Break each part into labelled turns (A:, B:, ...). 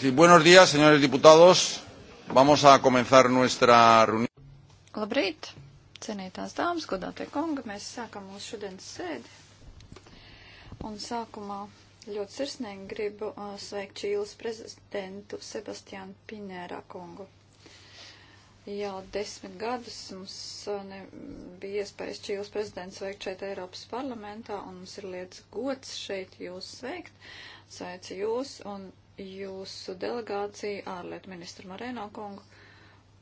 A: Sí, buenos días, señores diputados. Vamos a comenzar nuestra reunión. Labrīt, cienītās dāmas, godātie kungi. Mēs sākam mūsu šodienas sēdi. Un sākumā ļoti sirsnīgi gribu uh, sveikt Čīles prezidentu Sebastiānu Pinērā kungu. Jā, desmit gadus mums ne, bija iespējas Čīles prezidents veikt šeit Eiropas parlamentā, un mums ir liels gods šeit jūs sveikt. Sveicu jūs un jūsu delegāciju, ārlietu ministru Marēno kungu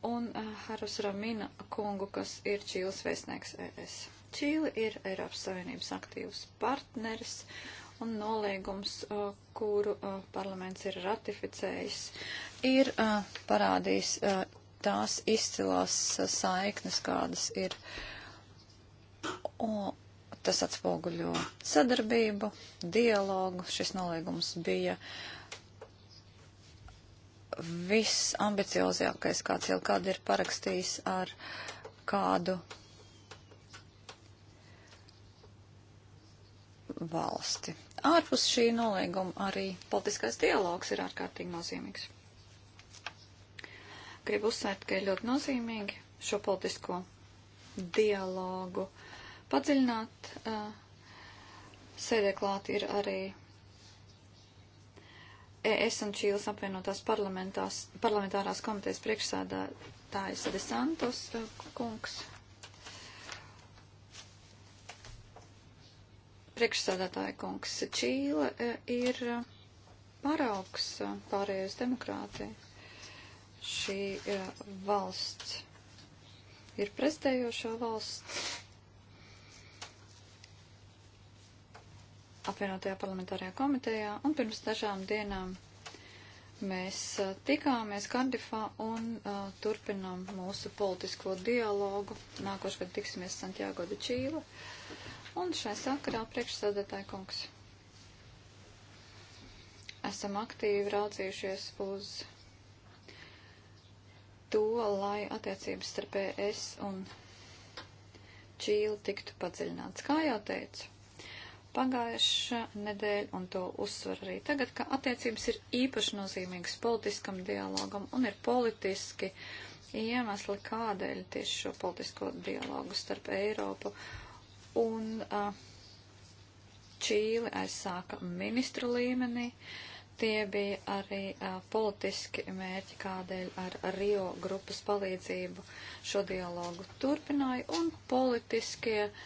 A: un eh, Harus Ramina kungu, kas ir Čīles vēstnieks ES. Čīle ir Eiropas Savienības aktīvs partneris un nolīgums, eh, kuru eh, parlaments ir ratificējis, ir parādījis tās izcilās saiknes, kādas ir. O, tas atspoguļo sadarbību, dialogu. Šis nolīgums bija uh, viss ambiciozākais, kāds jau kādu ir parakstījis ar kādu valsti. Ārpus šī nolīguma arī politiskais dialogs ir ārkārtīgi nozīmīgs. Gribu uzsvērt, ka ir ļoti nozīmīgi šo politisko dialogu padziļināt. Sēdē klāt ir arī ES un Čīles apvienotās parlamentārās komitejas priekšsādātājs Desantos eh, kungs. Priekšsādātāja kungs Čīle eh, ir paraugs eh, pārējais demokrātija. Šī valsts ir prezidējošā valsts apvienotajā parlamentārajā komitejā, un pirms dažām dienām mēs tikāmies Kardifā un uh, turpinām mūsu politisko dialogu. Nākošgad tiksimies Santiago de Čīla. Un šai sakarā priekšsādātāja kungs. Esam aktīvi raudzījušies uz to, lai attiecības starp ES un Čīli tiktu padziļināts. Kā jau teicu, pagājušā nedēļa, un to uzsver arī tagad, ka attiecības ir īpaši nozīmīgas politiskam dialogam un ir politiski iemesli, kādēļ tieši šo politisko dialogu starp Eiropu un uh, Čīli aizsāka ministru līmenī. Tie bija arī uh, politiski mērķi, kādēļ ar Rio grupas palīdzību šo dialogu turpināja un politiskie uh,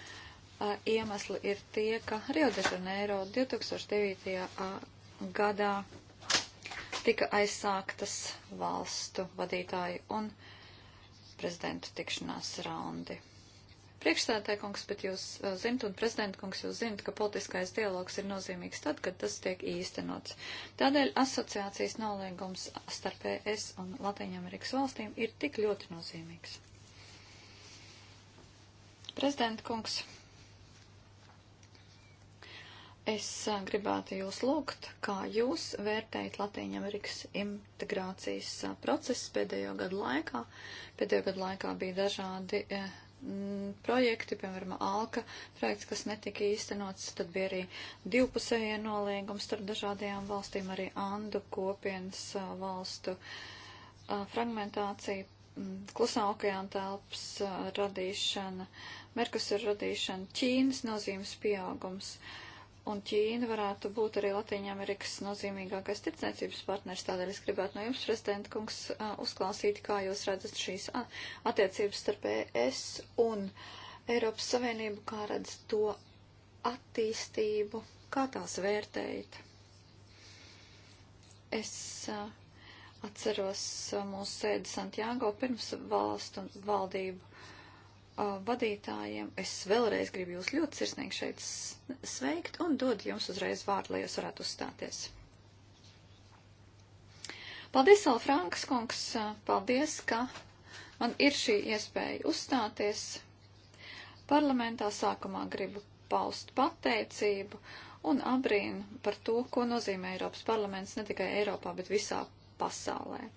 A: iemesli ir tie, ka Rio de Janeiro 2009. gadā tika aizsāktas valstu vadītāju un prezidentu tikšanās raundi. Priekšstādātāja kungs, bet jūs zinat, un prezidenta kungs, jūs zinat, ka politiskais dialogs ir nozīmīgs tad, kad tas tiek īstenots. Tādēļ asociācijas nolīgums starp ES un Latvijas valstīm ir tik ļoti nozīmīgs. Prezidenta kungs, Es eh, gribētu jūs lūgt, kā jūs vērtējat Latvijas-Amerikas integrācijas eh, procesu pēdējo gadu laikā. Pēdējo gadu laikā bija dažādi eh, projekti, piemēram, ALKA projekts, kas netika īstenots, tad bija arī divpusējie noliegums starp dažādajām valstīm, arī Andu kopienas eh, valstu eh, fragmentācija, klusā okeāna telpas radīšana, Merkusur radīšana, Ķīnas nozīmes pieaugums. Uh, Un Ķīna varētu būt arī Latvijas-Amerikas nozīmīgākais tirdzniecības partners. Tādēļ es gribētu no jums, prezidenta kungs, uzklausīt, kā jūs redzat šīs attiecības starp ES un Eiropas Savienību, kā redzat to attīstību, kā tās vērtējat. Es atceros mūsu sēdi Santiago pirms valstu un valdību vadītājiem. Es vēlreiz gribu jūs ļoti sirsnīgi šeit sveikt un dod jums uzreiz vārdu, lai jūs varētu uzstāties. Paldies, Alfrānkas kungs, paldies, ka man ir šī iespēja uzstāties. Parlamentā sākumā gribu paust pateicību un abrīnu par to, ko nozīmē Eiropas parlaments ne tikai Eiropā, bet visā pasaulē.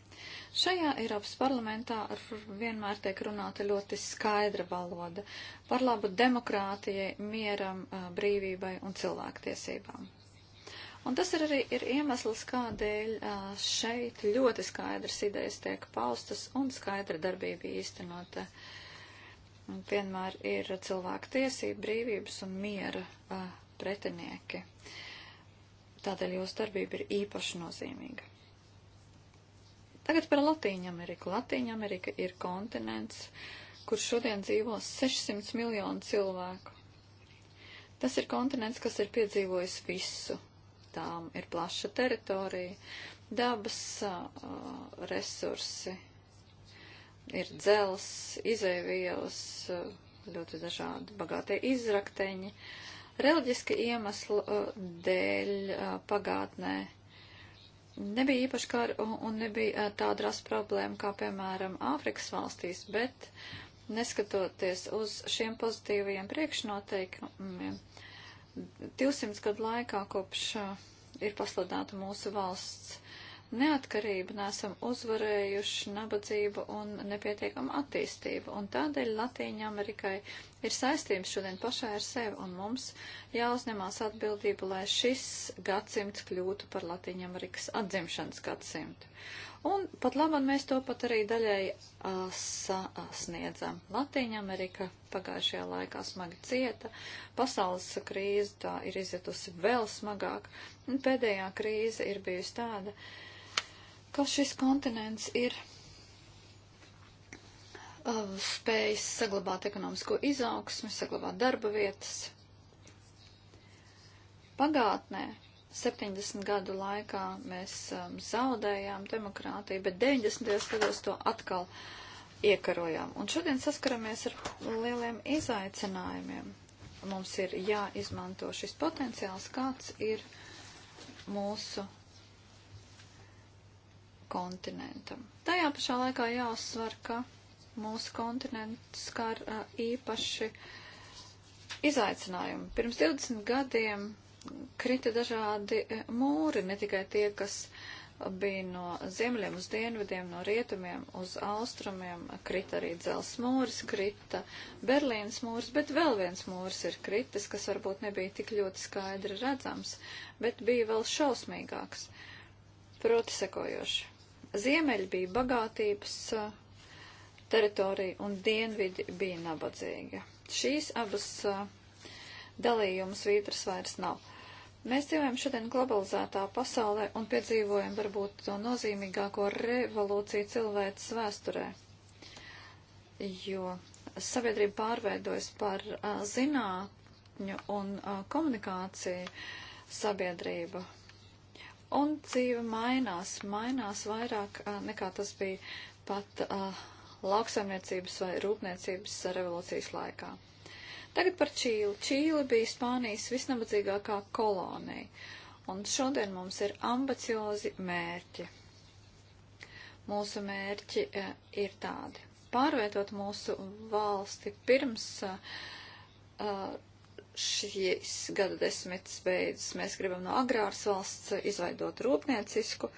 A: Šajā Eiropas parlamentā vienmēr tiek runāta ļoti skaidra valoda par labu demokrātijai, mieram, brīvībai un cilvēktiesībām. Un tas ir arī ir iemesls, kādēļ šeit ļoti skaidras idejas tiek paustas un skaidra darbība īstenota. Vienmēr ir cilvēku tiesība, brīvības un miera pretinieki. Tādēļ jūsu darbība ir īpaši nozīmīga. Tagad par Latīņu Ameriku. Latīņa Amerika ir kontinents, kur šodien dzīvo 600 miljonu cilvēku. Tas ir kontinents, kas ir piedzīvojis visu. Tām ir plaša teritorija, dabas uh, resursi, ir dzels, izēvielas, uh, ļoti dažādi bagātie izrakteņi. Reliģiska iemesla uh, dēļ uh, pagātnē uh, Nebija īpaši kara un nebija tāda rasa problēma kā, piemēram, Āfrikas valstīs, bet neskatoties uz šiem pozitīvajiem priekšnoteikumiem, 200 gadu laikā kopš ir pasludināta mūsu valsts neatkarību, nesam uzvarējuši nabadzību un nepietiekamu attīstību. Un tādēļ Latīņa Amerikai ir saistības šodien pašai ar sevi, un mums jāuzņemās atbildība, lai šis gadsimts kļūtu par Latīņa Amerikas atzimšanas gadsimtu. Un pat labam mēs to pat arī daļai sasniedzam. Latīņa Amerika pagājušajā laikā smagi cieta, pasaules krīze tā ir izjutusi vēl smagāk, un pēdējā krīze ir bijusi tāda, uh, ka šis kontinents ir uh, spējis saglabāt ekonomisko izaugsmi, saglabāt darba vietas. Pagātnē 70 gadu laikā mēs um, zaudējām demokrātiju, bet 90. gados to atkal iekarojām. Un šodien saskaramies ar lieliem izaicinājumiem. Mums ir jāizmanto šis potenciāls, kāds ir mūsu kontinentam. Tajā pašā laikā jāuzsver, ka mūsu kontinents skar īpaši izaicinājumi. Pirms 20 gadiem krita dažādi mūri, ne tikai tie, kas bija no ziemeļiem uz dienvidiem, no rietumiem uz austrumiem, krita arī dzels mūris, krita Berlīnas mūris, bet vēl viens mūris ir kritis, kas varbūt nebija tik ļoti skaidri redzams, bet bija vēl šausmīgāks. Proti sekojoši Ziemeļi bija bagātības teritorija un dienvidi bija nabadzīga. Šīs abas dalījumas vītras vairs nav. Mēs dzīvojam šodien globalizētā pasaulē un piedzīvojam varbūt to nozīmīgāko revolūciju cilvēces vēsturē, jo sabiedrība pārveidojas par a, zinātņu un a, komunikāciju sabiedrību. Un dzīve mainās, mainās vairāk nekā tas bija pat uh, lauksaimniecības vai rūpniecības revolūcijas laikā. Tagad par Čīli. Čīli bija Spānijas visnabadzīgākā kolonija, un šodien mums ir ambiciozi mērķi. Mūsu mērķi uh, ir tādi. Pārvietot mūsu valsti pirms uh, šīs gada desmitas beidzas. Mēs gribam no agrāras valsts izveidot rūpniecisku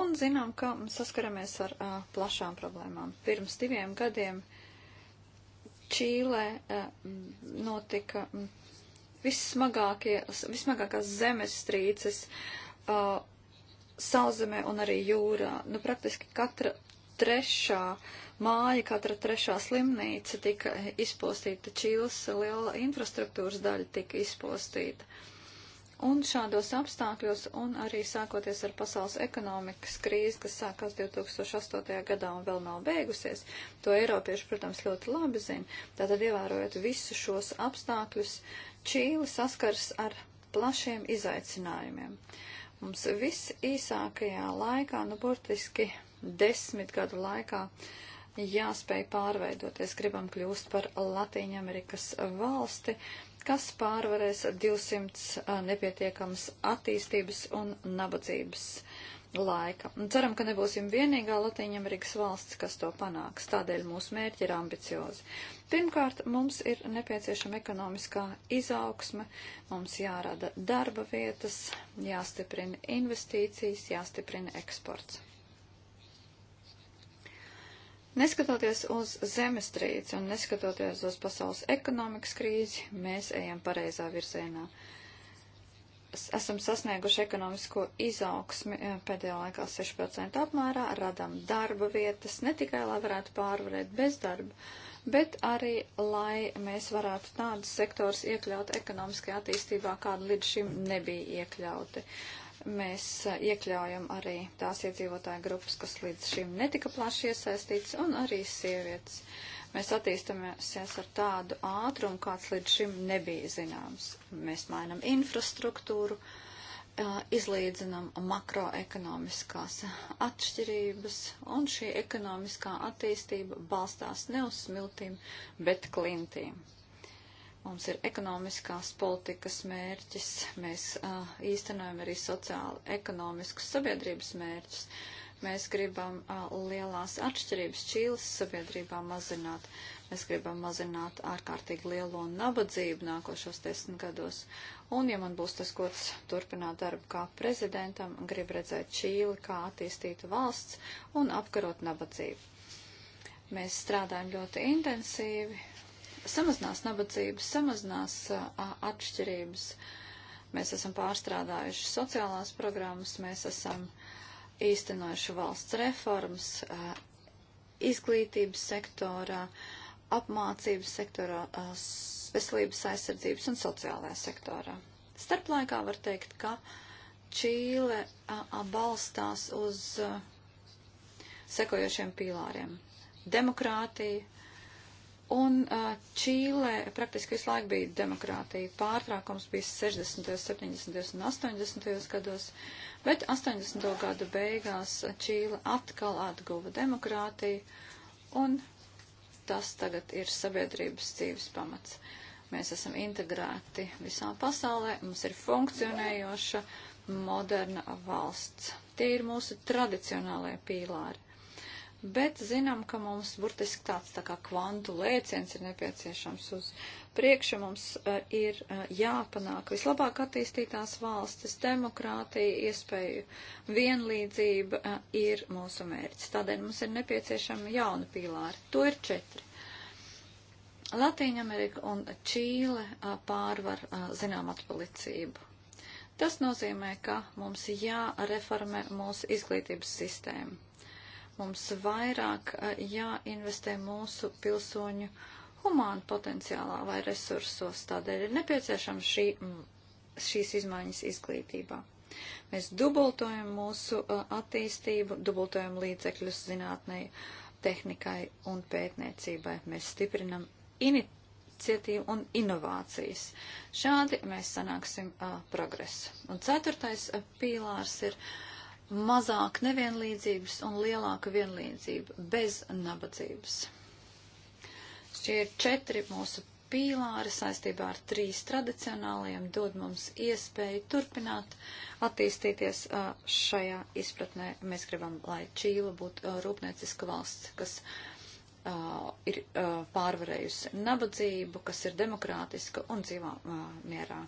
A: un zinām, ka saskaramies ar a, plašām problēmām. Pirms diviem gadiem Čīlē a, notika vissmagākās zemestrīces a, sauzemē un arī jūrā. Nu, praktiski katra trešā māja, katra trešā slimnīca tika izpostīta, Čīles liela infrastruktūras daļa tika izpostīta. Un šādos apstākļos, un arī sākoties ar pasaules ekonomikas krīzi, kas sākās 2008. gadā un vēl nav beigusies, to Eiropieši, protams, ļoti labi zina. Tātad, ievērojot visus šos apstākļus, Čīle saskars ar plašiem izaicinājumiem. Mums viss īsākajā laikā, nu, burtiski desmit gadu laikā jāspēj pārveidoties. Gribam kļūst par Latīņu Amerikas valsti, kas pārvarēs 200 nepietiekams attīstības un nabadzības laika. Ceram, ka nebūsim vienīgā Latīņamerikas valsts, kas to panāks. Tādēļ mūsu mērķi ir ambiciozi. Pirmkārt, mums ir nepieciešama ekonomiskā izaugsme, mums jārada darba vietas, jāstiprina investīcijas, jāstiprina eksports. Neskatoties uz zemestrīci un neskatoties uz pasaules ekonomikas krīzi, mēs ejam pareizā virzienā. Esam sasnieguši ekonomisko izaugsmi eh, pēdējā laikā 6% apmērā, radam darba vietas, ne tikai lai varētu pārvarēt bezdarbu, bet arī, lai mēs varētu tādus sektors iekļaut ekonomiskajā attīstībā, kāda līdz šim nebija iekļauti. Uh, Mēs eh, iekļaujam arī tās iedzīvotāju grupas, kas līdz šim netika plaši iesaistīts, un arī sievietes. Mēs attīstamies ar tādu ātrumu, kāds līdz šim nebija zināms. Mēs mainam infrastruktūru, eh, izlīdzinam makroekonomiskās atšķirības, un šī ekonomiskā attīstība balstās ne uz smiltīm, bet klintīm. Mums ir ekonomiskās politikas mērķis, mēs uh, īstenojam arī sociāli ekonomiskus sabiedrības mērķus. Mēs gribam uh, lielās atšķirības Čīles sabiedrībā mazināt. Mēs gribam mazināt ārkārtīgi lielo nabadzību nākošos desmit gados. Un, ja man būs tas gods turpināt darbu kā prezidentam, grib redzēt Čīli kā attīstītu valsts un apkarot nabadzību. Mēs strādājam ļoti intensīvi, samazinās nabadzību, samazinās atšķirības. Mēs esam pārstrādājuši sociālās programmas, mēs esam īstenojuši valsts reformas izglītības sektorā, apmācības sektorā, veselības aizsardzības un sociālajā sektorā. Starplaikā var teikt, ka Čīle balstās uz sekojošiem pīlāriem - demokrātija, Un uh, Čīlē praktiski visu laiku bija demokrātija. Pārtraukums bija 60., 70. un 80. gados, bet 80. gadu beigās Čīle atkal atguva demokrātiju, un tas tagad ir sabiedrības dzīves pamats. Mēs esam integrēti visā pasaulē, mums ir funkcionējoša, moderna valsts. Tie ir mūsu tradicionālajie pīlāri bet zinām, ka mums burtiski tāds tā kā kvantu lēciens ir nepieciešams uz priekšu. Mums uh, ir uh, jāpanāk vislabāk attīstītās valstis, demokrātija, iespēju vienlīdzība uh, ir mūsu mērķis. Tādēļ mums ir nepieciešama jauna pīlāra. To ir četri. Latīņa Amerika un Čīle uh, pārvar uh, zinām atpalicību. Tas nozīmē, ka mums jāreformē mūsu izglītības sistēma Mums vairāk jāinvestē mūsu pilsoņu humānu potenciālā vai resursos. Tādēļ ir nepieciešama šī, šīs izmaiņas izglītībā. Mēs dubultojam mūsu attīstību, dubultojam līdzekļus zinātnei, tehnikai un pētniecībai. Mēs stiprinam iniciatīvu un inovācijas. Šādi mēs sanāksim uh, progresu. Un ceturtais uh, pīlārs ir uh, mazāk nevienlīdzības un lielāka vienlīdzība bez nabadzības. Šie ir četri mūsu pīlāri saistībā ar trīs tradicionālajiem dod mums iespēju turpināt attīstīties uh, šajā izpratnē. Mēs gribam, lai Čīla būtu uh, rūpnieciska valsts, kas uh, ir pārvarējusi nabadzību, kas ir demokrātiska un dzīvā mierā.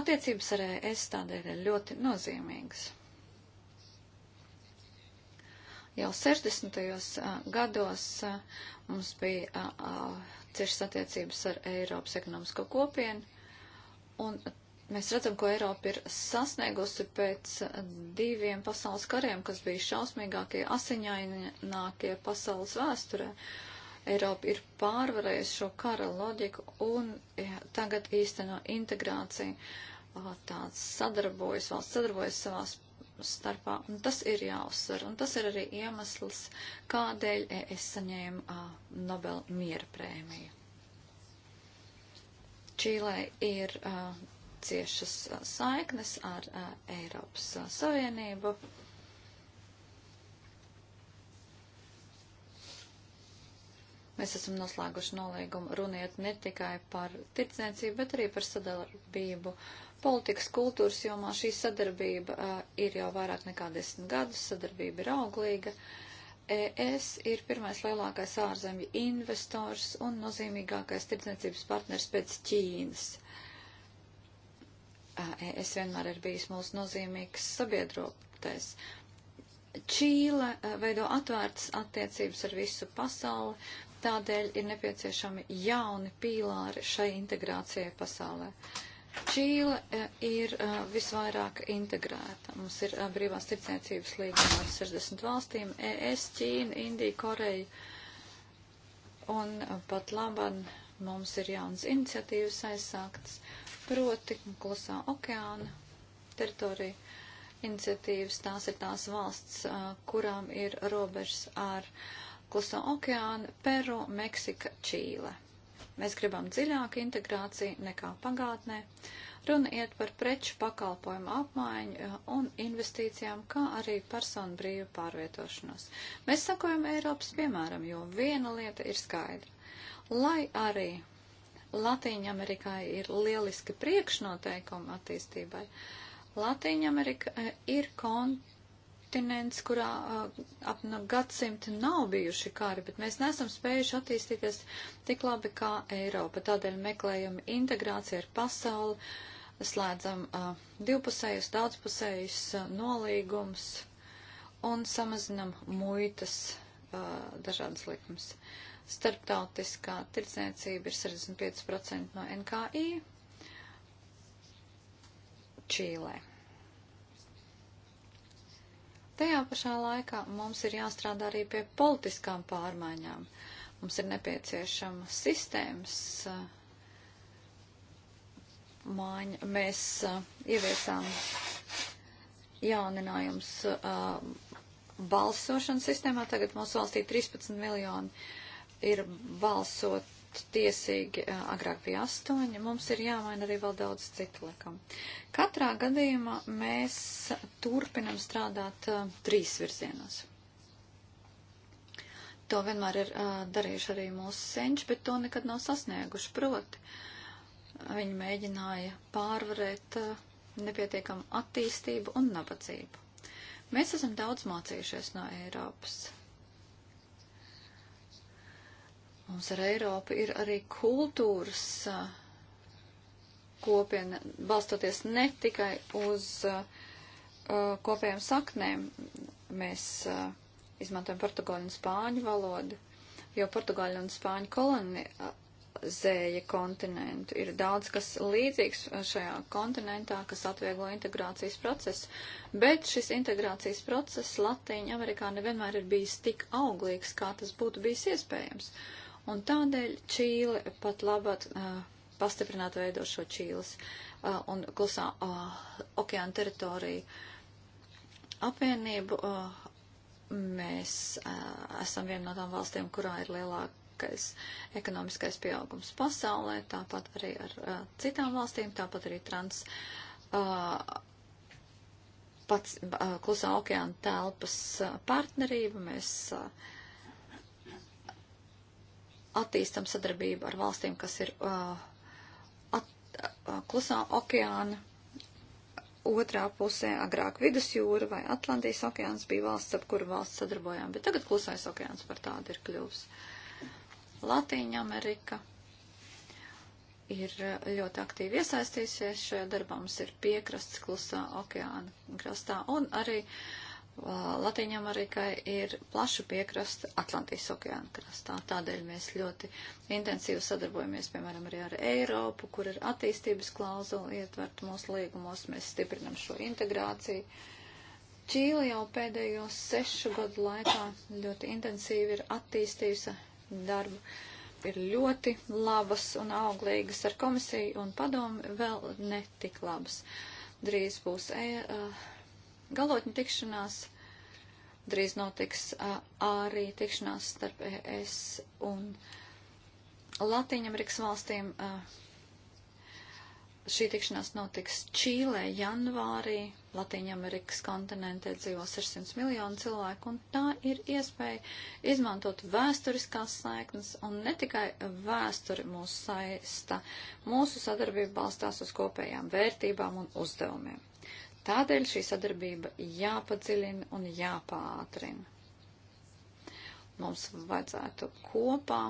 A: Attiecības ar ES tādēļ ir ļoti nozīmīgas. Jau 60. gados mums bija ciešas attiecības ar Eiropas ekonomisko kopienu, un mēs redzam, ko Eiropa ir sasniegusi pēc diviem pasaules kariem, kas bija šausmīgākie, asiņainākie pasaules vēsturē. Eiropa ir pārvarējusi šo kara loģiku un ja, tagad īsteno integrāciju. Tāds sadarbojas, valsts sadarbojas savās starpā. Un tas ir jāuzsver. Un tas ir arī iemesls, kādēļ es saņēmu uh, Nobel miera prēmiju. Čīlē ir uh, ciešas uh, saiknes ar uh, Eiropas uh, Savienību. Mēs esam noslēguši nolīgumu runiet ne tikai par tirdzniecību, bet arī par sadarbību uh, Politikas kultūras jomā šī sadarbība uh, ir jau vairāk nekā desmit gadus, sadarbība ir auglīga. ES ir pirmais lielākais ārzemju investors un nozīmīgākais tirdzniecības partners pēc Ķīnas. ES vienmēr ir bijis mūsu nozīmīgs sabiedrotais. Čīle veido atvērtas attiecības ar visu pasauli, tādēļ ir nepieciešami jauni pīlāri šai integrācijai pasaulē. Uh, Čīle e, ir e, visvairāk integrēta. Mums ir e, brīvās tirdzniecības līguma ar 60 valstīm - ES, Ķīna, Indija, Koreja. Un pat laban mums ir jaunas iniciatīvas aizsāktas, proti klusā okeāna teritorija iniciatīvas. Tās ir tās valsts, kurām ir robežas ar klusā okeāna Peru, Meksika, Čīle. Mēs gribam dziļāku integrāciju nekā pagātnē. Runa iet par preču pakalpojumu apmaiņu eh, un investīcijām, kā arī personu brīvu pārvietošanos. Mēs sakojam Eiropas piemēram, jo viena lieta ir skaidra. Lai arī Latīņa Amerikai ir lieliski priekšnoteikumi attīstībai, Latīņa Amerika eh, ir kon kontinents, kurā ap no nu gadsimtu nav bijuši kari, bet mēs nesam spējuši attīstīties tik labi kā Eiropa. Tādēļ meklējam integrāciju ar pasauli, slēdzam uh, divpusējus, daudzpusējus uh, nolīgumus un samazinam muitas uh, dažādas likmes. Starptautiskā tirdzniecība ir 65% no NKI Čīlē. Tajā pašā laikā mums ir jāstrādā arī pie politiskām pārmaiņām. Mums ir nepieciešama sistēmas uh, maiņa. Mēs uh, ieviesām jauninājums uh, balsošanas sistēmā. Tagad mūsu valstī 13 miljoni ir balsot tiesīgi agrāk bija astoņi, mums ir jāmaina arī vēl daudz citu likam. Katrā gadījumā mēs turpinam strādāt uh, trīs virzienos. To vienmēr ir uh, darījuši arī mūsu senči, bet to nekad nav sasnieguši. Proti, viņi mēģināja pārvarēt uh, nepietiekamu attīstību un nabadzību. Mēs esam daudz mācījušies no Eiropas Mums ar Eiropu ir arī kultūras kopiena, balstoties ne tikai uz uh, kopējām saknēm. Mēs uh, izmantojam portugāļu un spāņu valodu, jo portugāļu un spāņu kolonizēja kontinentu. Ir daudz, kas līdzīgs šajā kontinentā, kas atvieglo integrācijas procesu, bet šis integrācijas process Latīņa Amerikā nevienmēr ir bijis tik auglīgs, kā tas būtu bijis iespējams. Uh, Un tādēļ Čīle pat labāk uh, pastiprināt veido šo Čīles uh, un klusā uh, okeāna teritoriju apvienību. Uh, mēs uh, esam viena no tām valstīm, kurā ir lielākais ekonomiskais pieaugums pasaulē, tāpat arī ar uh, citām valstīm, tāpat arī trans. Uh, pats uh, klusā okeāna telpas uh, partnerība. Mēs uh, attīstam sadarbību ar valstīm, kas ir uh, at, uh, klusā okeāna otrā pusē, agrāk vidusjūra vai Atlantijas okeāns bija valsts, ap kuru valsts sadarbojām, bet tagad klusais okeāns par tādu ir kļuvis. Latīņa Amerika ir uh, ļoti aktīvi iesaistījusies šajā darbā, mums ir piekrasts klusā okeāna krastā un arī uh, Latīņamerikai ir plaša piekrasta Atlantijas okeāna krastā. Tādēļ mēs ļoti intensīvi sadarbojamies, piemēram, arī ar Eiropu, kur ir attīstības klauzula ietvert mūsu līgumos, mēs stiprinam šo integrāciju. Čīle jau pēdējo sešu gadu laikā ļoti intensīvi ir attīstījusi darbu, ir ļoti labas un auglīgas ar komisiju un padomu vēl ne tik labas. Drīz būs e, uh, Galotņu tikšanās drīz notiks arī tikšanās starp ES un Latīņamerikas valstīm. Šī tikšanās notiks Čīlē janvārī. Latīņamerikas kontinentē dzīvo 600 miljonu cilvēku, un tā ir iespēja izmantot vēsturiskās saiknes, un ne tikai vēsturi mūs saista. Mūsu sadarbība balstās uz kopējām vērtībām un uzdevumiem. Tādēļ šī sadarbība jāpadziļina un jāpātrina. Mums vajadzētu kopā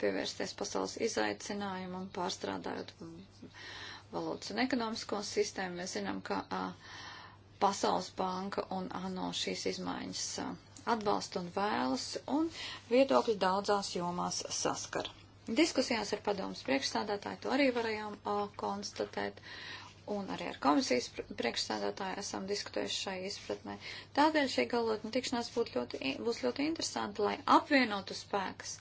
A: pievērsties pasaules izaicinājumam, pārstrādājot valodas un ekonomisko sistēmu. Mēs zinām, ka a, Pasaules banka un ANO šīs izmaiņas a, atbalsta un vēlas un viedokļi daudzās jomās saskara. Diskusijās ar padomus priekšstādātāju to arī varējām a, konstatēt. Uh, un arī ar komisijas priekšstādātāju esam diskutējuši šai izpratnē. Tādēļ šī galotņa tikšanās būtu ļoti, būs ļoti interesanta, lai apvienotu spēkus,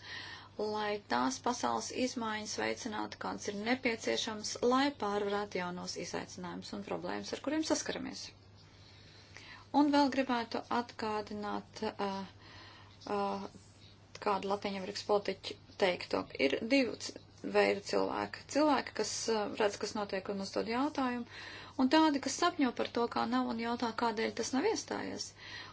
A: lai tās pasaules izmaiņas veicinātu, kāds ir nepieciešams, lai pārvarētu jaunos izaicinājumus un problēmas, ar kuriem saskaramies. Un vēl gribētu atgādināt uh, uh, kādu Latvijas politiķu teikto. Ir divi veida cilvēki. Cilvēki, kas eh, redz, kas notiek un uzdod jautājumu, un tādi, kas sapņo par to, kā nav un jautā, kādēļ tas nav iestājies.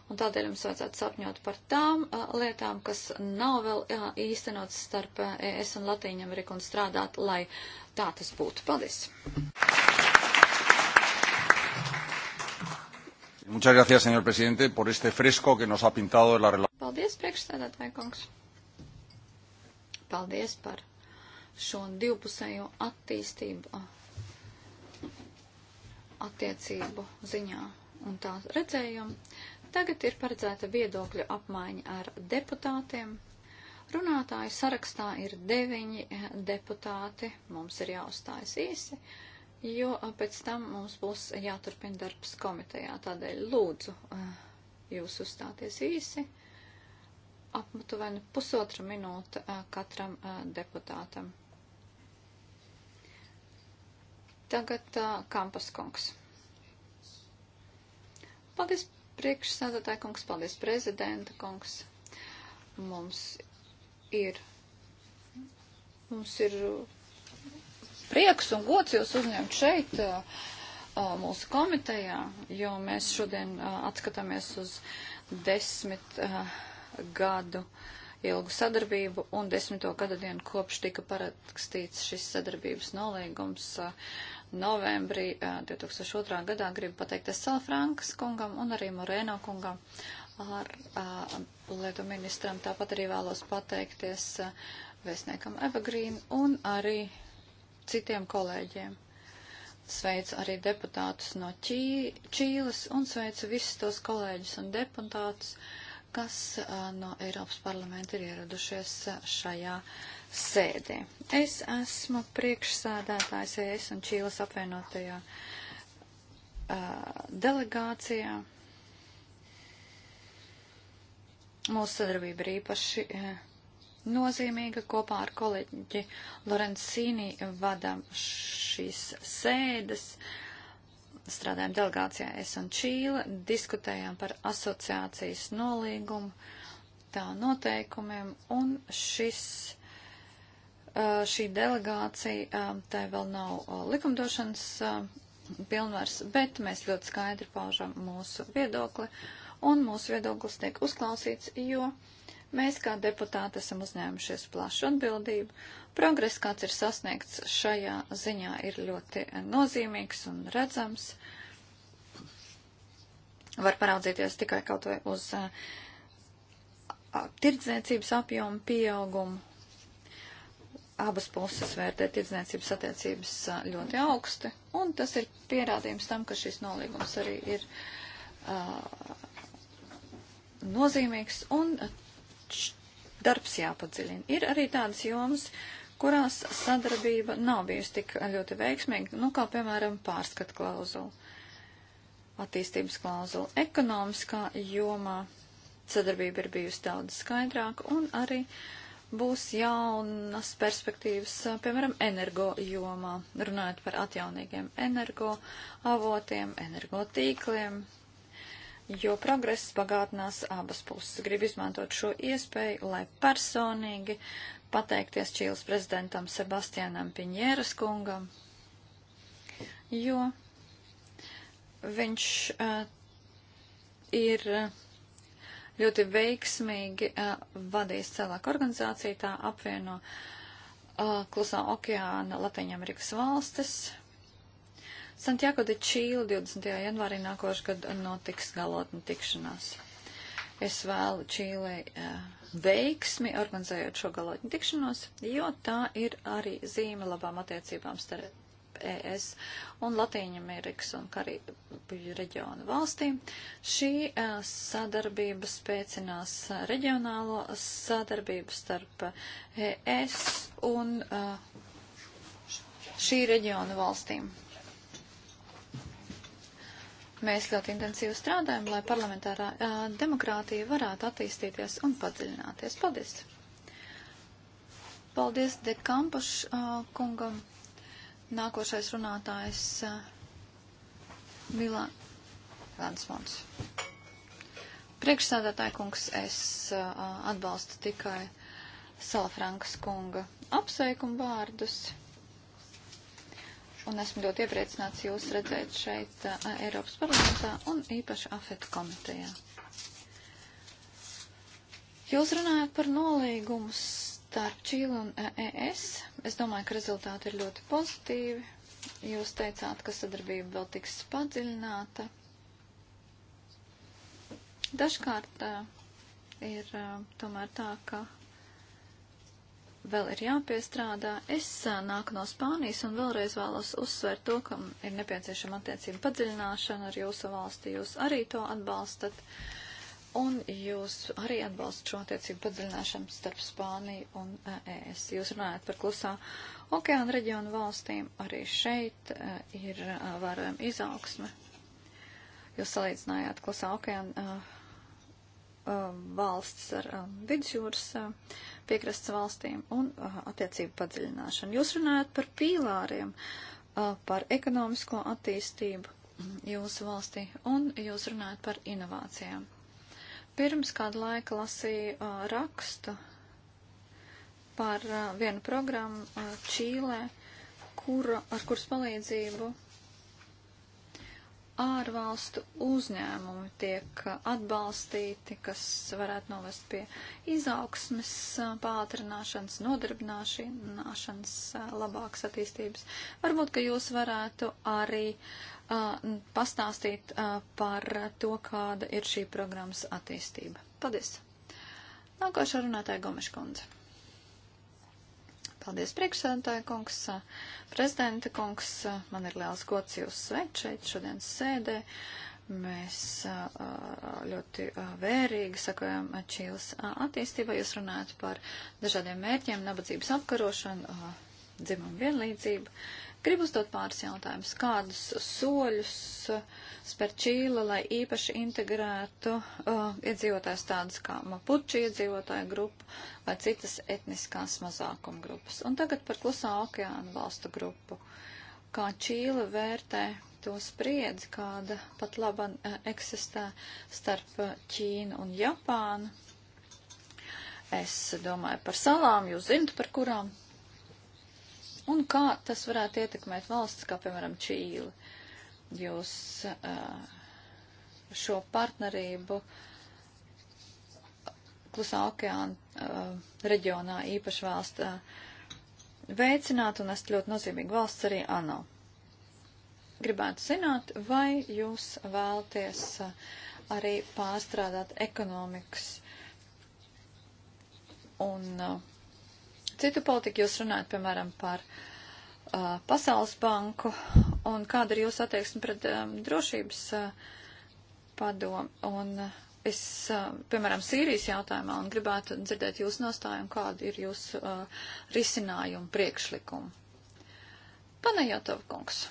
A: Un tādēļ mums vajadzētu sapņot par tām uh, lietām, kas nav vēl uh, īstenotas starp uh, ES un Latīņu Ameriku un strādāt, lai tā tas būtu. Paldies! Muchas gracias, señor presidente, por este fresco que nos ha pintado la relación. Paldies, priekšstādātāji kungs. Paldies par šo divpusējo attīstību attiecību ziņā un tā redzējumu. Tagad ir paredzēta viedokļu apmaiņa ar deputātiem. Runātāju sarakstā ir deviņi deputāti. Mums ir jāuzstājas īsi, jo pēc tam mums būs jāturpina darbs komitejā. Tādēļ lūdzu eh, jūs uzstāties īsi. Apmutuveni pusotra minūte eh, katram eh, deputātam. Tagad uh, Kampas kungs. Paldies priekšsādātāja kungs, paldies prezidenta kungs. Mums ir, mums ir prieks un gods jūs uzņemt šeit uh, uh mūsu komitejā, jo mēs šodien uh, atskatāmies uz desmit uh, gadu ilgu sadarbību un desmito gada dienu kopš tika parakstīts šis sadarbības nolīgums. Uh, novembrī 2002. gadā gribu pateikties Salfrankas kungam un arī Morēno kungam ar lietu ministram. Tāpat arī vēlos pateikties a, vēstniekam Evergreen un arī citiem kolēģiem. Sveicu arī deputātus no Čī, Čīles un sveicu visus tos kolēģus un deputātus, kas a, no Eiropas parlamenta ir ieradušies a, šajā uh, sēdē. Es esmu priekšsādātājs ES un Čīles apvienotajā uh, delegācijā. Mūsu sadarbība ir īpaši uh, nozīmīga. Kopā ar kolēģi Lorencīni vadam šīs sēdes. Strādājam delegācijā es un Čīle, diskutējām par asociācijas nolīgumu, tā noteikumiem, un šis šī delegācija, tai vēl nav likumdošanas pilnvars, bet mēs ļoti skaidri paužam mūsu viedokli, un mūsu viedoklis tiek uzklausīts, jo mēs kā deputāti esam uzņēmušies plašu atbildību. Progress, kāds ir sasniegts šajā ziņā, ir ļoti nozīmīgs un redzams. Var paraudzīties tikai kaut vai uz uh, tirdzniecības apjomu pieaugumu abas puses vērtē tirdzniecības attiecības ļoti augsti, un tas ir pierādījums tam, ka šis nolīgums arī ir uh, nozīmīgs, un darbs jāpadziļina. Ir arī tādas jomas, kurās sadarbība nav bijusi tik ļoti veiksmīga, nu kā piemēram pārskat klauzulu, attīstības klauzulu. Ekonomiskā jomā sadarbība ir bijusi daudz skaidrāka un arī uh, būs jaunas perspektīvas, piemēram, energo jomā, runājot par atjaunīgiem energo avotiem, energo tīkliem, jo progress pagātnās abas puses. Gribu izmantot šo iespēju, lai personīgi pateikties Čīles prezidentam Sebastianam Piņēras kungam, jo viņš uh, ir. Uh, ļoti veiksmīgi uh, vadīs cilvēku organizāciju, tā apvieno uh, Klusā okeāna Latviņamerikas valstis. Santiago de Čīli 20. janvārī nākošu gadu notiks galotni tikšanās. Es vēlu Čīlē uh, veiksmi organizējot šo galotņu tikšanos, jo tā ir arī zīme labām attiecībām starp starp ES un Latīņamerikas un Karību reģionu valstīm. Šī e, sadarbība spēcinās reģionālo sadarbību starp ES e un e, šī reģiona valstīm. Mēs ļoti intensīvi strādājam, lai parlamentārā a, demokrātija varētu attīstīties un padziļināties. Paldies! Paldies Dekampuš kungam! Nākošais runātājs eh, Milā Vēnsmons. Priekšsēdētāji kungs, es eh, atbalstu tikai Salafrankas kunga apsveikumu vārdus. Un esmu ļoti iepriecināts jūs redzēt šeit eh, Eiropas parlamentā un īpaši AFET komitejā. Jūs runājat par nolīgumus starp Čīlu un ES. E es domāju, ka rezultāti ir ļoti pozitīvi. Jūs teicāt, ka sadarbība vēl tiks padziļināta. Dažkārt eh, ir eh, tomēr tā, ka vēl ir jāpiestrādā. Es eh, nāku no Spānijas un vēlreiz vēlos uzsvērt to, ka ir nepieciešama attiecība padziļināšana ar jūsu valsti. Jūs arī to atbalstat. Uh, Un jūs arī atbalstat šo attiecību padziļināšanu starp Spāniju un ES. Eh, e jūs runājat par klusā okeāna reģionu valstīm. Arī šeit eh, ir eh, vērojama izaugsme. Jūs salīdzinājāt klusā okeāna valsts ar vidusjūras piekrastes valstīm un attiecību padziļināšanu. Jūs runājat par pīlāriem, par ekonomisko attīstību jūsu valstī un jūs runājat par inovācijām. Pirms kādu laiku lasīju uh, rakstu par uh, vienu programmu uh, Čīlē, kura, ar kuras palīdzību ārvalstu uzņēmumi tiek atbalstīti, kas varētu novest pie izaugsmes pātrināšanas, nodarbināšanas, labākas attīstības. Varbūt, ka jūs varētu arī uh, pastāstīt par to, kāda ir šī programmas attīstība. Paldies! Nākošā runātāja Gomeša kundze. Paldies, priekšsēdētāja kungs, prezidenta kungs. Man ir liels gods jūs sveikt šeit šodien sēdē. Mēs ļoti vērīgi sakojam Čīles attīstībai. Jūs runājat par dažādiem mērķiem, nabadzības apkarošanu, dzimumu vienlīdzību. Gribu uzdot pāris jautājumus. Kādus soļus spēr Čīla, lai īpaši integrētu uh, iedzīvotājs tādas kā Mapuči iedzīvotāju grupu vai citas etniskās mazākuma grupas? Un tagad par klusā okeāna valstu grupu. Kā Čīla vērtē to spriedzi, kāda pat laban uh, eksistē starp uh, Ķīnu un Japānu? Es domāju par salām, jūs zinat, par kurām un kā tas varētu ietekmēt valsts, kā piemēram Čīli. Jūs šo partnerību klusā okeāna reģionā īpaši valsts veicināt, un esat ļoti nozīmīgi valsts arī ANO. Gribētu zināt, vai jūs vēlties arī pārstrādāt ekonomikas un uh, citu politiku. Jūs runājat, piemēram, par uh, Pasaules banku un kāda ir jūsu attieksme pret um, drošības uh, padomu. Un uh, es, uh, piemēram, Sīrijas jautājumā un gribētu dzirdēt jūsu nostājumu, kāda ir jūsu uh, risinājuma priekšlikuma. Panajotov kungs.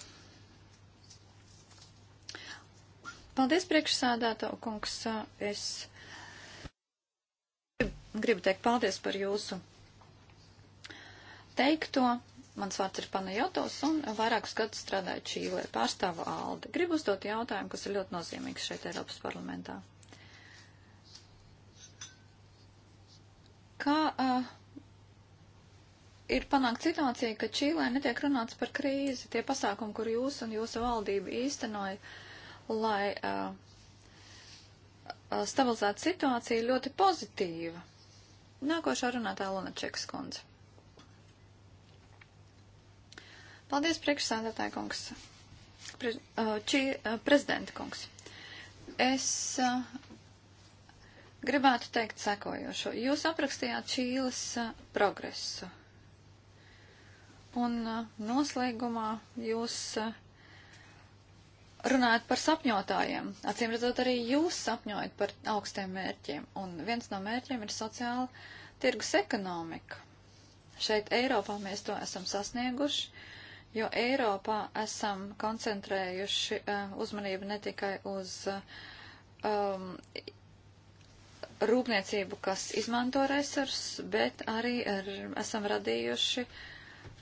A: Paldies, priekšsādātā kungs. Es gribu teikt paldies par jūsu teikto. Mans vārds ir Panajotos un vairākus gadus strādāju Čīlē, pārstāvu Aldi. Gribu uzdot jautājumu, kas ir ļoti nozīmīgs šeit Eiropas parlamentā. Kā uh, ir panākt situācija, ka Čīlē netiek runāts par krīzi, tie pasākumi, kur jūs un jūsu valdība īstenoja, lai uh, stabilizētu situāciju, ļoti pozitīva? Nākošā runātā Lunačekas kundze. Paldies, priekšsēdētāji kungs, Pre, uh, čī, uh, prezidenta kungs. Es uh, gribētu teikt sekojošo. Jūs aprakstījāt Čīles progresu. Un noslēgumā jūs runājat par sapņotājiem. Acīm redzot, arī jūs sapņojat par augstiem mērķiem. Un viens no mērķiem ir sociāla tirgus ekonomika. Šeit Eiropā mēs to esam sasnieguši jo Eiropā esam koncentrējuši eh, uzmanību ne tikai uz um, rūpniecību, kas izmanto resursus, bet arī ar, esam radījuši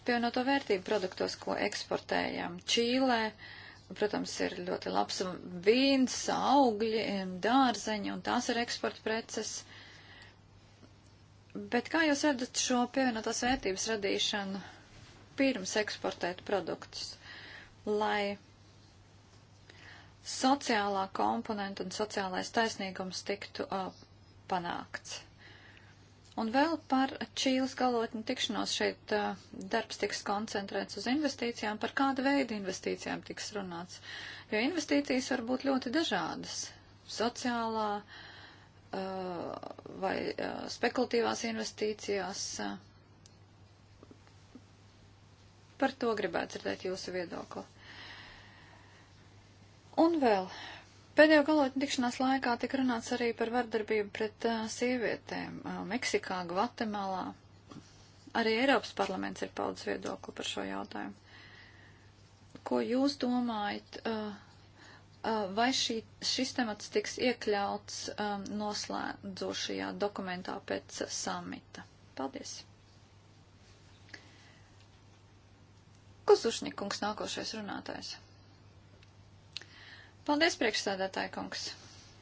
A: pievienoto vērtību produktos, ko eksportējam. Čīlē, protams, ir ļoti labs vīns, augļi, dārzeņi, un tās ir eksporta preces. Bet kā jūs redzat šo pievienotās vērtības radīšanu pirms eksportēt produktus, lai sociālā komponenta un sociālais taisnīgums tiktu uh, panākts. Un vēl par Čīles galotņu tikšanos šeit uh, darbs tiks koncentrēts uz investīcijām, par kādu veidu investīcijām tiks runāts. Jo investīcijas var būt ļoti dažādas - sociālā uh, vai uh, spekulatīvās investīcijās. Uh, Par to gribētu dzirdēt jūsu viedokli. Un vēl. Pēdējo galotņu tikšanās laikā tika runāts arī par vardarbību pret uh, sievietēm uh, Meksikā, Gvatemalā. Arī Eiropas parlaments ir paudz viedokli par šo jautājumu. Ko jūs domājat? Uh, vai šī, šis temats tiks iekļauts um, noslēdzošajā dokumentā pēc samita? Paldies! Kozušnikungs nākošais runātājs. Paldies, priekšsēdētāji kungs.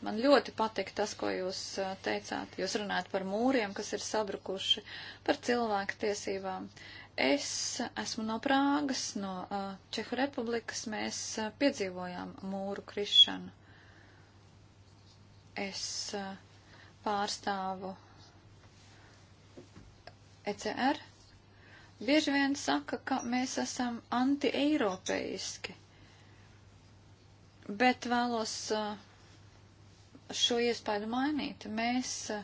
A: Man ļoti patika tas, ko jūs uh, teicāt. Jūs runājat par mūriem, kas ir sabrukuši, par cilvēku tiesībām. Es esmu no Prāgas, no uh, Čehu republikas. Mēs uh, piedzīvojām mūru krišanu. Es pārstāvu ECR Bieži vien saka, ka mēs esam anti-eiropeiski, bet vēlos uh, šo iespēju mainīt. Mēs uh,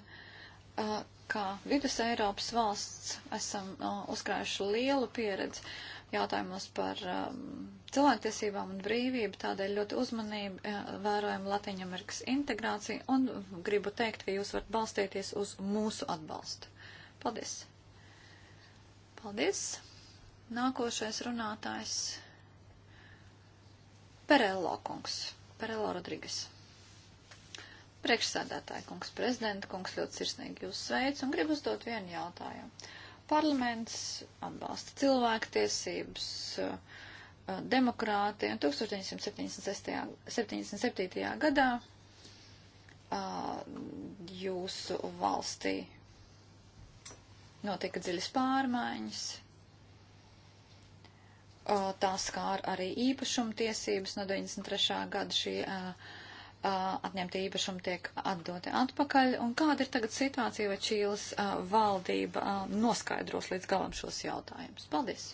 A: uh, kā vidus Eiropas valsts esam uzkrājuši lielu pieredzi jautājumos par um, cilvēktiesībām un brīvību, tādēļ ļoti uzmanību vērojam Latviņamerikas integrāciju un gribu teikt, ka jūs varat balstīties uz mūsu atbalstu. Paldies! Paldies! Nākošais runātājs Perello kungs. Perello Rodrigas. Priekšsēdētāji kungs, prezidenta kungs, ļoti sirsnīgi jūs sveicu un gribu uzdot vienu jautājumu. Parlaments atbalsta cilvēktiesības, eh, demokrātiju un 1977. gadā eh, jūsu valstī notika dziļas pārmaiņas. Tās skāra arī īpašuma tiesības no 93. gada šī atņemta īpašuma tiek atdoti atpakaļ. Un kāda ir tagad situācija, vai Čīles valdība noskaidros līdz galam šos jautājumus? Paldies!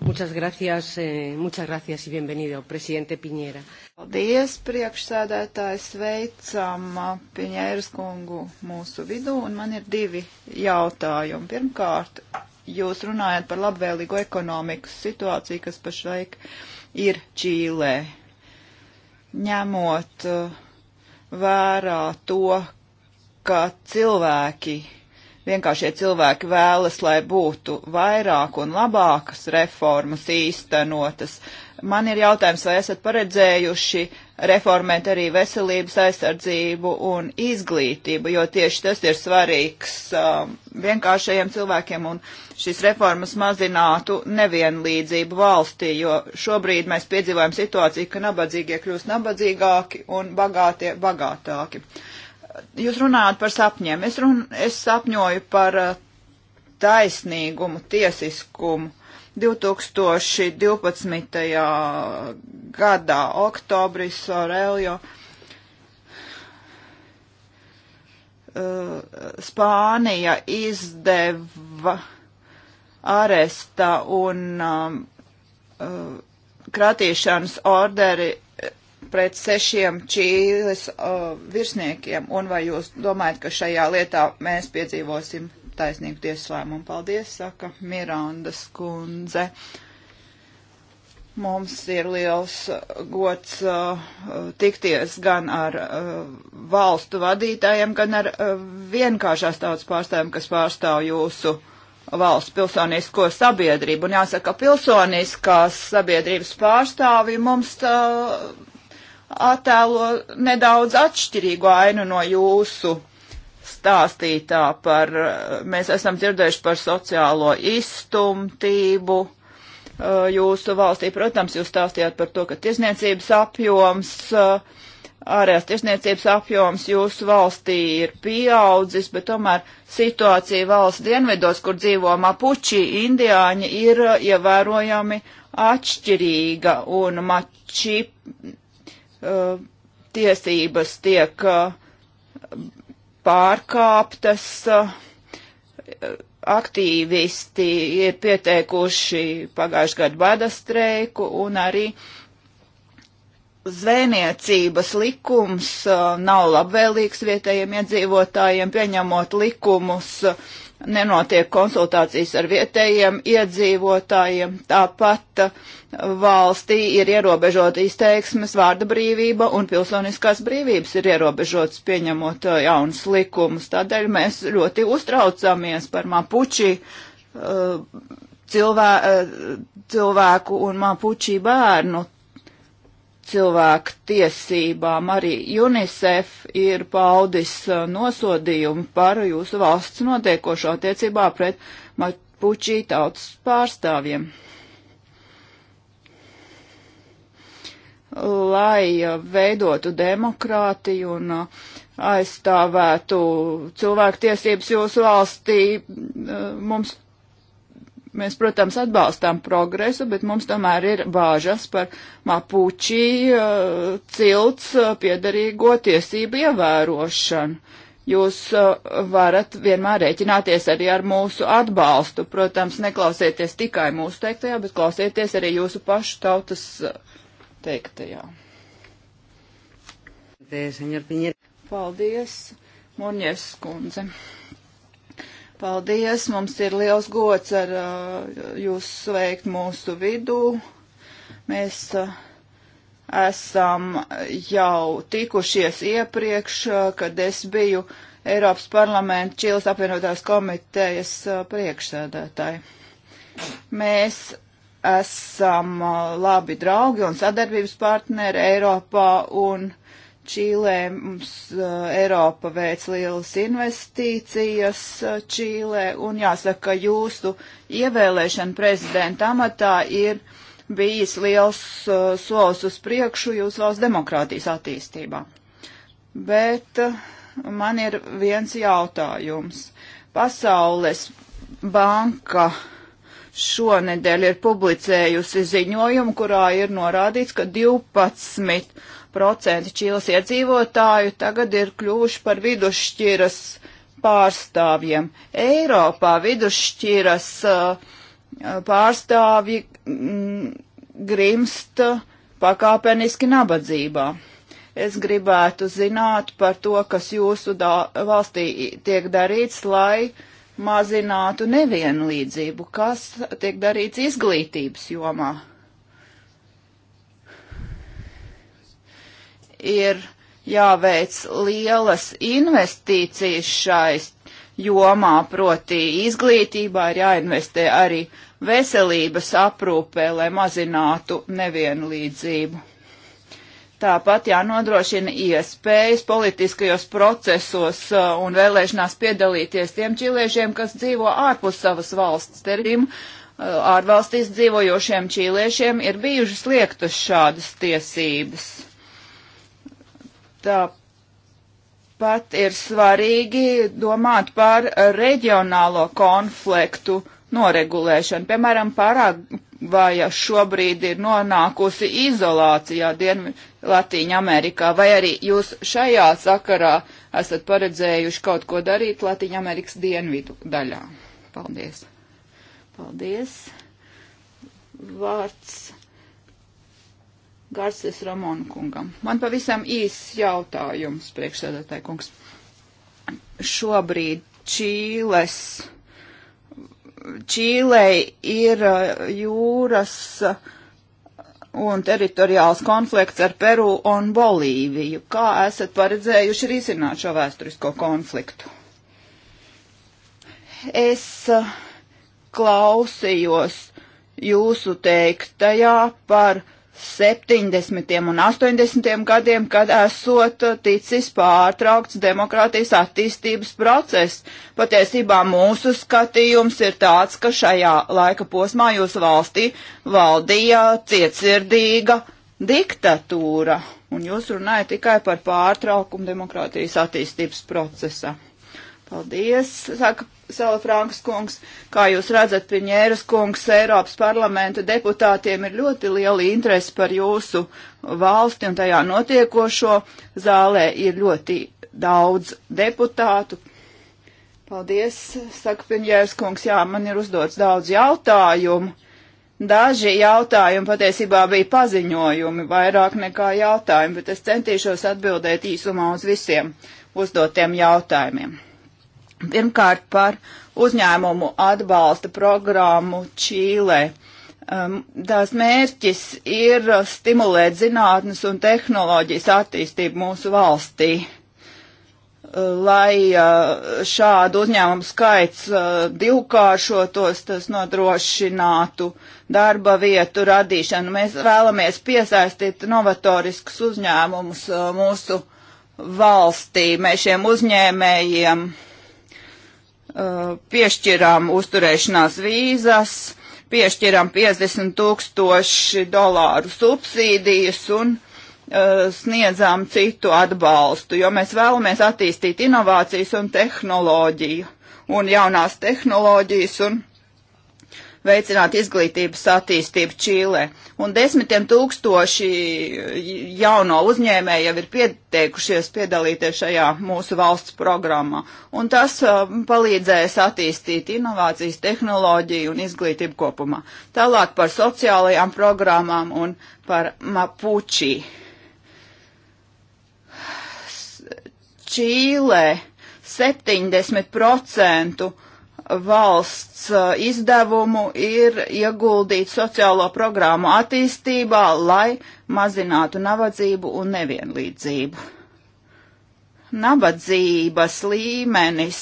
B: Muchas gracias, eh, muchas gracias y bienvenido, presidente Piņēra.
C: Paldies, priekšsēdētājs, veicam eh, Piņēras kungu mūsu vidū, un man ir divi jautājumi. Pirmkārt, jūs runājat par labvēlīgu ekonomikas situāciju, kas pašlaik ir Čīlē. Ņemot eh, vērā to, ka cilvēki vienkāršie cilvēki vēlas, lai būtu vairāk un labākas reformas īstenotas. Man ir jautājums, vai esat paredzējuši reformēt arī veselības aizsardzību un izglītību, jo tieši tas ir svarīgs um, vienkāršajiem cilvēkiem un šīs reformas mazinātu nevienlīdzību valstī, jo šobrīd mēs piedzīvojam situāciju, ka nabadzīgie kļūst nabadzīgāki un bagātie bagātāki. Uh, Jūs runājat par sapņiem. Es, run, es sapņoju par uh, taisnīgumu, tiesiskumu. 2012. gadā oktobrī Sorelio uh, Spānija izdeva aresta un um, uh, kratīšanas orderi pret sešiem Čīles uh, virsniekiem, un vai jūs domājat, ka šajā lietā mēs piedzīvosim taisnīgu tieslēmumu? Paldies, saka Mirandas kundze. Mums ir liels gods uh, tikties gan ar uh, valstu vadītājiem, gan ar uh, vienkāršās tautas pārstāvjiem, kas pārstāv jūsu valsts pilsonisko sabiedrību. Un jāsaka, pilsoniskās sabiedrības pārstāvji mums uh, attēlo nedaudz atšķirīgu ainu no jūsu stāstītā par, eh, mēs esam dzirdējuši par sociālo izstumtību eh, jūsu valstī. Protams, jūs stāstījāt par to, ka tirzniecības apjoms, eh, ārējās tirzniecības apjoms jūsu valstī ir pieaudzis, bet tomēr situācija valsts dienvidos, kur dzīvo mapuči, indiāņi, ir ievērojami atšķirīga un mači Uh, tiesības tiek uh, pārkāptas, uh, aktīvisti ir pieteikuši pagājušajā gadu bada streiku un arī zvejniecības likums nav labvēlīgs vietējiem iedzīvotājiem, pieņemot likumus uh, nenotiek konsultācijas ar vietējiem iedzīvotājiem. Tāpat valstī ir ierobežota izteiksmes vārda brīvība un pilsoniskās brīvības ir ierobežotas pieņemot uh, jaunus likumus. Tādēļ mēs ļoti uztraucamies par mapuči uh, cilvē, uh, cilvēku un mapuči bērnu cilvēku tiesībām. Arī UNICEF ir paudis uh, nosodījumu par jūsu valsts notiekošo attiecībā pret Mapučī tautas pārstāvjiem. Lai uh, veidotu demokrātiju un uh, aizstāvētu cilvēku tiesības jūsu valstī, mums Mēs, protams, atbalstām progresu, bet mums tomēr ir bāžas par mapuči cilts piedarīgo tiesību ievērošanu. Jūs varat vienmēr rēķināties arī ar mūsu atbalstu. Protams, neklausieties tikai mūsu teiktajā, bet klausieties arī jūsu pašu tautas teiktajā. Paldies, Murņies skundze. Paldies, mums ir liels gods ar uh, jūs sveikt mūsu vidū. Mēs uh, esam jau tikušies iepriekš, uh, kad es biju Eiropas parlamenta Čīles apvienotās komitejas priekšsēdētāji. Mēs esam labi draugi un sadarbības partneri Eiropā un Eiropā Čīlē mums eh, Eiropa veic lielas investīcijas eh, Čīlē, un jāsaka, ka jūsu ievēlēšana prezidenta amatā ir bijis liels uh, solis uz priekšu jūsu valsts demokrātijas attīstībā. Bet uh, man ir viens jautājums. Pasaules banka šonedēļ ir publicējusi ziņojumu, kurā ir norādīts, ka 12 40% Čīles iedzīvotāju tagad ir kļuvuši par vidusšķiras pārstāvjiem. Eiropā vidusšķiras uh, pārstāvji mm, grimst pakāpeniski nabadzībā. Es gribētu zināt par to, kas jūsu valstī tiek darīts, lai mazinātu nevienlīdzību, kas tiek darīts izglītības jomā. ir jāveic lielas investīcijas šais jomā, proti izglītībā ir jāinvestē arī veselības aprūpē, lai mazinātu nevienlīdzību. Tāpat jānodrošina iespējas politiskajos procesos uh, un vēlēšanās piedalīties tiem čīliešiem, kas dzīvo ārpus savas valsts terim. Uh, ārvalstīs dzīvojošiem čīliešiem ir bijušas liektas šādas tiesības. Tāpat ir svarīgi domāt par reģionālo konfliktu noregulēšanu. Piemēram, Paragvaja šobrīd ir nonākusi izolācijā Dienvi Latīņa Amerikā, vai arī jūs šajā sakarā esat paredzējuši kaut ko darīt Latīņa Amerikas dienvidu daļā. Paldies! Paldies! Vārds Garces Ramonu kungam. Man pavisam īsts jautājums, priekšsēdētāji kungs. Šobrīd Čīles, Čīlei ir uh, jūras uh, un teritoriāls konflikts ar Peru un Bolīviju. Kā esat paredzējuši risināt šo vēsturisko konfliktu? Es uh, klausījos jūsu teiktajā par 70. un 80. gadiem, kad esot ticis pārtraukts demokrātijas attīstības process. Patiesībā mūsu skatījums ir tāds, ka šajā laika posmā jūsu valstī valdīja cietsirdīga diktatūra, un jūs runājat tikai par pārtraukumu demokrātijas attīstības procesā. Paldies, saka Sala Franks kungs. Kā jūs redzat, Piņēras kungs, Eiropas parlamenta deputātiem ir ļoti liela interese par jūsu valsti un tajā notiekošo. Zālē ir ļoti daudz deputātu. Paldies, saka Piņēras kungs. Jā, man ir uzdots daudz jautājumu. Daži jautājumi patiesībā bija paziņojumi, vairāk nekā jautājumi, bet es centīšos atbildēt īsumā uz visiem uzdotiem jautājumiem. Pirmkārt par uzņēmumu atbalsta programmu Čīlē. Um, tās mērķis ir stimulēt zinātnes un tehnoloģijas attīstību mūsu valstī, uh, lai uh, šādu uzņēmumu skaits uh, divkāršotos, tas nodrošinātu darba vietu radīšanu. Mēs vēlamies piesaistīt novatoriskus uzņēmumus uh, mūsu valstī. Mēs šiem uzņēmējiem uh, Eh, piešķirām uzturēšanās vīzas, piešķirām 50 tūkstoši dolāru subsīdijas un uh, sniedzām citu atbalstu, jo mēs vēlamies attīstīt inovācijas un tehnoloģiju un jaunās tehnoloģijas un veicināt izglītības attīstību Čīlē. Un desmitiem tūkstoši jauno uzņēmēju jau ir pieteikušies piedalīties šajā mūsu valsts programmā. Un tas uh, palīdzēs attīstīt inovācijas, tehnoloģiju un izglītību kopumā. Tālāk par sociālajām programmām un par Mapuči. Čīlē 70% valsts eh, izdevumu ir ieguldīt sociālo programmu attīstībā, lai mazinātu nabadzību un nevienlīdzību. Nabadzības līmenis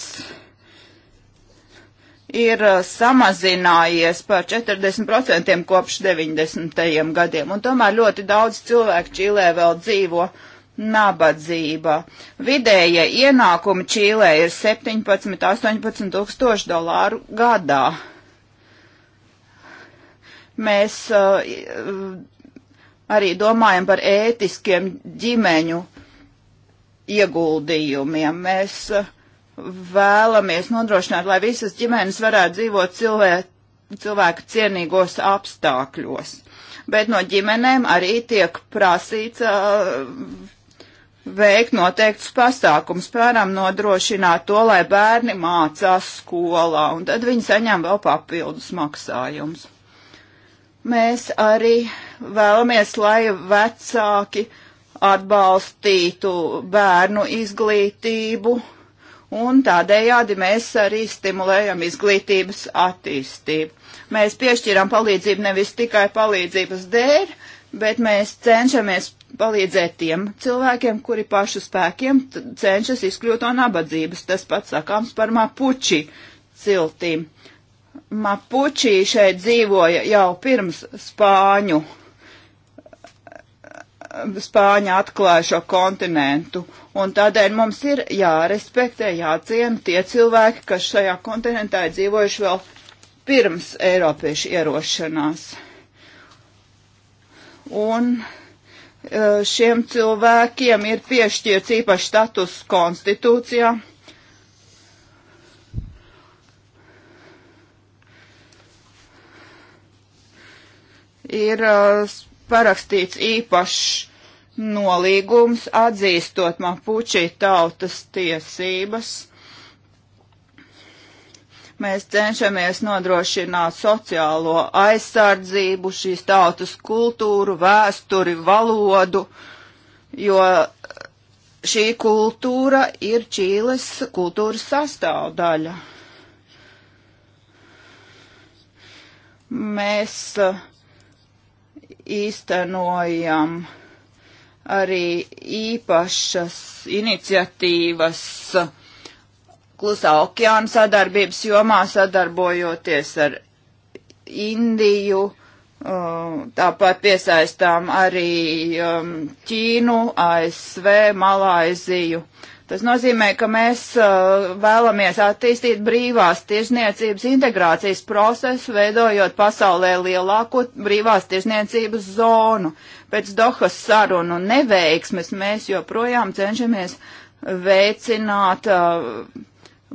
C: ir eh, samazinājies par 40% kopš 90. gadiem, un tomēr ļoti daudz cilvēku Čilē vēl dzīvo uh, nabadzība. Vidēja ienākuma Čīlē ir 17-18 tūkstoši dolāru gadā. Mēs uh, arī domājam par ētiskiem ģimeņu ieguldījumiem. Mēs uh, vēlamies nodrošināt, lai visas ģimenes varētu dzīvot cilvē, cilvēku cienīgos apstākļos. Bet no ģimenēm arī tiek prasīts uh, veikt noteikts pasākums, piemēram, nodrošināt to, lai bērni mācās skolā, un tad viņi saņem vēl papildus maksājumus. Mēs arī vēlamies, lai vecāki atbalstītu bērnu izglītību, un tādējādi mēs arī stimulējam izglītības attīstību. Mēs piešķiram palīdzību nevis tikai palīdzības dēļ, bet mēs cenšamies palīdzēt tiem cilvēkiem, kuri pašu spēkiem cenšas izkļūt no nabadzības. Tas pats sakāms par mapuči ciltīm. Mapuči šeit dzīvoja jau pirms spāņu, spāņu atklājušo kontinentu, un tādēļ mums ir jārespektē, jāciena tie cilvēki, kas šajā kontinentā ir dzīvojuši vēl pirms Eiropiešu ierošanās un e, šiem cilvēkiem ir piešķirts īpašs status konstitūcijā. Ir e, parakstīts īpašs nolīgums atzīstot mapuči tautas tiesības Mēs cenšamies nodrošināt sociālo aizsardzību, šīs tautas kultūru, vēsturi, valodu, jo šī kultūra ir Čīles kultūras sastāvdaļa. Mēs uh, īstenojam arī īpašas iniciatīvas, uh, klusā okeāna sadarbības jomā, sadarbojoties ar Indiju, um, tāpat piesaistām arī um, Ķīnu, ASV, Malaiziju. Tas nozīmē, ka mēs uh, vēlamies attīstīt brīvās tirzniecības integrācijas procesu, veidojot pasaulē lielāko brīvās tirzniecības zonu. Pēc Dohas sarunu neveiksmes mēs joprojām cenšamies veicināt uh,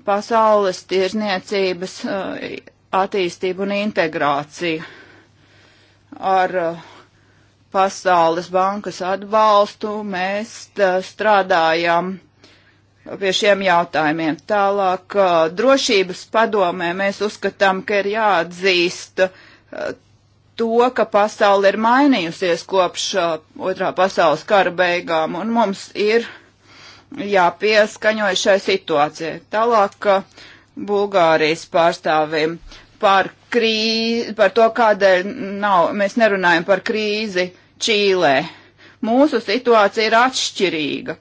C: pasaules tirzniecības uh, attīstību un integrāciju ar uh, Pasaules bankas atbalstu mēs uh, strādājam pie šiem jautājumiem. Tālāk, drošības padomē mēs uzskatām, ka ir jāatzīst to, ka pasauli ir mainījusies kopš otrā pasaules kara beigām, un mums ir jāpieskaņoja šai situācijai. Tālāk Bulgārijas pārstāvim par, krīzi, par to, kādēļ nav, mēs nerunājam par krīzi Čīlē. Mūsu situācija ir atšķirīga.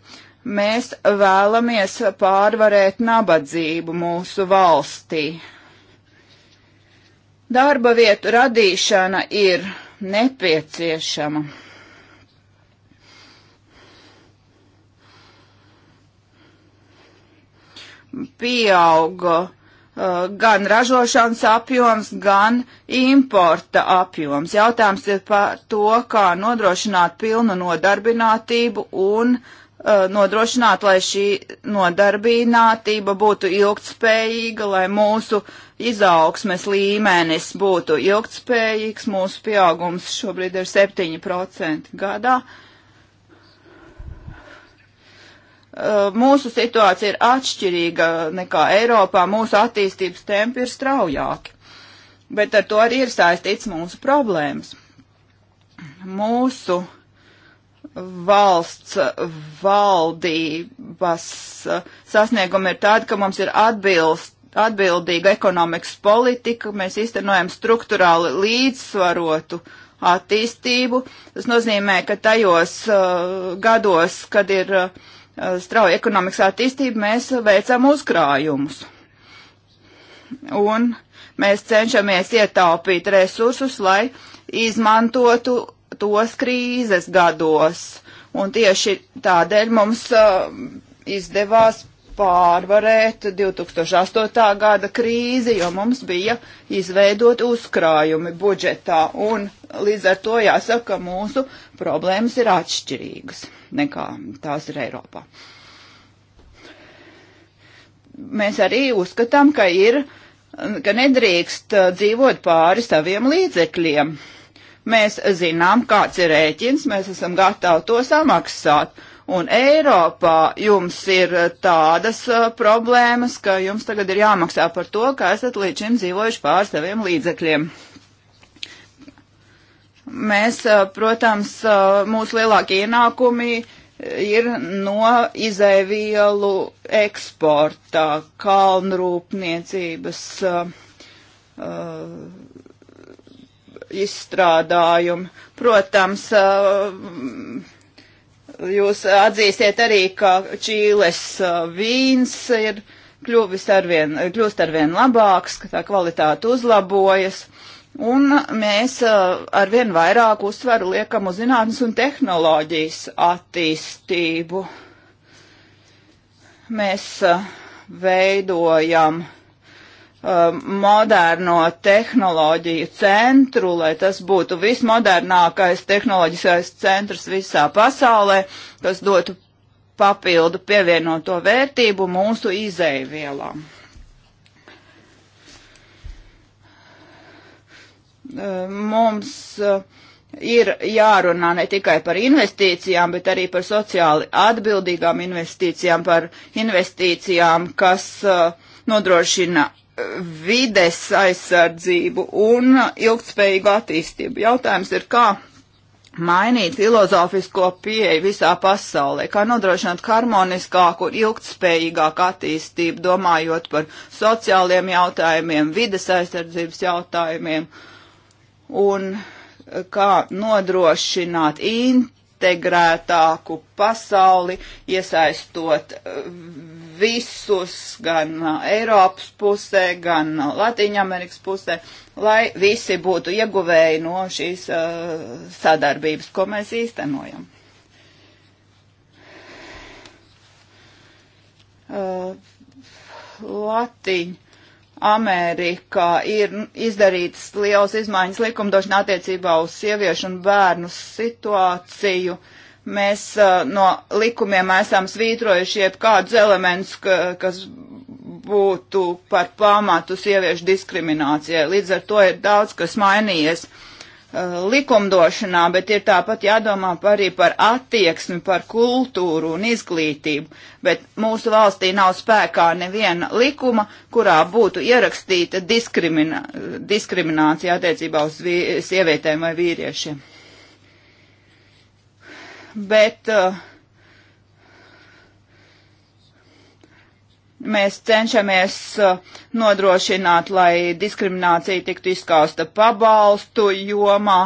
C: Mēs vēlamies pārvarēt nabadzību mūsu valstī. Darba vietu radīšana ir nepieciešama. pieauga uh, gan ražošanas apjoms, gan importa apjoms. Jautājums ir par to, kā nodrošināt pilnu nodarbinātību un uh, nodrošināt, lai šī nodarbinātība būtu ilgtspējīga, lai mūsu izaugsmes līmenis būtu ilgtspējīgs. Mūsu pieaugums šobrīd ir 7% gadā. Uh, Eh, mūsu situācija ir atšķirīga nekā Eiropā, mūsu attīstības tempi ir straujāki. Bet ar to arī ir saistīts mūsu problēmas. Mūsu valsts valdības eh, sasniegumi ir tādi, ka mums ir atbilst, atbildīga ekonomikas politika, mēs iztenojam struktūrāli līdzsvarotu attīstību. Tas nozīmē, ka tajos uh, gados, kad ir uh, Eh, strauja ekonomikas attīstība, mēs veicam uzkrājumus. Un mēs cenšamies ietaupīt resursus, lai izmantotu tos krīzes gados. Un tieši tādēļ mums uh, izdevās pārvarēt 2008. gada krīzi, jo mums bija izveidot uzkrājumi budžetā, un līdz ar to jāsaka, ka mūsu problēmas ir atšķirīgas nekā tās ir Eiropā. Mēs arī uzskatām, ka ir, ka nedrīkst uh, dzīvot pāri saviem līdzekļiem. Mēs zinām, kāds ir rēķins, mēs esam gatavi to samaksāt Un Eiropā jums ir eh, tādas eh, problēmas, ka jums tagad ir jāmaksā par to, ka esat līdz šim dzīvojuši pār saviem līdzekļiem. Mēs, eh, protams, mūsu lielākie ienākumi ir no izēvielu eksporta, kalnrūpniecības uh, uh, izstrādājumi. Protams, uh, Jūs atzīsiet arī, ka Čīles uh, vīns ir kļuvis arvien, kļūst arvien labāks, ka tā kvalitāte uzlabojas. Un mēs uh, arvien vairāk uzsveru liekam uz zinātnes un tehnoloģijas attīstību. Mēs uh, veidojam uh, Um, moderno tehnoloģiju centru, lai tas būtu vismodernākais tehnoloģiskais centrs visā pasaulē, kas dotu papildu pievienoto vērtību mūsu izēvielām. Um, mums uh, ir jārunā ne tikai par investīcijām, bet arī par sociāli atbildīgām investīcijām, par investīcijām, kas uh, nodrošina vides aizsardzību un ilgtspējīgu attīstību. Jautājums ir, kā mainīt filozofisko pieeju visā pasaulē, kā nodrošināt harmoniskāku un ilgtspējīgāku attīstību, domājot par sociāliem jautājumiem, vides aizsardzības jautājumiem un kā nodrošināt integrētāku pasauli, iesaistot visus, gan uh, Eiropas pusē, gan uh, Latīņamerikas pusē, lai visi būtu ieguvēji no šīs uh, sadarbības, ko mēs īstenojam. Uh, Latīņa Amerikā ir izdarītas liels izmaiņas likumdošanā attiecībā uz sieviešu un bērnu situāciju. Uh, Mēs no likumiem esam svītrojuši jebkādus elementus, ka, kas būtu par pamatu sieviešu diskriminācijai. Līdz ar to ir daudz, kas mainījies likumdošanā, bet ir tāpat jādomā par arī par attieksmi, par kultūru un izglītību. Bet mūsu valstī nav spēkā neviena likuma, kurā būtu ierakstīta diskrimina, diskriminācija attiecībā uz sievietēm vai vīriešiem bet uh, mēs cenšamies uh, nodrošināt, lai diskriminācija tiktu izskausta pabalstu jomā,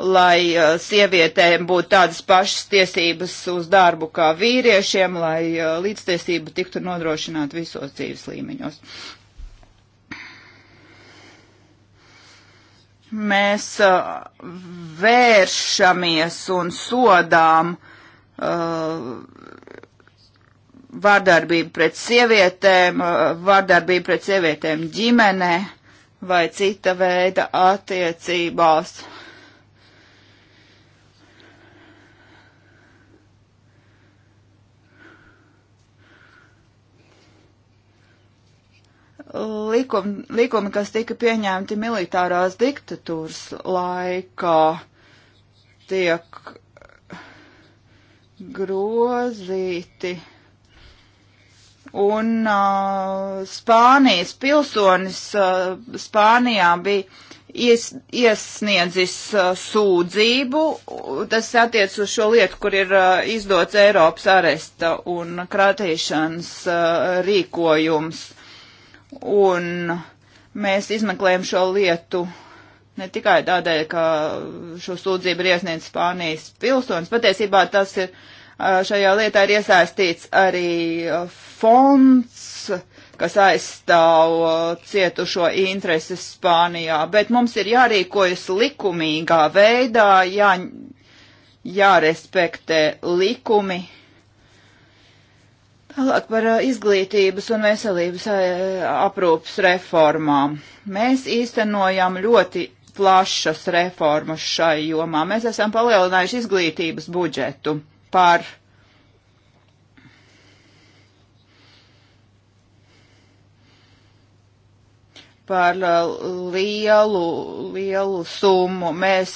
C: lai uh, sievietēm būtu tādas pašas tiesības uz darbu kā vīriešiem, lai uh, līdztiesība tiktu nodrošināta visos dzīves līmeņos. mēs uh, vēršamies un sodām uh, vārdarbību pret sievietēm, uh, vārdarbību pret sievietēm ģimenē vai cita veida attiecībās. likumi, likumi, kas tika pieņemti militārās diktatūras laikā, tiek grozīti. Un uh, Spānijas pilsonis uh, Spānijā bija ies, iesniedzis uh, sūdzību, tas attiec uz šo lietu, kur ir uh, izdots Eiropas aresta un kratīšanas uh, rīkojums. Uh, Un mēs izmeklējam šo lietu ne tikai tādēļ, ka šo sūdzību ir iesniedz Spānijas pilsonis, patiesībā tas ir, šajā lietā ir iesaistīts arī fonds, kas aizstāv cietušo intereses Spānijā, bet mums ir jārīkojas likumīgā veidā, jā, jārespektē likumi Tālāk par izglītības un veselības aprūpas reformām. Mēs īstenojam ļoti plašas reformas šai jomā. Mēs esam palielinājuši izglītības budžetu par par lielu, lielu summu. Mēs,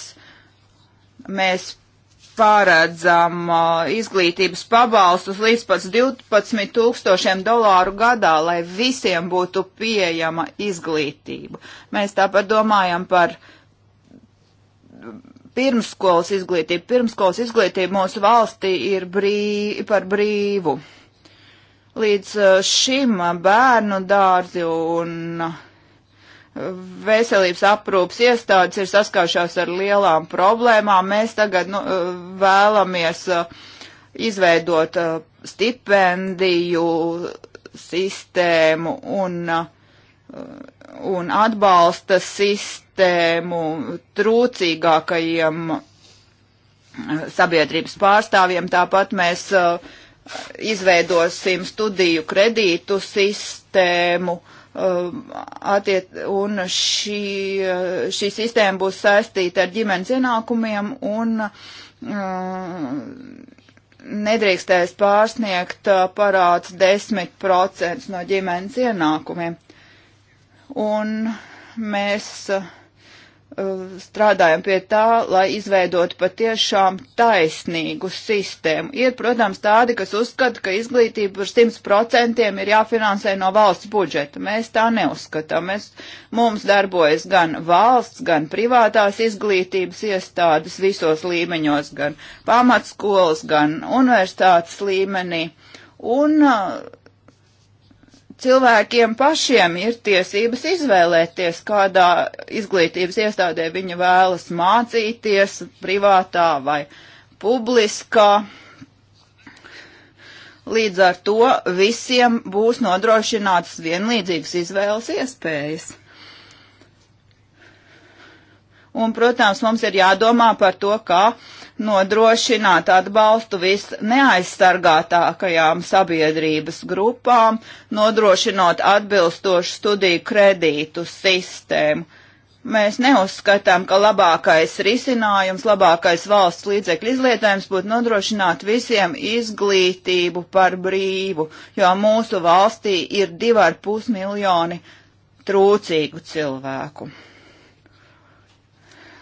C: mēs paredzam uh, izglītības pabalstus līdz pat 12 tūkstošiem dolāru gadā, lai visiem būtu pieejama izglītība. Mēs tāpat domājam par pirmskolas izglītību. Pirmskolas izglītība mūsu valstī ir brī, par brīvu. Līdz šim bērnu dārzi un uh, veselības aprūpas iestādes ir saskāršās ar lielām problēmām. Mēs tagad nu, vēlamies uh, izveidot uh, stipendiju sistēmu un, uh, un atbalsta sistēmu trūcīgākajiem sabiedrības pārstāvjiem. Tāpat mēs izveidosim studiju kredītu sistēmu Um, attiet, un šī, šī sistēma būs saistīta ar ģimenes ienākumiem un mm, nedrīkstēs pārsniegt uh, parāds 10% no ģimenes ienākumiem. Un mēs uh, Eh, strādājam pie tā, lai izveidotu patiešām taisnīgu sistēmu. Ir, protams, tādi, kas uzskata, ka izglītība par 100% ir jāfinansē no valsts budžeta. Mēs tā neuzskatām. Mēs, mums darbojas gan valsts, gan privātās izglītības iestādes visos līmeņos, gan pamatskolas, gan universitātes līmenī. Un uh, cilvēkiem pašiem ir tiesības izvēlēties, kādā izglītības iestādē viņi vēlas mācīties, privātā vai publiskā. Līdz ar to visiem būs nodrošinātas vienlīdzīgas izvēles iespējas. Un, protams, mums ir jādomā par to, kā uh, nodrošināt atbalstu visneaizsargātākajām sabiedrības grupām, nodrošinot atbilstošu studiju kredītu sistēmu. Mēs neuzskatām, ka labākais risinājums, labākais valsts līdzekļu izlietojums būtu nodrošināt visiem izglītību par brīvu, jo mūsu valstī ir divi ar pus miljoni trūcīgu cilvēku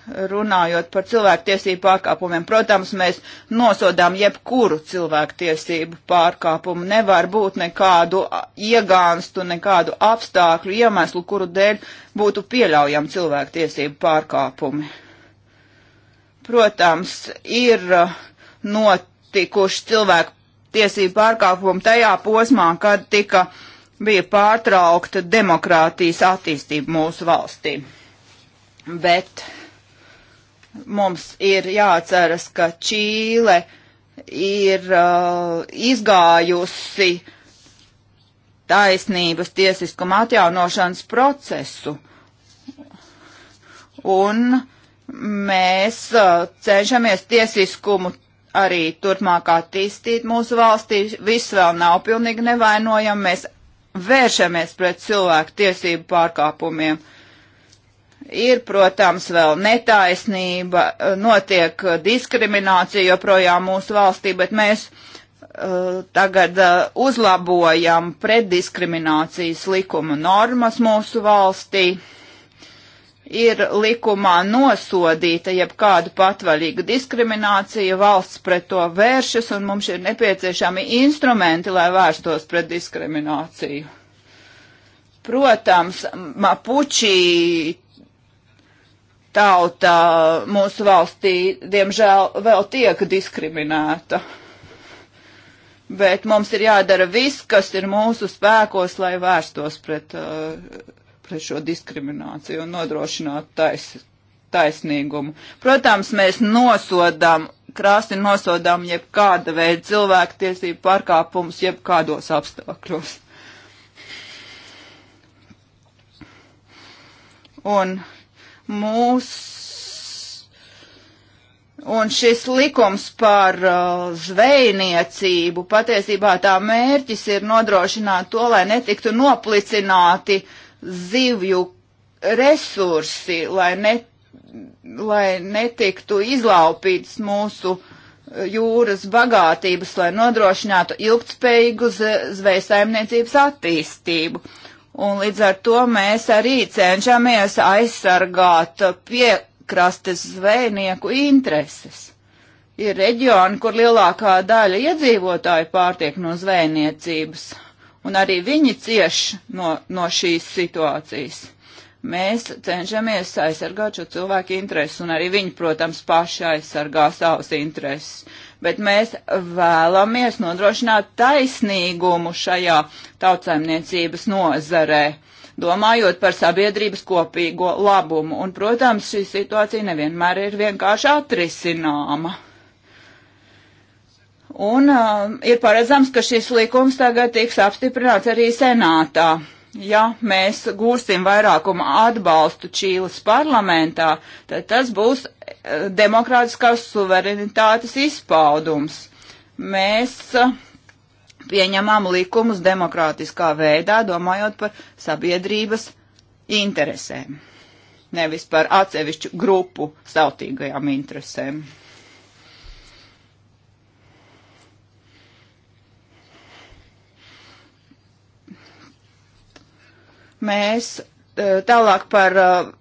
C: runājot par cilvēktiesību pārkāpumiem. Protams, mēs nosodām jebkuru cilvēktiesību pārkāpumu. Nevar būt nekādu iegānstu, nekādu apstākļu iemeslu, kuru dēļ būtu pieļaujami cilvēktiesību pārkāpumi. Protams, ir uh, notikuši cilvēku tiesību pārkāpumi tajā posmā, kad tika bija pārtraukta demokrātijas attīstība mūsu valstī. Bet uh, Mums ir jāatceras, ka Čīle ir uh, izgājusi taisnības tiesiskuma atjaunošanas procesu. Un mēs uh, cenšamies tiesiskumu arī turpmāk attīstīt mūsu valstī. Viss vēl nav pilnīgi nevainojami. Mēs vēršamies pret cilvēku tiesību pārkāpumiem. Uh, ir, protams, vēl netaisnība, eh, notiek eh, diskriminācija joprojām mūsu valstī, bet mēs uh, tagad uh, uzlabojam preddiskriminācijas likuma normas mūsu valstī. Ir likumā nosodīta jebkāda patvaļīga diskriminācija, valsts pret to vēršas, un mums ir nepieciešami instrumenti, lai vērstos pret diskrimināciju. Protams, mapuči tauta mūsu valstī, diemžēl, vēl tiek diskriminēta. Bet mums ir jādara viss, kas ir mūsu spēkos, lai vērstos pret, eh, pret šo diskrimināciju un nodrošinātu tais, taisnīgumu. Protams, mēs nosodām, krāsni nosodām jebkāda veida cilvēktiesību pārkāpumus, jebkādos apstākļos. Un mūs. Un šis likums par uh, zvejniecību patiesībā tā mērķis ir nodrošināt to, lai netiktu noplicināti zivju resursi, lai, ne, lai netiktu izlaupīts mūsu uh, jūras bagātības, lai nodrošinātu ilgtspējīgu zvejas saimniecības attīstību. Un līdz ar to mēs arī cenšamies aizsargāt piekrastes zvejnieku intereses. Ir reģioni, kur lielākā daļa iedzīvotāju pārtiek no zvejniecības, un arī viņi cieš no, no šīs situācijas. Mēs cenšamies aizsargāt šo cilvēku intereses, un arī viņi, protams, paši aizsargā savus intereses bet mēs vēlamies nodrošināt taisnīgumu šajā tautsēmniecības nozarē, domājot par sabiedrības kopīgo labumu. Un, protams, šī situācija nevienmēr ir vienkārši atrisināma. Un uh, ir paredzams, ka šis likums tagad tiks apstiprināts arī senātā. Ja mēs gūsim vairākumu atbalstu Čīles parlamentā, tad tas būs demokrātiskās suverenitātes izpaudums. Mēs uh, pieņemam likumus demokrātiskā veidā, domājot par sabiedrības interesēm, nevis par atsevišķu grupu sautīgajām interesēm. Mēs uh, tālāk par uh,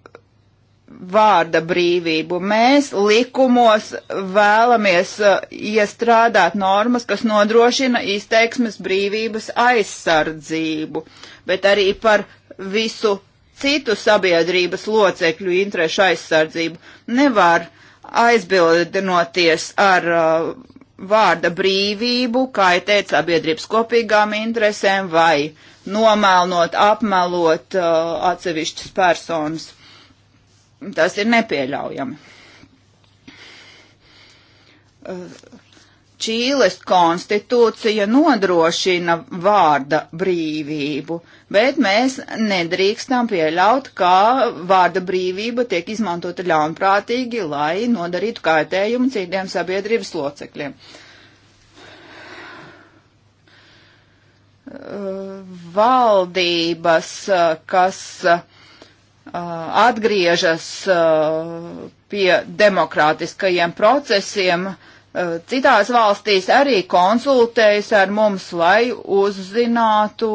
C: vārda brīvību. Mēs likumos vēlamies uh, iestrādāt normas, kas nodrošina izteiksmes brīvības aizsardzību, bet arī par visu citu sabiedrības locekļu interešu aizsardzību. Nevar aizbildinoties ar uh, vārda brīvību, kaitēt sabiedrības kopīgām interesēm vai nomēlnot, apmelot uh, atsevišķas personas Tas ir nepieļaujami. Čīles konstitūcija nodrošina vārda brīvību, bet mēs nedrīkstam pieļaut, ka vārda brīvība tiek izmantota ļaunprātīgi, lai nodarītu kaitējumu citiem sabiedrības locekļiem. Valdības, kas Uh, atgriežas uh, pie demokrātiskajiem procesiem, uh, citās valstīs arī konsultējas ar mums, lai uzzinātu,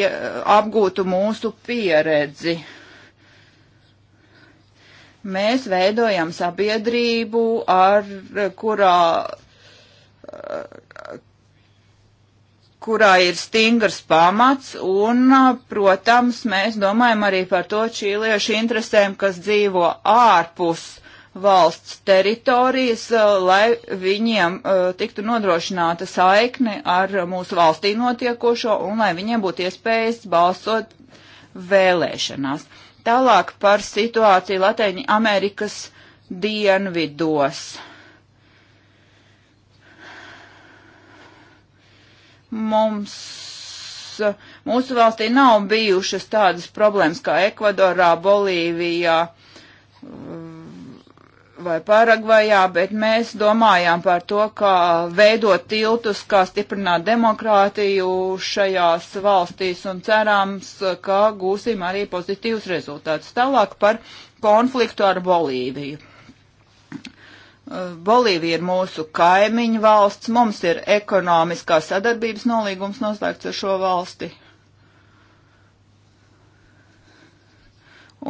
C: ja, apgūtu mūsu pieredzi. Mēs veidojam sabiedrību, ar kurā kurā ir stingrs pamats, un, protams, mēs domājam arī par to čīliešu interesēm, kas dzīvo ārpus valsts teritorijas, lai viņiem uh, tiktu nodrošināta saikne ar mūsu valstī notiekošo un lai viņiem būtu iespējas balsot vēlēšanās. Tālāk par situāciju Latvijas Amerikas dienvidos. Uh, Mums, eh, mūsu valstī nav bijušas tādas problēmas kā Ekvadorā, Bolīvijā eh, vai Paragvajā, bet mēs domājām par to, kā veidot tiltus, kā stiprināt demokrātiju šajās valstīs un cerams, ka gūsim arī pozitīvus rezultātus. Tālāk par konfliktu ar Bolīviju. Bolīvija ir mūsu kaimiņu valsts, mums ir ekonomiskā sadarbības nolīgums noslēgts ar šo valsti.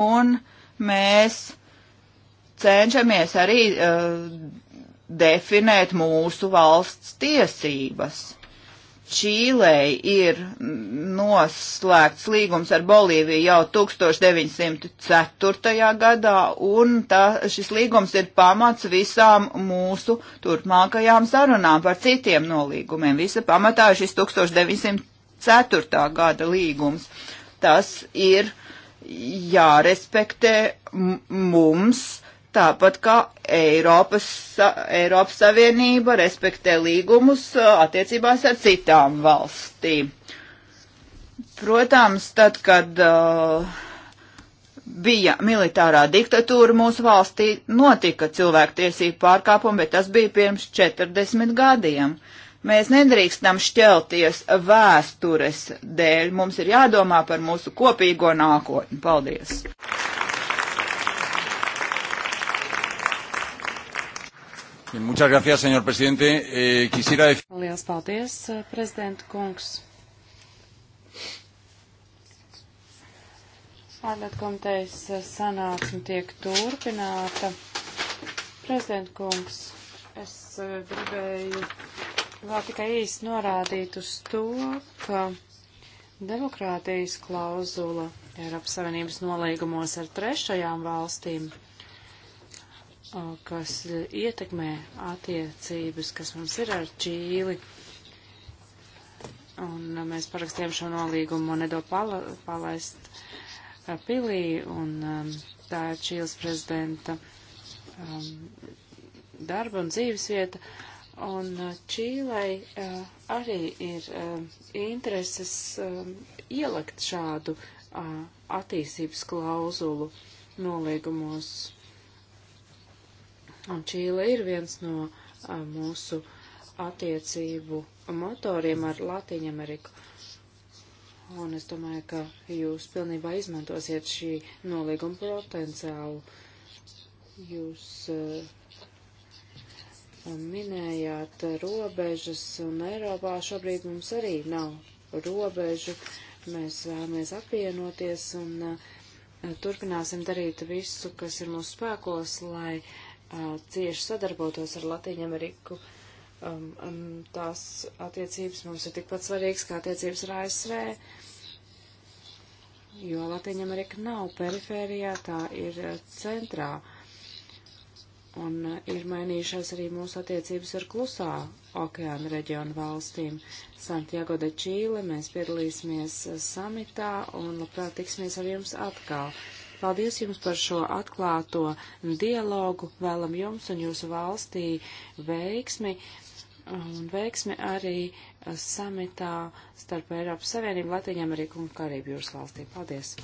C: Un mēs cenšamies arī uh, definēt mūsu valsts tiesības. Čīlei ir noslēgts līgums ar Bolīviju jau 1904. gadā, un tā, šis līgums ir pamats visām mūsu turpmākajām sarunām par citiem nolīgumiem. Visa pamatā ir šis 1904. gada līgums. Tas ir jārespektē mums tāpat kā Eiropas, Eiropas Savienība respektē līgumus uh, attiecībās ar citām valstīm. Protams, tad, kad uh, bija militārā diktatūra mūsu valstī, notika cilvēktiesību pārkāpumi, bet tas bija pirms 40 gadiem. Mēs nedrīkstam šķelties vēstures dēļ. Mums ir jādomā par mūsu kopīgo nākotni. Paldies! Muchas gracias, señor presidente. Eh, quisiera decir...
B: Lielas paldies, eh, prezidenta kungs. Ārlietu komitejas eh, sanāksme tiek turpināta. Prezidenta kungs, es eh, gribēju vēl tikai īsti norādīt uz to, ka demokrātijas klauzula Eiropas Savienības nolīgumos ar trešajām valstīm – kas e, ietekmē attiecības, kas mums ir ar Čīli. Un e, mēs parakstījām šo nolīgumu Monedo pala, palaist e, pilī, un tā ir Čīles prezidenta um, darba un dzīves vieta. Un Čīlei uh, arī ir uh, intereses uh, ielikt šādu attīstības klauzulu noliegumos Un Čīle ir viens no a, mūsu attiecību motoriem ar Latīņu Ameriku. Un es domāju, ka jūs pilnībā izmantosiet šī nolīguma potenciālu. Jūs uh, minējāt robežas, un Eiropā šobrīd mums arī nav robežu. Mēs vēlamies apvienoties un turpināsim darīt visu, kas ir mūsu spēkos, lai cieši sadarbotos ar Latīņu Ameriku. Um, um, tās attiecības mums ir tikpat svarīgas kā attiecības ar ASV, jo Latīņa Amerika nav perifērijā, tā ir centrā. Un uh, ir mainījušās arī mūsu attiecības ar klusā okeāna reģionu valstīm. Santiago de Čīle mēs piedalīsimies samitā un labprāt tiksimies ar jums atkal. Paldies jums par šo atklāto dialogu. Vēlam jums un jūsu valstī veiksmi. Un veiksmi arī samitā starp Eiropas Savienību, Latviju, Ameriku un Karību jūras valstīm. Paldies!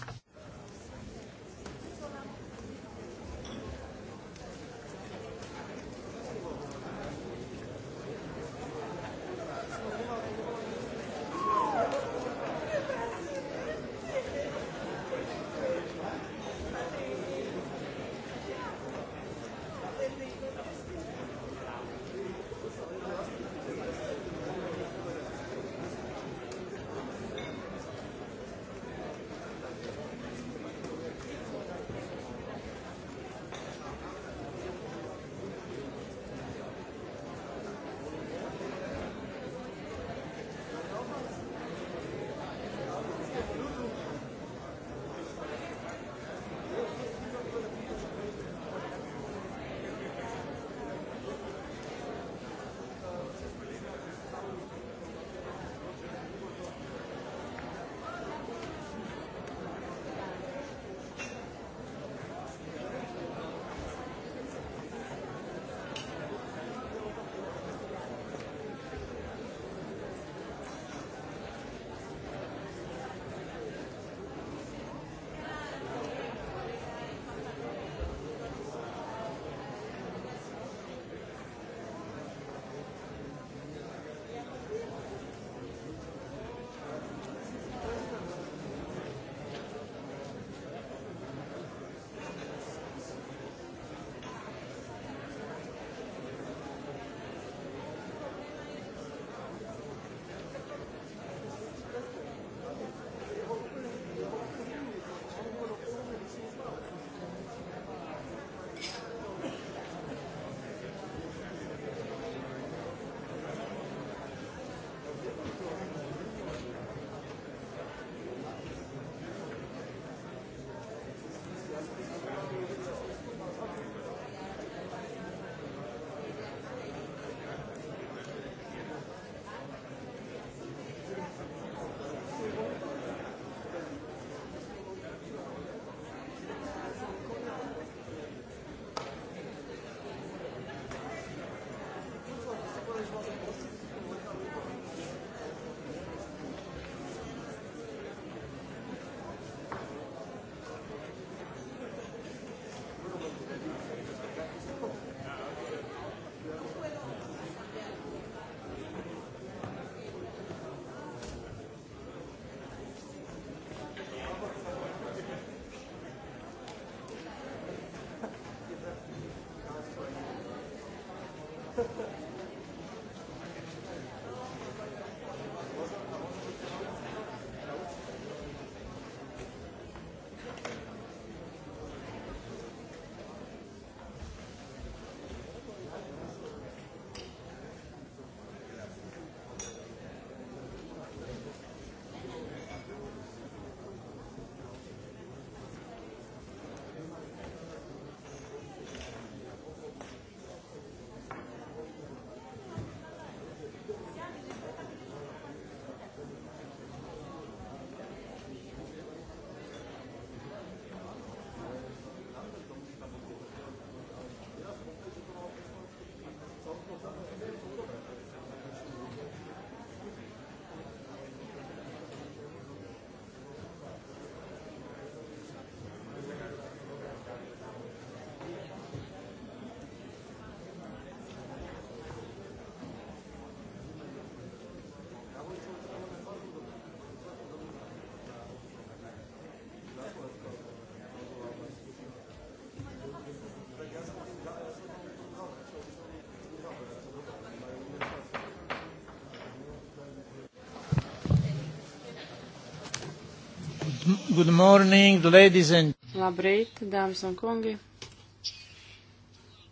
C: Good, good morning,
B: ladies and... Labrīt, dāmas un kungi.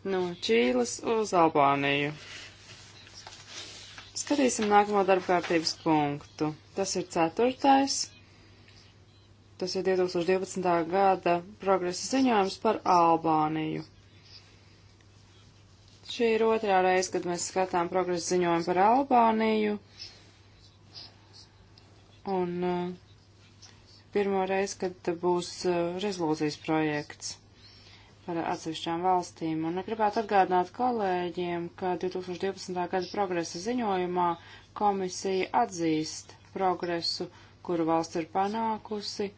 B: No Čīles uz Albāniju. Skatīsim nākamo darba kārtības punktu. Tas ir ceturtais. Tas ir 2012. gada progresa ziņojums par Albāniju. Šī ir otrā reize, kad mēs skatām progresa ziņojumu par Albāniju. Un uh, pirmo reizi, kad būs eh, rezolūcijas projekts par atsevišķām valstīm. Un gribētu atgādināt kolēģiem, ka 2012. gada progresa ziņojumā komisija atzīst progresu, kuru valsts ir panākusi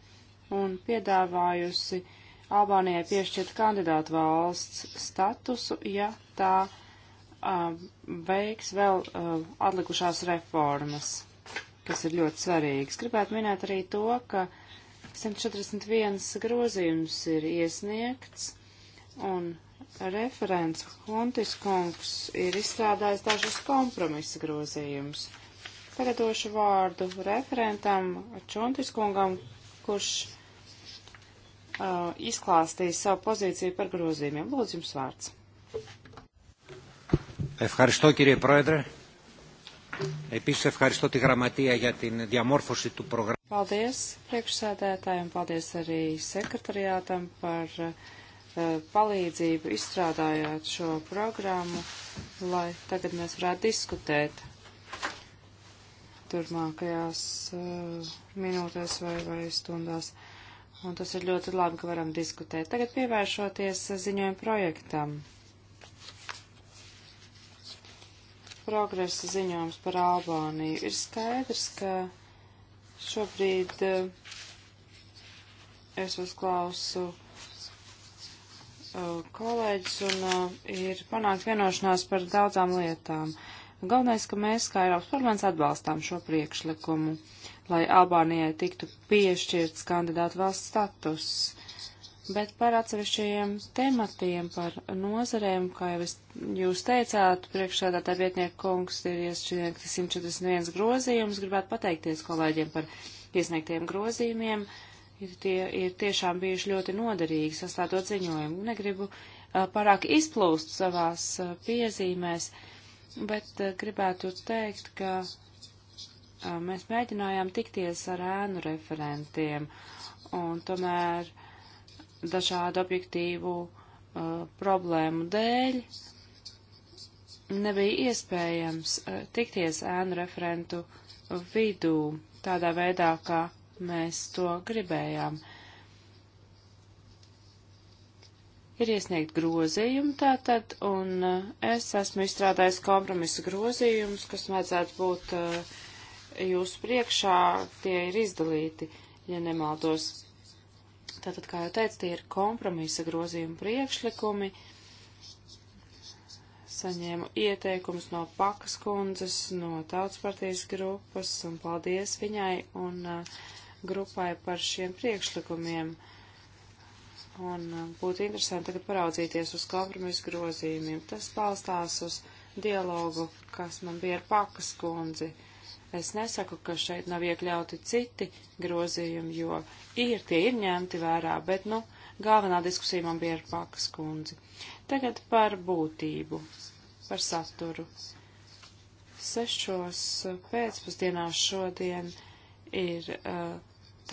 B: un piedāvājusi Albānijai piešķirt kandidātu valsts statusu, ja tā uh, veiks vēl uh, atlikušās reformas, kas ir ļoti svarīgas. Gribētu minēt arī to, ka uh, 141 grozījums ir iesniegts, un referents Hontis kungs ir izstrādājis dažus kompromisa grozījumus. Tagad došu vārdu referentam Čontis kungam, kurš uh, izklāstīs savu pozīciju par grozījumiem. Lūdzu, jums vārds.
A: Ευχαριστώ κύριε Πρόεδρε. Επίσης ευχαριστώ
C: τη Γραμματεία για την διαμόρφωση του προγράμματος.
B: Paldies priekšsēdētājiem, paldies arī sekretariātam par eh, palīdzību izstrādājot šo programmu, lai tagad mēs varētu diskutēt turmākajās eh, minūtēs vai, vai stundās. Un tas ir ļoti labi, ka varam diskutēt. Tagad pievēršoties eh, ziņojumu projektam. progresa ziņojums par Albāniju. Ir skaidrs, ka šobrīd eh, es uzklausu eh, kolēģis un eh, ir panākt vienošanās par daudzām lietām. Galvenais, ka mēs, kā Eiropas parlaments, atbalstām šo priekšlikumu, lai Albānijai tiktu piešķirts kandidātu valsts status bet par atsevišķajiem tematiem, par nozarēm, kā jau es, jūs teicāt, priekšsēdātā vietnieku kungs ir iesniegti 141 grozījums, gribētu pateikties kolēģiem par iesniegtiem grozījumiem, ir, tie, ir tiešām bijuši ļoti noderīgi sastādot ziņojumu. Negribu a, pārāk izplūst savās a, piezīmēs, bet a, gribētu teikt, ka mēs mēģinājām tikties ar ēnu referentiem, un tomēr dažādu objektīvu uh, problēmu dēļ nebija iespējams uh, tikties ēnu referentu vidū tādā veidā, kā mēs to gribējām. Ir iesniegt grozījumi tātad, un uh, es esmu izstrādājis kompromisu grozījumus, kas vajadzētu būt uh, jūsu priekšā, tie ir izdalīti, ja nemaldos. Tātad, kā jau teicu, tie ir kompromisa grozījuma priekšlikumi. Saņēmu ieteikumus no Pakas kundzes, no Tautspartijas grupas, un paldies viņai un uh, grupai par šiem priekšlikumiem. Un uh, būtu interesanti tagad paraudzīties uz kompromisu grozījumiem. Tas balstās uz dialogu, kas man bija ar Pakas kundzi. Uh, Es nesaku, ka šeit nav iekļauti citi grozījumi, jo ir, tie ir ņemti vērā, bet, nu, galvenā diskusija man bija ar Pakas kundzi. Tagad par būtību, par saturu. Sešos pēcpusdienā šodien ir uh,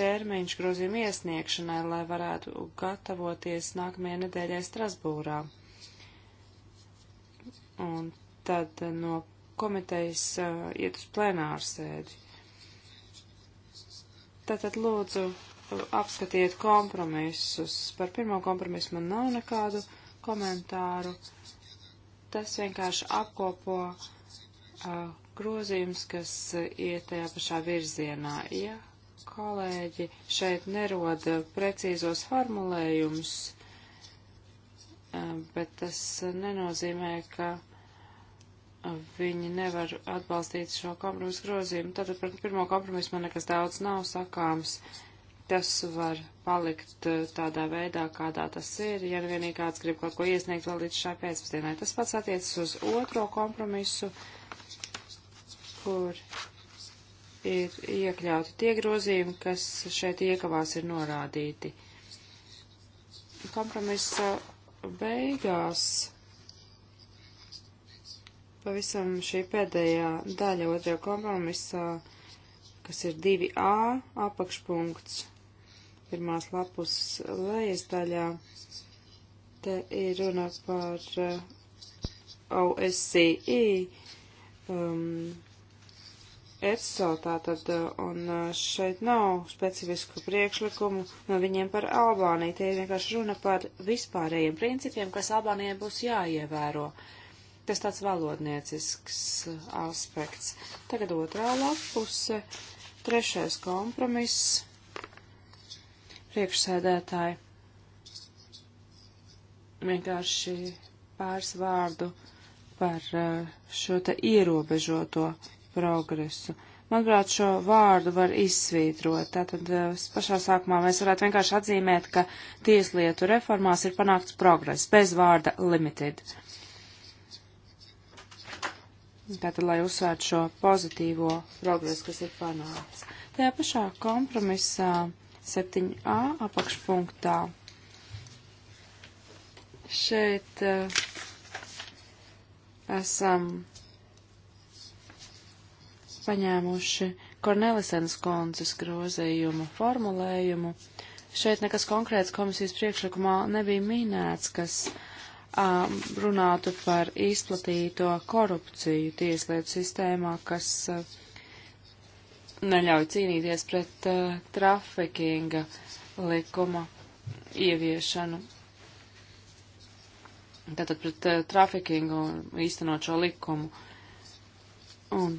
B: termiņš grozījuma iesniegšanai, lai varētu gatavoties nākamajai nedēļai Strasbūrā. Un tad no komitejas uh, iet uz plenāru sēdi. Tātad lūdzu uh, apskatiet kompromisus. Par pirmo kompromisu man nav nekādu komentāru. Tas vienkārši apkopo uh, grozījums, kas iet tajā pašā virzienā. Ja kolēģi šeit neroda precīzos formulējumus, bet tas nenozīmē, ka viņi nevar atbalstīt šo kompromisu grozījumu. Tātad par pirmo kompromisu man nekas daudz nav sakāms. Tas var palikt eh, tādā veidā, kādā tas ir, ja nu vienīgi kāds grib kaut ko iesniegt vēl līdz šai pēcpusdienai. Tas pats attiecas uz otro kompromisu, kur ir iekļauti tie grozījumi, kas šeit iekavās ir norādīti. Kompromisa beigās Pavisam šī pēdējā daļa otrajā kompromisā, kas ir 2A apakšpunkts, pirmās lapus lejas daļā, te ir runa par eh, OSCE. Um, ECO, tātad, eh, un eh, šeit nav specifisku priekšlikumu no viņiem par Albāniju. Te ir vienkārši runa par vispārējiem principiem, kas Albānijai būs jāievēro. Uh, Tas tāds valodniecisks aspekts. Tagad otrā lapuse, trešais kompromiss, priekšsēdētāji. Vienkārši pāris vārdu par uh, šo te ierobežoto progresu. Manuprāt, šo vārdu var izsvītrot. Tātad uh, pašā sākumā mēs varētu vienkārši atzīmēt, ka tieslietu reformās ir panākts progress bez vārda limited. Uh, Tātad, lai uzsvērtu šo pozitīvo progresu, kas ir panācis. Tajā pašā kompromisā 7a apakšpunktā šeit uh, esam paņēmuši Kornelisens kundzes grozījumu formulējumu. Šeit nekas konkrēts komisijas priekšlikumā nebija minēts, kas uh, Um, runātu par izplatīto korupciju tieslietu sistēmā, kas uh, neļauj cīnīties pret uh, trafikinga likuma ieviešanu. Tātad pret uh, trafikingu un īstenot šo likumu. Un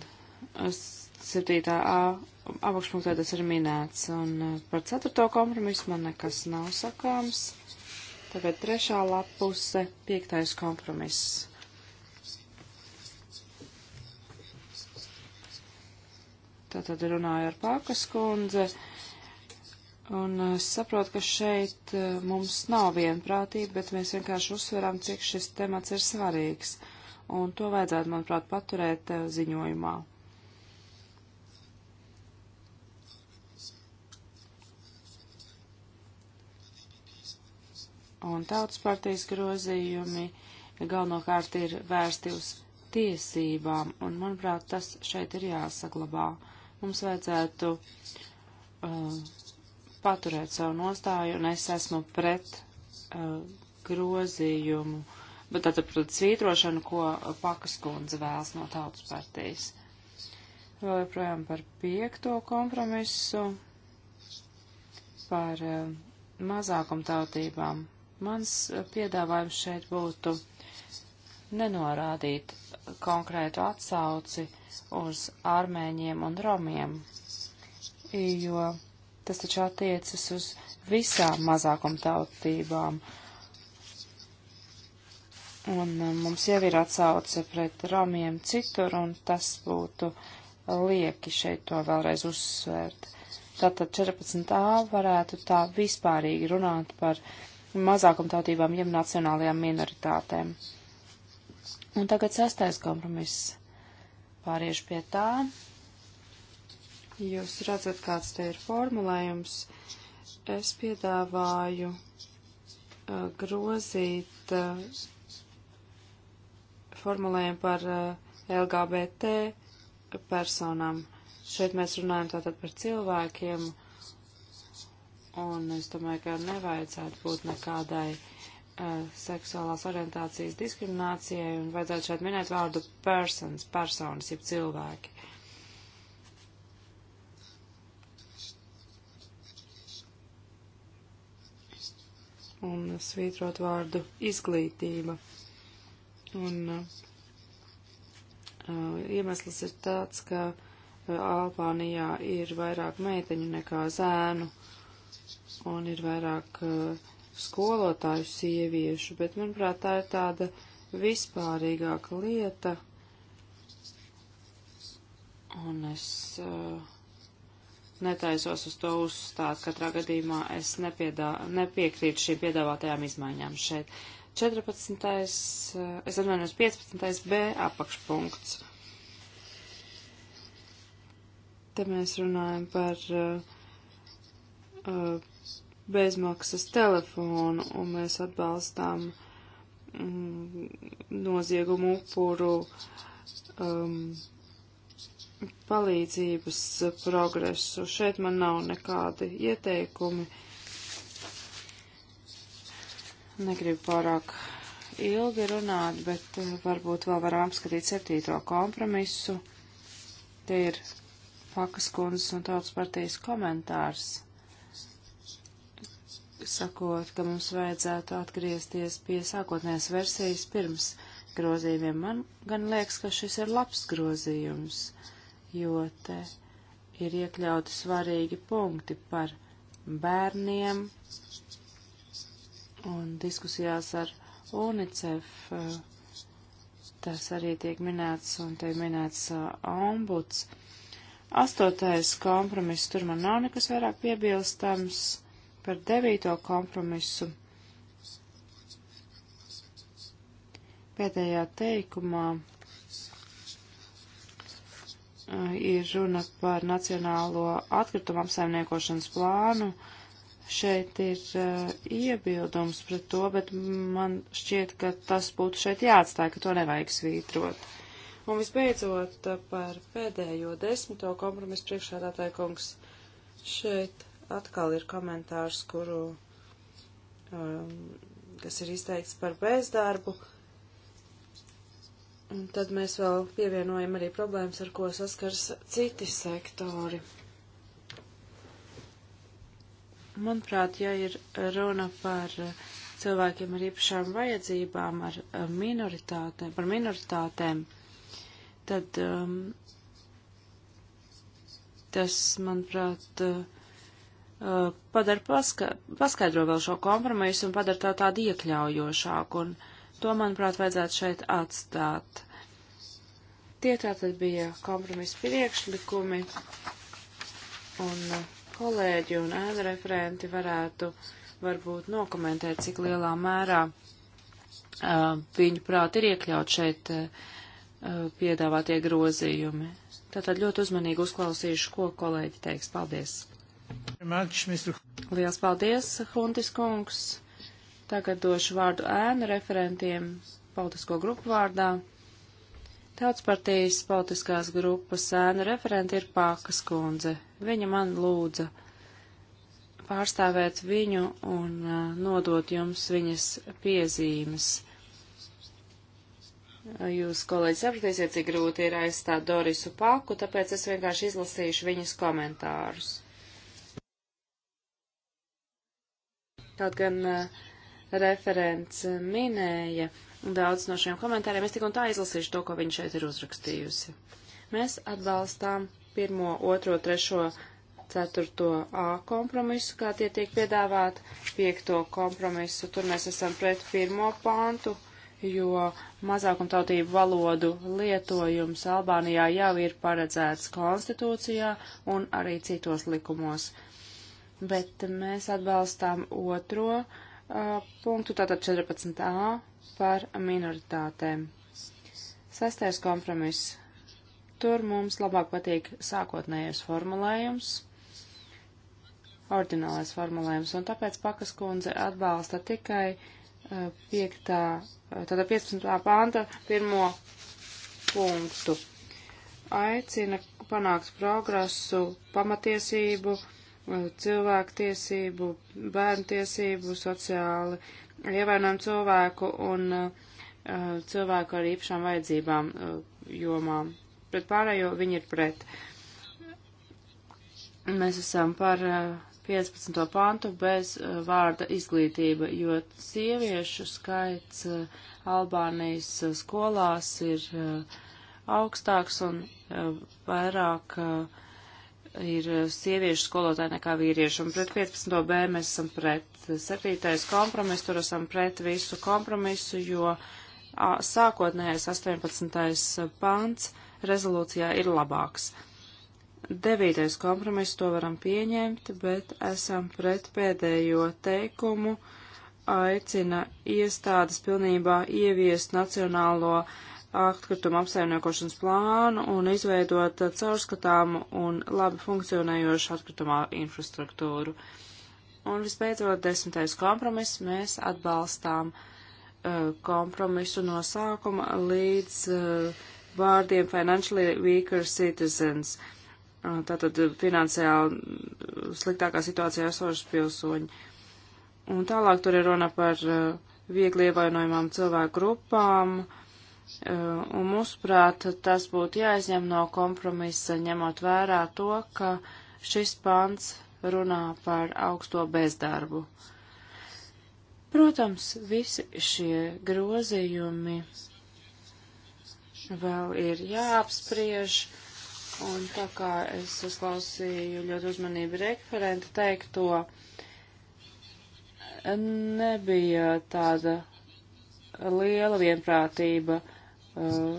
B: 7. Uh, apakšpunktā tas ir minēts. Un uh, par 4. kompromisu man nekas nav sakāms. Tagad trešā lapuse, piektais kompromiss. Tātad runāju ar Pākas kundze, un uh, es saprotu, ka šeit uh, mums nav vienprātība, bet mēs vienkārši uzsveram, cik šis temats ir svarīgs, un to vajadzētu, manuprāt, paturēt uh, ziņojumā. un tautas partijas grozījumi galvenokārt ir vērsti uz tiesībām, un, manuprāt, tas šeit ir jāsaglabā. Mums vajadzētu uh, paturēt savu nostāju, un es esmu pret uh, grozījumu, bet tātad pret svītrošanu, ko Pakas kundze vēlas no tautas partijas. Vēl joprojām par piekto kompromisu, par uh, mazākumtautībām. tautībām Mans eh, piedāvājums šeit būtu nenorādīt konkrētu atsauci uz armēņiem un romiem, jo tas taču attiecas uz visām mazākumtautībām. Un eh, mums jau ir atsauce pret romiem citur, un tas būtu lieki šeit to vēlreiz uzsvērt. Tātad 14a varētu tā vispārīgi runāt par uh, mazākumtautībām, jeb nacionālajām minoritātēm. Un tagad sastais kompromiss. Pāriešu pie tā. Jūs redzat, kāds te ir formulējums. Es piedāvāju uh, grozīt uh, formulējumu par uh, LGBT personām. Šeit mēs runājam tātad par cilvēkiem, uh, Un es domāju, ka nevajadzētu būt nekādai uh, seksuālās orientācijas diskriminācijai un vajadzētu šeit minēt vārdu persons, personas, jeb cilvēki. Un svītrot vārdu izglītība. Un uh, iemesls ir tāds, ka Albānijā ir vairāk meiteņu nekā zēnu un ir vairāk uh, skolotāju sieviešu, bet, manuprāt, tā ir tāda vispārīgāka lieta. Un es uh, netaisos uz to uzstāt. Katrā gadījumā es nepiedā, nepiekrītu šīm piedāvātajām izmaiņām šeit. 14. Eh, es atvainojos 15. B apakšpunkts. Te mēs runājam par uh, uh, bezmaksas telefonu, un mēs atbalstām mm, noziegumu upuru um, palīdzības progresu. Šeit man nav nekādi ieteikumi. Negribu pārāk ilgi runāt, bet eh, varbūt vēl varam apskatīt septīto kompromisu. Te ir Pakas kundzes un tautas partijas komentārs sakot, ka mums vajadzētu atgriezties pie sākotnējās versijas pirms grozījumiem. Man gan liekas, ka šis ir labs grozījums, jo te ir iekļauti svarīgi punkti par bērniem un diskusijās ar UNICEF. Tas arī tiek minēts un te minēts uh, ombuds. Astotais kompromiss, tur man nav nekas vairāk piebilstams par devīto kompromisu. Pēdējā teikumā eh, ir runa par Nacionālo atkritumu apsaimniekošanas plānu. Šeit ir uh, iebildums pret to, bet man šķiet, ka tas būtu šeit jāatstāj, ka to nevajag svītrot. Un visbeidzot eh, par pēdējo desmito kompromisu priekšādātāju kungs šeit atkal ir komentārs, kuru, um, kas ir izteikts par bezdarbu. Un tad mēs vēl pievienojam arī problēmas, ar ko saskars citi sektori. Manuprāt, ja ir runa par cilvēkiem ar īpašām vajadzībām, ar minoritātēm, par minoritātēm, tad um, tas, manuprāt, uh, Uh, padara paska, paskaidro vēl šo kompromisu un padara to tādu iekļaujošāku, un to, manuprāt, vajadzētu šeit atstāt. Tie tātad bija kompromisa priekšlikumi, un uh, kolēģi un ēna referenti varētu varbūt nokomentēt, cik lielā mērā uh, viņu prāt ir iekļaut šeit uh, uh piedāvātie grozījumi. Tātad ļoti uzmanīgi uzklausīšu, ko kolēģi teiks. Paldies! Liels paldies, Huntis kungs. Tagad došu vārdu ēnu referentiem politisko grupu vārdā. Tautas partijas politiskās grupas sēna referenti ir Pākas kundze. Viņa man lūdza pārstāvēt viņu un uh, nodot jums viņas piezīmes. Jūs, kolēģis, sapratīsiet, cik grūti ir aizstāt Dorisu Paku, tāpēc es vienkārši izlasīšu viņas komentārus. Kaut gan uh, referents eh, minēja daudz no šiem komentāriem, es tik un tā izlasīšu to, ko viņš šeit ir uzrakstījusi. Mēs atbalstām pirmo, otro, trešo, ceturto A kompromisu, kā tie tiek piedāvāt, piekto kompromisu, tur mēs esam pret pirmo pāntu, jo mazākumtautību valodu lietojums Albānijā jau ir paredzēts konstitūcijā un arī citos likumos bet mēs atbalstām otro uh, punktu, tātad 14a par minoritātēm. Sastais kompromiss. Tur mums labāk patīk sākotnējais formulējums, ordinālais formulējums, un tāpēc pakas kundze atbalsta tikai 5. tātad 15. panta pirmo punktu. Aicina panākt progresu, pamatiesību, uh, Uh, cilvēktiesību, bērnu tiesību, sociāli ievainojumu cilvēku un uh, uh, cilvēku ar īpašām vajadzībām uh, jomām. Pret pārējo viņi ir pret. Mēs esam par uh, 15. pantu bez uh, vārda izglītība, jo sieviešu skaits Albānijas skolās ir augstāks un vairāk uh, ir eh, sieviešu skolotāji nekā vīrieši, un pret 15. B mēs esam pret 7. kompromisu, tur esam pret visu kompromisu, jo sākotnējais 18. pants rezolūcijā ir labāks. 9. kompromisu to varam pieņemt, bet esam pret pēdējo teikumu aicina iestādes pilnībā ieviest nacionālo uh, atkrituma apsaimniekošanas plānu un izveidot caurskatāmu un labi funkcionējošu atkritumā infrastruktūru. Un visbeidzot, desmitais kompromiss mēs atbalstām uh, kompromisu no sākuma līdz uh, vārdiem financially weaker citizens, uh, tātad finansiāli sliktākā situācijā esošas pilsoņi. Un tālāk tur ir runa par uh, viegli ievainojumām cilvēku grupām, uh, Eh, un mūsuprāt, tas būtu jāizņem no kompromisa, ņemot vērā to, ka šis pants runā par augsto bezdarbu. Protams, visi šie grozījumi vēl ir jāapspriež, un tā kā es uzklausīju ļoti uzmanību referenta teikto, nebija tāda liela vienprātība uh, Uh,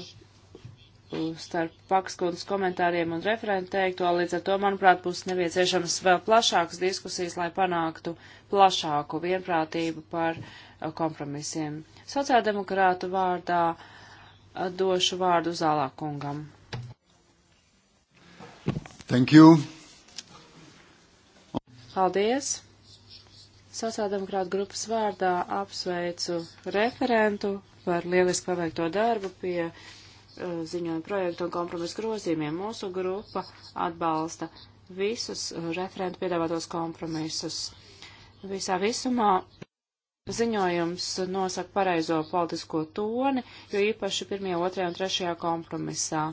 B: uh, starp pakskundas komentāriem un referentu teikto, līdz ar to, manuprāt, būs nevieciešams vēl plašākas diskusijas, lai panāktu plašāku vienprātību par uh, kompromisiem. Sociāldemokrātu vārdā došu vārdu Zālā kungam. Thank you. Paldies. Sociāldemokrātu grupas vārdā apsveicu referentu par lieliski paveikto darbu pie uh, ziņojuma projektu un kompromisu grozījumiem. Mūsu grupa atbalsta visus uh, referentu piedāvātos kompromisus. Visā visumā ziņojums nosaka pareizo politisko toni, jo īpaši pirmie, otrajā un trešajā kompromisā.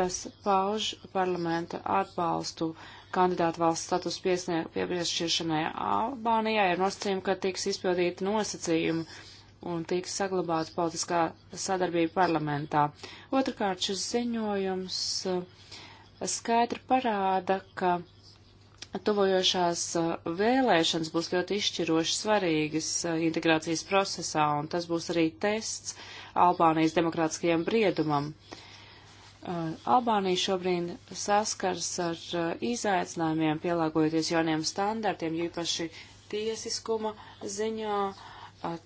B: Tas pauž parlamenta atbalstu kandidātu valsts status piesniegu piebriešķiršanai Albānijai ar nosacījumu, ka tiks izpildīti nosacījumi un tiks saglabāta politiskā sadarbība parlamentā. Otrakārt, šis ziņojums eh, skaidri parāda, ka tuvojošās eh, vēlēšanas būs ļoti izšķiroši svarīgas eh, integrācijas procesā, un tas būs arī tests Albānijas demokrātiskajam briedumam. Albānija šobrīd saskars ar izaicinājumiem, pielāgojoties jauniem standartiem, īpaši tiesiskuma ziņā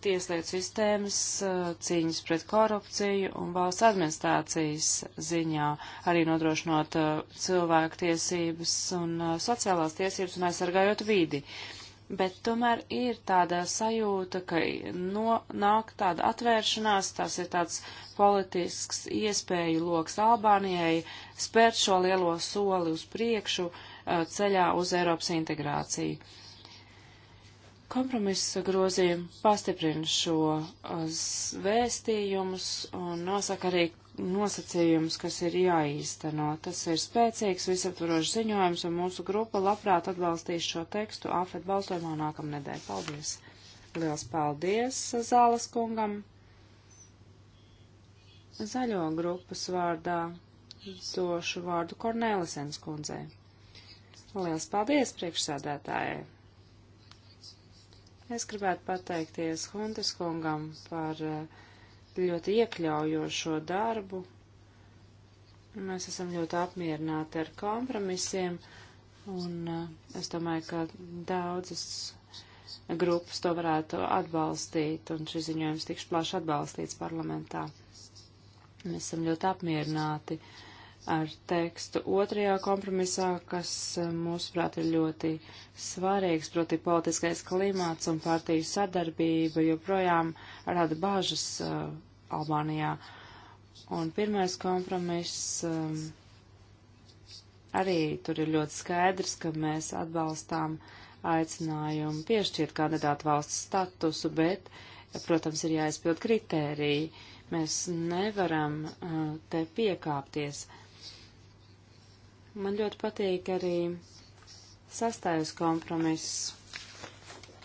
B: tieslietu sistēmas cīņas pret korupciju un valsts administrācijas ziņā, arī nodrošinot cilvēku tiesības un sociālās tiesības un aizsargājot vidi. Bet tomēr ir tāda sajūta, ka no, nāk tāda atvēršanās, tas ir tāds politisks iespēju loks Albānijai spērt šo lielo soli uz priekšu ceļā uz Eiropas integrāciju Kompromisa grozījumi pastiprina šo uh, vēstījumus un nosaka arī nosacījumus, kas ir jāīsteno. Tas ir spēcīgs, visaptvarošs ziņojums, un mūsu grupa labprāt atbalstīs šo tekstu AFET balsojumā nākamnedēļ. Paldies! Liels paldies Zāles kungam! Zaļo grupas vārdā došu vārdu Kornelisens kundzei. Liels paldies priekšsādētājai! Es gribētu pateikties Huntes kungam par eh, ļoti iekļaujošo darbu. Mēs esam ļoti apmierināti ar kompromisiem, un eh, es domāju, ka daudzas grupas to varētu atbalstīt, un šis ziņojums tiks plaši atbalstīts parlamentā. Mēs esam ļoti apmierināti. Uh, ar tekstu otrajā kompromisā, kas eh, mūsuprāt ir ļoti svarīgs, proti politiskais klimāts un partiju sadarbība joprojām rada bāžas uh, eh, Albānijā. Un pirmais kompromiss um, arī tur ir ļoti skaidrs, ka mēs atbalstām aicinājumu piešķirt kandidātu valsts statusu, bet, protams, ir jāizpild kritēriji. Mēs nevaram uh, te piekāpties. Uh, Man ļoti patīk arī sastājas kompromiss,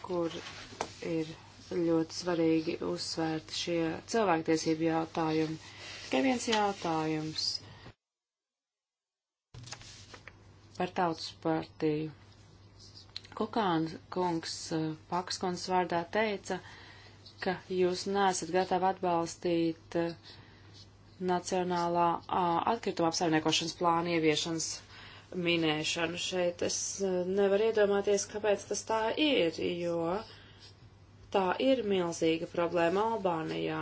B: kur ir ļoti svarīgi uzsvērt šie cilvēktiesību jautājumi. Tikai viens jautājums par tautas partiju. Kukāns kungs eh, Pakskons vārdā teica, ka jūs nesat gatavi atbalstīt uh, nacionālā atkrituma apsaimniekošanas plāna ieviešanas minēšanu. Šeit es nevaru iedomāties, kāpēc tas tā ir, jo tā ir milzīga problēma Albānijā.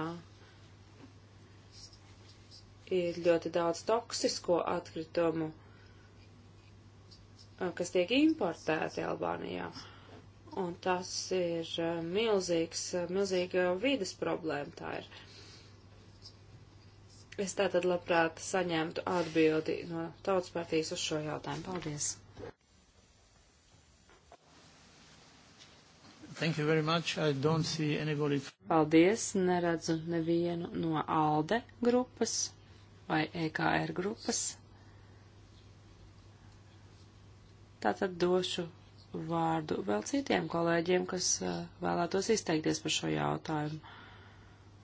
B: Ir ļoti daudz toksisko atkritumu, kas tiek importēti Albānijā. Un tas ir milzīgs, milzīga vides problēma tā ir. Uh, Es tātad labprāt saņemtu atbildi no Tautas partijas uz šo jautājumu. Paldies!
A: Thank you very
C: much. I don't see anybody.
B: Paldies, neredzu nevienu no ALDE grupas vai EKR grupas. Tātad došu vārdu vēl citiem kolēģiem, kas uh, vēlētos izteikties par šo jautājumu.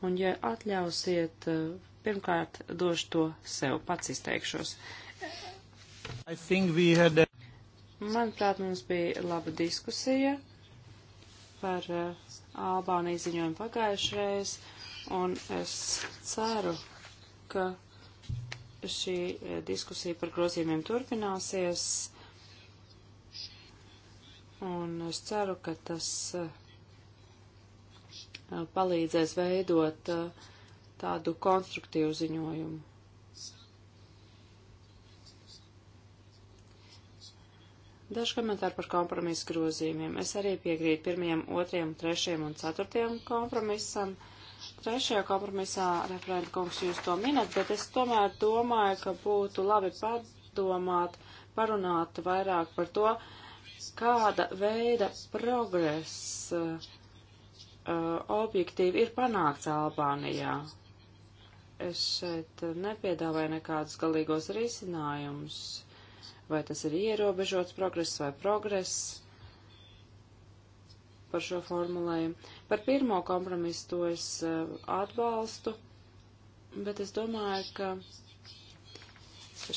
B: Un, ja atļausiet, uh, Pirmkārt, došu to sev, pats izteikšos. Had... Manuprāt, mums bija laba diskusija par uh, Albānijas ziņojumu pagājušreiz, un es ceru, ka šī uh, diskusija par grozījumiem turpināsies, un es ceru, ka tas uh, palīdzēs veidot uh, tādu konstruktīvu ziņojumu. Dažs komentāri par kompromisu grozījumiem. Es arī piekrītu pirmajam, otrajam, trešajam un ceturtajam kompromisam. Trešajā kompromisā, referenta kungs, jūs to minat, bet es tomēr domāju, ka būtu labi padomāt, parunāt vairāk par to, kāda veida progress uh, uh objektīvi ir panākts Albānijā es šeit nepiedāvāju nekādus galīgos risinājumus, vai tas ir ierobežots progress vai progress par šo formulējumu. Par pirmo kompromisu to es e, atbalstu, bet es domāju, ka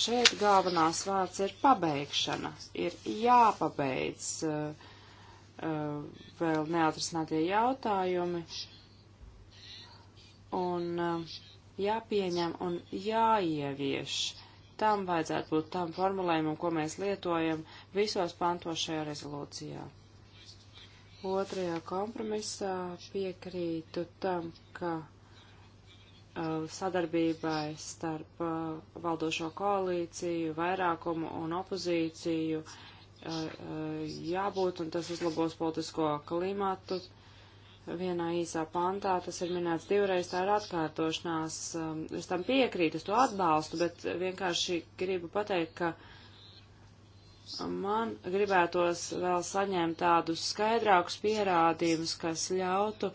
B: šeit galvenās vārds ir pabeigšana, ir jāpabeidz e, e, vēl neatrisinātie jautājumi. Un uh, jāpieņem un jāievieš. Tam vajadzētu būt tam formulējumam, ko mēs lietojam visos pantos šajā rezolūcijā. Otrajā kompromisā piekrītu tam, ka uh, sadarbībai starp uh, valdošo koalīciju, vairākumu un opozīciju uh, jābūt, un tas uzlabos politisko klimatu vienā īsā pantā, tas ir minēts divreiz, tā ir atkārtošanās. Um, es tam piekrītu, es to atbalstu, bet vienkārši gribu pateikt, ka man gribētos vēl saņemt tādus skaidrākus pierādījumus, kas ļautu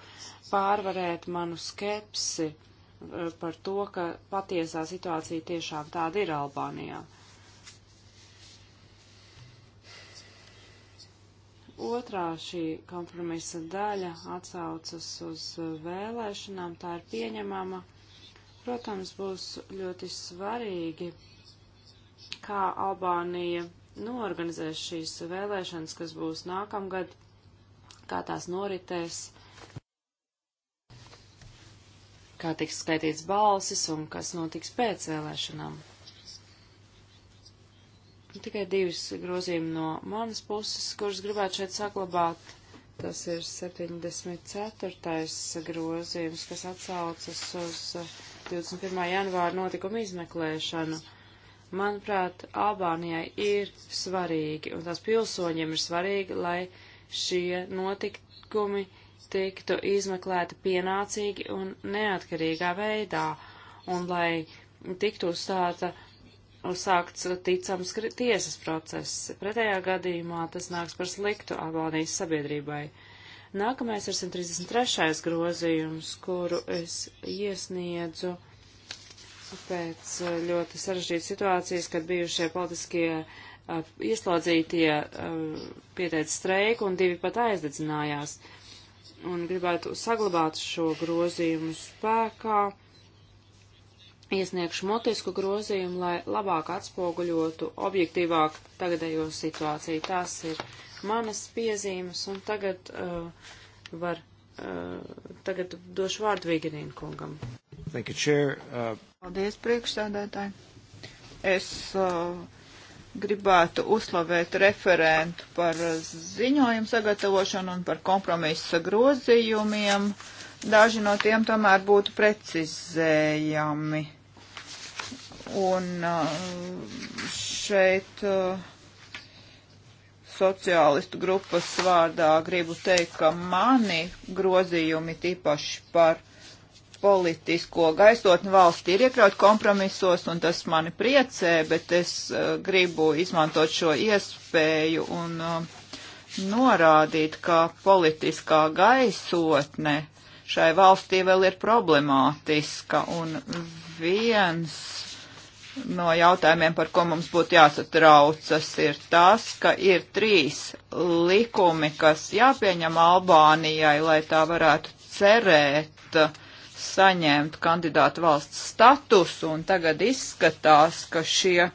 B: pārvarēt manu skepsi uh, par to, ka patiesā situācija tiešām tāda ir Albānijā. Otrā šī kompromisa daļa atsaucas uz vēlēšanām, tā ir pieņemama. Protams, būs ļoti svarīgi, kā Albānija norganizēs šīs vēlēšanas, kas būs nākamgad, kā tās noritēs, kā tiks skaitīts balsis un kas notiks pēc vēlēšanām tikai divas grozījumi no manas puses, kurus gribētu šeit saglabāt. Tas ir 74. grozījums, kas atsaucas uz 21. Eh, janvāra notikumu izmeklēšanu. Manuprāt, Albānijai ir svarīgi, un tās pilsoņiem ir svarīgi, lai šie notikumi tiktu izmeklēti pienācīgi un neatkarīgā veidā, un lai tiktu uzstāta uh, uzsākts ticams tiesas process. Pretējā gadījumā tas nāks par sliktu Albānijas sabiedrībai. Nākamais ir 133. grozījums, kuru es iesniedzu pēc uh, ļoti sarežģītas situācijas, kad bijušie politiskie a, uh, ieslodzītie uh, pieteica streiku un divi pat aizdedzinājās. Un gribētu saglabāt šo grozījumu spēkā, iesniegšu motisku grozījumu, lai labāk atspoguļotu objektīvāk tagadējo situāciju. Tās ir manas piezīmes, un tagad uh, var, uh, tagad došu vārdu Vigerīnu kungam. Thank you, Chair. Uh...
C: Paldies, priekšsēdētāji. Es uh, gribētu uzslavēt referentu par ziņojumu sagatavošanu un par kompromisa grozījumiem. Daži no tiem tomēr būtu precizējami Un uh, šeit uh, sociālistu grupas vārdā gribu teikt, ka mani grozījumi tīpaši par politisko gaisotni valsti ir iekļaut kompromisos, un tas mani priecē, bet es uh, gribu izmantot šo iespēju un norādīt, ka politiskā gaisotne šai valstī vēl ir problemātiska, un viens no jautājumiem, par ko mums būtu jāsatraucas, ir tas, ka ir trīs likumi, kas jāpieņem Albānijai, lai tā varētu cerēt saņemt kandidātu valsts statusu, un tagad izskatās, ka šie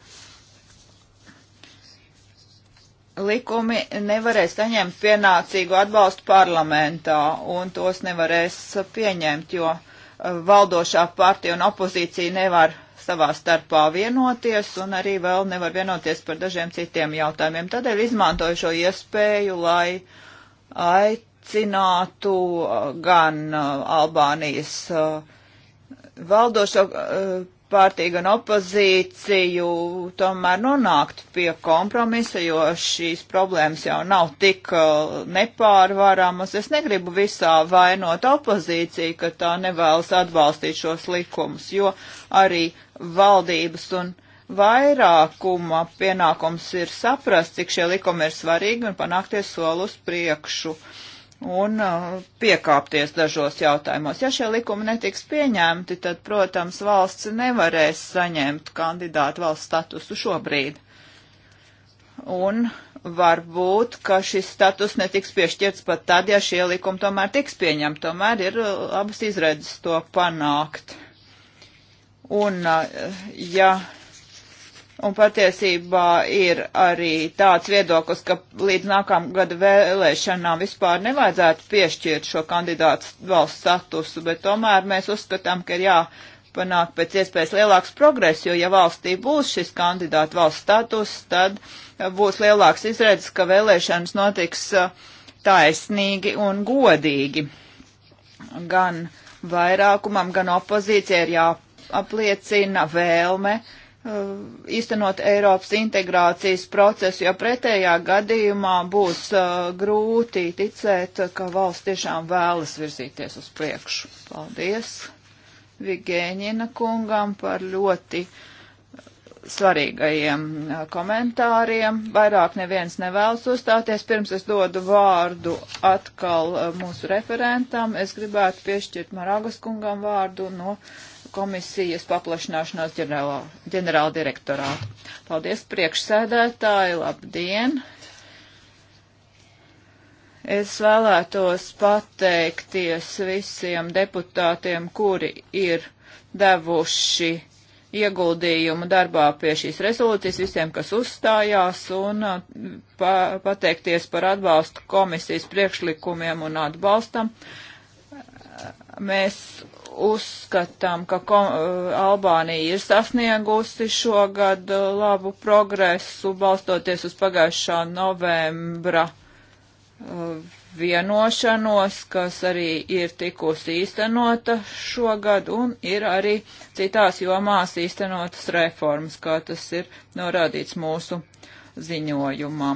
C: likumi nevarēs saņemt pienācīgu atbalstu parlamentā, un tos nevarēs pieņemt, jo valdošā partija un opozīcija nevar savā starpā vienoties un arī vēl nevar vienoties par dažiem citiem jautājumiem. Tādēļ izmantoju šo iespēju, lai aicinātu uh, gan uh, Albānijas uh, valdošo pārtīgu un opozīciju tomēr nonākt pie kompromisa, jo šīs problēmas jau nav tik nepārvaramas. Es negribu visā vainot opozīciju, ka tā nevēlas atbalstīt šos likumus, jo arī valdības un vairākuma pienākums ir saprast, cik šie likumi ir svarīgi un panākties soli uz priekšu un uh, piekāpties dažos jautājumos. Ja šie likumi netiks pieņemti, tad, protams, valsts nevarēs saņemt kandidātu valsts statusu šobrīd. Un varbūt, ka šis status netiks piešķirts pat tad, ja šie likumi tomēr tiks pieņemti. Tomēr ir uh, abas izredzes to panākt. Un, eh, ja, un patiesībā ir arī tāds viedoklis, ka līdz nākam gada vēlēšanām vispār nevajadzētu piešķirt šo kandidātu valsts statusu, bet tomēr mēs uzskatām, ka ir jā panākt pēc iespējas lielāks progress, jo ja valstī būs šis kandidātu valsts status, tad būs lielāks izredzes, ka vēlēšanas notiks eh, taisnīgi un godīgi. Gan vairākumam, gan opozīcijai ir jāpārāk apliecina vēlme uh, īstenot Eiropas integrācijas procesu, jo pretējā gadījumā būs uh, grūti ticēt, ka valsts tiešām vēlas virzīties uz priekšu. Paldies Vigēņina kungam par ļoti svarīgajiem uh, komentāriem. Vairāk neviens nevēlas uzstāties. Pirms es dodu vārdu atkal mūsu referentam. Es gribētu piešķirt Maragas kungam vārdu no. Nu, komisijas paplašināšanās ģenerālā, ģenerāla direktorāta. Paldies priekšsēdētāji, labdien! Es vēlētos pateikties visiem deputātiem, kuri ir devuši ieguldījumu darbā pie šīs rezolūcijas, visiem, kas uzstājās, un uh, pa, pateikties par atbalstu komisijas priekšlikumiem un atbalstam. Mēs uzskatām, ka kom, eh, Albānija ir sasniegusi šogad eh, labu progresu, balstoties uz pagājušā novembra eh, vienošanos, kas arī ir tikusi īstenota šogad un ir arī citās jomās īstenotas reformas, kā tas ir norādīts mūsu ziņojumā.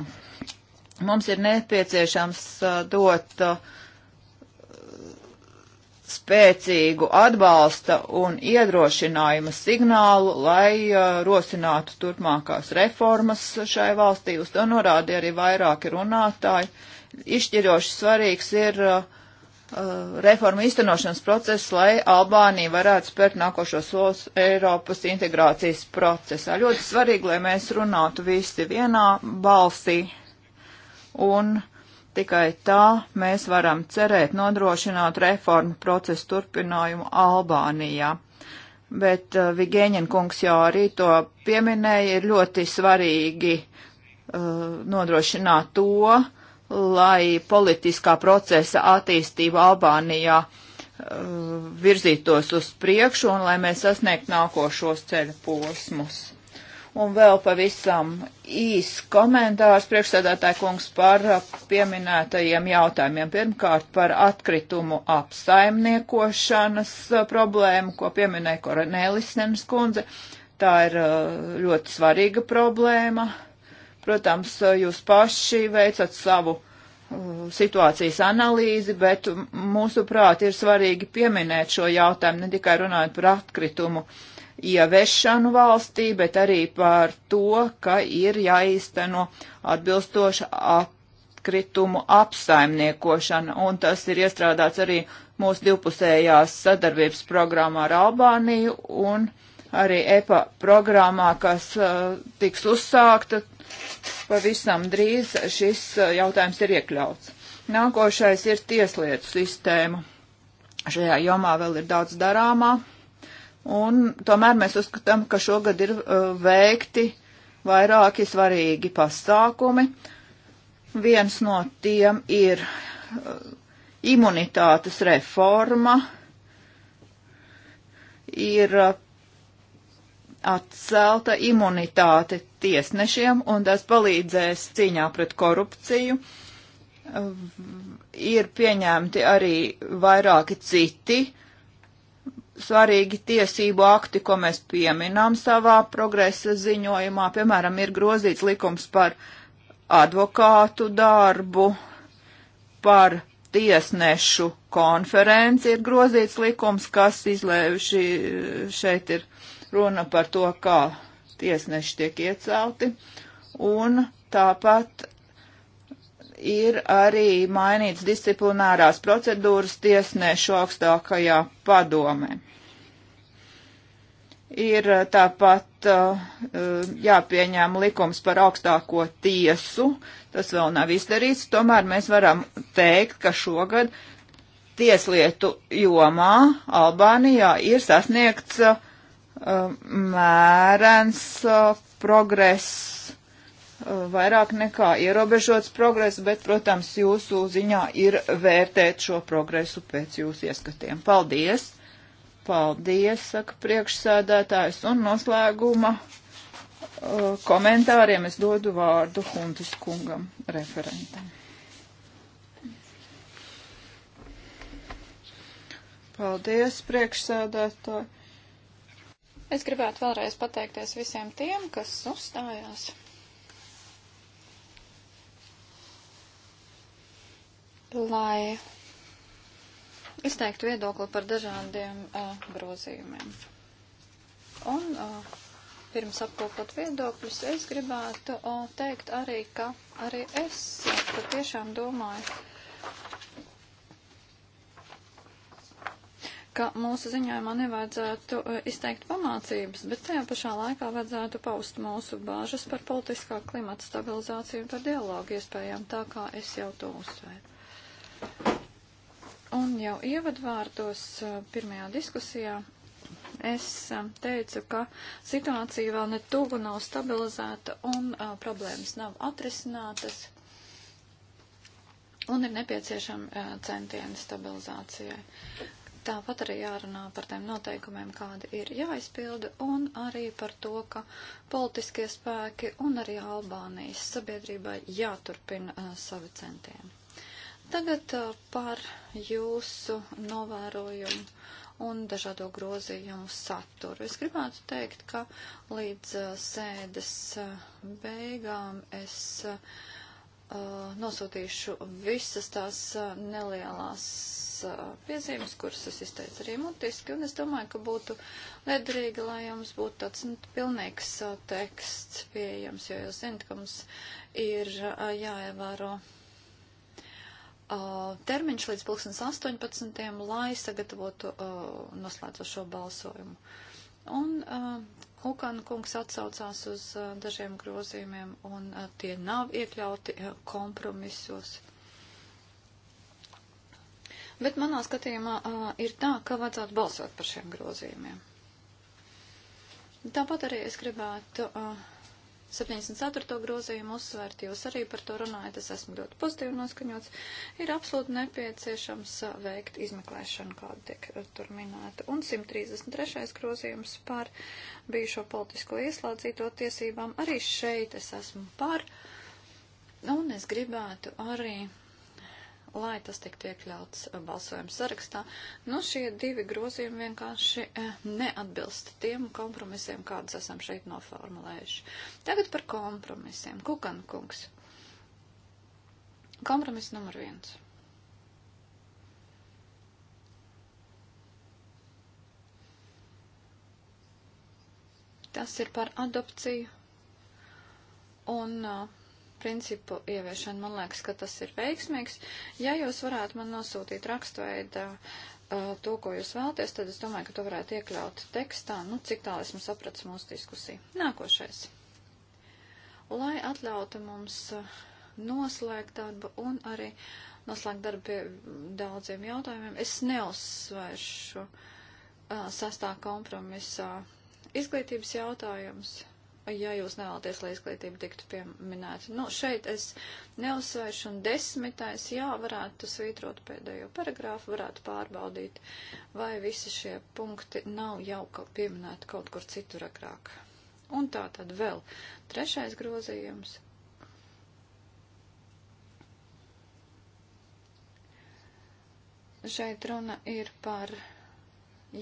C: Mums ir nepieciešams dot uh, spēcīgu atbalsta un iedrošinājuma signālu, lai uh, rosinātu turpmākās reformas šai valstī. Uz to norādīja arī vairāki runātāji. Izšķiroši svarīgs ir uh, uh reformu īstenošanas process, lai Albānija varētu spērt nākošos solis Eiropas integrācijas procesā. Ļoti svarīgi, lai mēs runātu visi vienā balsī un uh, Tikai tā mēs varam cerēt nodrošināt reformu procesu turpinājumu Albānijā. Bet uh, Vigēņin kungs jau arī to pieminēja, ir ļoti svarīgi uh, nodrošināt to, lai politiskā procesa attīstība Albānijā uh, virzītos uz priekšu un lai mēs sasniegtu nākošos ceļu posmus. Un vēl pavisam īs komentārs priekšsēdētāja kungs par pieminētajiem jautājumiem. Pirmkārt par atkritumu apsaimniekošanas uh, problēmu, ko pieminēja Koronēlisnenes kundze. Tā ir uh, ļoti svarīga problēma. Protams, uh, jūs paši veicat savu situācijas analīzi, bet mūsuprāt ir svarīgi pieminēt šo jautājumu, ne tikai runājot par atkritumu uh, ieviešanu valstī, bet arī par to, ka ir jāīsteno atbilstoša atkritumu apsaimniekošana, un tas ir iestrādāts arī mūsu divpusējās sadarbības programmā ar Albāniju un arī EPA programmā, kas uh, tiks uzsākta pavisam drīz, šis uh, jautājums ir iekļauts. Nākošais ir tieslietu sistēma. Šajā jomā vēl ir daudz darāmā. Un tomēr mēs uzskatām, ka šogad ir uh, veikti vairāki svarīgi pasākumi. Viens no tiem ir uh, imunitātes reforma, ir uh, atcelta imunitāte tiesnešiem, un tas palīdzēs cīņā pret korupciju. Ir pieņemti arī vairāki citi svarīgi tiesību akti, ko mēs pieminām savā progresa ziņojumā. Piemēram, ir grozīts likums par advokātu darbu, par tiesnešu konferenci ir grozīts likums, kas izlējuši šeit ir runa par to, kā tiesneši tiek iecelti. Un tāpat ir arī mainīts disciplinārās procedūras tiesnešu augstākajā padomē. Ir eh, tāpat eh, jāpieņem likums par augstāko tiesu. Tas vēl nav izdarīts. Tomēr mēs varam teikt, ka šogad tieslietu jomā Albānijā ir sasniegts eh, mērens progress, vairāk nekā ierobežots progress, bet, protams, jūsu ziņā ir vērtēt šo progresu pēc jūsu ieskatiem. Paldies! Paldies, saka priekšsēdētājs, un noslēguma uh, komentāriem es dodu vārdu Huntis kungam, referentam. Paldies, priekšsēdētāji.
A: Es gribētu vēlreiz pateikties visiem tiem, kas uzstājās. Lai izteikt viedokli par dažādiem uh, grozījumiem. Un uh, pirms apkopot viedokļus, es gribētu uh, teikt arī, ka arī es patiešām domāju, ka mūsu ziņojumā nevajadzētu izteikt pamācības, bet tajā pašā laikā vajadzētu paust mūsu bāžas par politiskā klimata stabilizāciju un par dialogu iespējām, tā kā es jau to uzsvēru. Un jau ievadvārdos eh, pirmajā diskusijā es eh, teicu, ka situācija vēl ne tuvu nav stabilizēta un a, eh, problēmas nav atrisinātas un ir nepieciešama centieni stabilizācijai. Tāpat arī jārunā par tiem noteikumiem, kādi ir jāizpilda, un arī par to, ka politiskie spēki un arī Albānijas sabiedrībai jāturpina uh, savi centieni. Tagad uh, par jūsu novērojumu un dažādo grozījumu saturu. Es gribētu teikt, ka līdz uh, sēdes uh, beigām es nosūtīšu visas tās nelielās piezīmes, kuras es izteicu arī mutiski, un es domāju, ka būtu liederīgi, lai jums būtu tāds nu, pilnīgs teksts pieejams, jo jūs zinat, ka mums ir jāievēro termiņš līdz 2018. lai sagatavotu uh, noslēdzošo balsojumu. Un uh, Hukana kungs atsaucās uz uh, dažiem grozījumiem, un uh, tie nav iekļauti uh, kompromisos. Bet manā skatījumā uh, ir tā, ka vajadzētu balsot par šiem grozījumiem. Tāpat arī es gribētu uh, 74. grozījumu uzsvērt, jūs arī par to runājat, es esmu ļoti pozitīvi noskaņots, ir absolūti nepieciešams uh, veikt izmeklēšanu, kāda tiek uh, tur minēta. Un 133. grozījums par bijušo politisko ieslādzīto tiesībām, arī šeit es esmu par, un es gribētu arī lai tas tiktu iekļauts eh, balsojuma sarakstā. Nu, šie divi grozījumi vienkārši eh, neatbilst tiem kompromisiem, kādus esam šeit noformulējuši. Tagad par kompromisiem. Kukan kungs. Kompromiss numur viens. Tas ir par adopciju un uh, principu ieviešanu. Man liekas, ka tas ir veiksmīgs. Ja jūs varētu man nosūtīt rakstveidā uh, to, ko jūs vēlaties, tad es domāju, ka to varētu iekļaut tekstā, nu, cik tālu esmu sapratis mūsu diskusiju. Nākošais. Lai atļautu mums uh, noslēgt darbu un arī noslēgt darbu pie daudziem jautājumiem, es neuzsvēršu uh, sastā kompromisā izglītības jautājums ja jūs nevēlaties, lai izglītība tiktu pieminēta. Nu, šeit es neuzsvēršu, un desmitais, jā, varētu svītrot pēdējo paragrāfu, varētu pārbaudīt, vai visi šie punkti nav jau pieminēti kaut kur citur agrāk. Un tā tad vēl trešais grozījums. Šeit runa ir par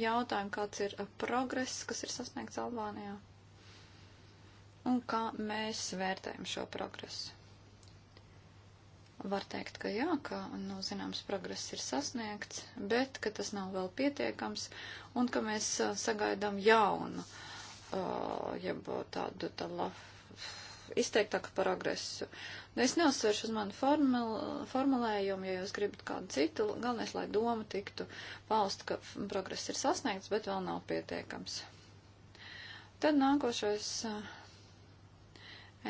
A: jautājumu, kāds ir progress, kas ir sasniegts Albānijā un kā mēs vērtējam šo progresu. Var teikt, ka jā, ka, nu, zināms, progress ir sasniegts, bet, ka tas nav vēl pietiekams, un ka mēs sagaidām jaunu, uh, jeb tādu tālā izteiktāku progresu. Es neuzsveršu uz manu formul, formulējumu, ja jūs gribat kādu citu, galvenais, lai doma tiktu paust, ka progress ir sasniegts, bet vēl nav pietiekams. Tad nākošais. Uh,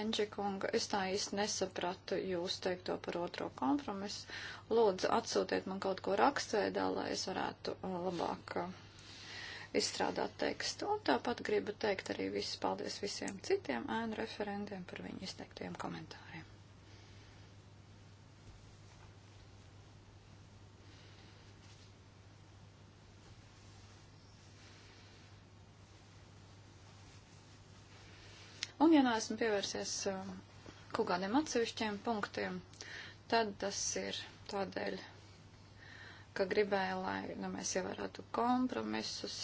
A: Enģekunga, es tā īsti nesapratu jūs teikto par otro kompromisu. Lūdzu, atsūtiet man kaut ko rakstveidā, lai es varētu uh, labāk uh, izstrādāt tekstu. Un tāpat gribu teikt arī visus paldies visiem citiem ēnu referentiem par viņu izteiktiem komentāriem. Un, ja neesmu pievērsies um, kaut kādiem atsevišķiem punktiem, tad tas ir tādēļ, ka gribēju, lai nu, mēs ievērātu kompromisus,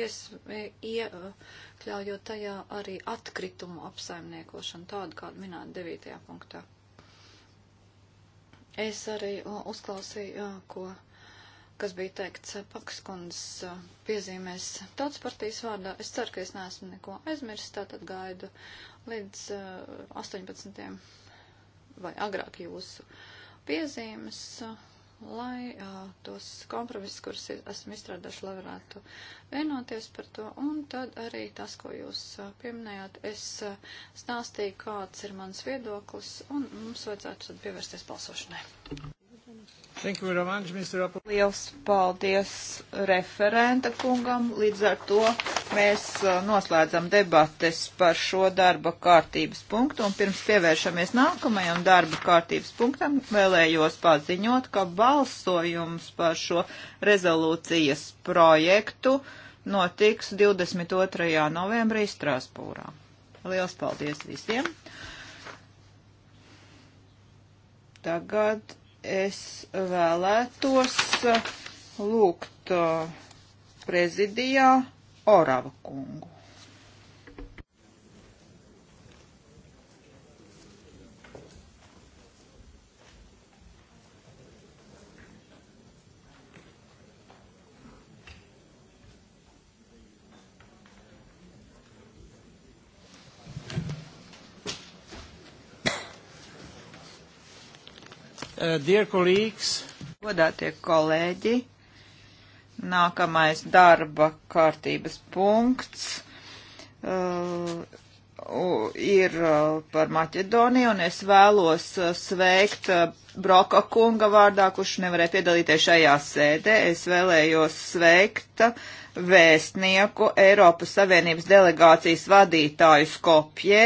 A: iekļaujot tajā arī atkritumu apsaimniekošanu, tādu, kādu minēt 9. punktā. Es arī uh, uzklausīju, uh, ko kas bija teikts eh, Pakskundas eh, piezīmēs tautas partijas vārdā. Es ceru, ka es neesmu neko aizmirsis, tātad gaidu līdz uh, eh, 18. vai agrāk jūsu piezīmes, uh, lai uh, tos kompromisus, kurus esmu izstrādājuši, lai varētu vienoties par to. Un tad arī tas, ko jūs pieminējāt, es stāstīju, kāds ir mans viedoklis, un mums vajadzētu tad pievērsties balsošanai.
C: Liels paldies referenta kungam. Līdz ar to mēs uh, noslēdzam debates par šo darba kārtības punktu. Un pirms pievēršamies nākamajam darba kārtības punktam, vēlējos paziņot, ka balsojums par šo rezolūcijas projektu notiks 22. novembrī Strāspūrā. Liels paldies visiem! Tagad es vēlētos uh, lūgt uh, prezidijā Orava kungu. Uh, Godātie kolēģi, nākamais darba kārtības punkts uh, ir uh, par Maķedoniju, un es vēlos uh, sveikt Broka kunga vārdā, kurš nevarēja piedalīties šajā sēdē. Es vēlējos sveikt vēstnieku Eiropas Savienības delegācijas vadītāju Skopjē.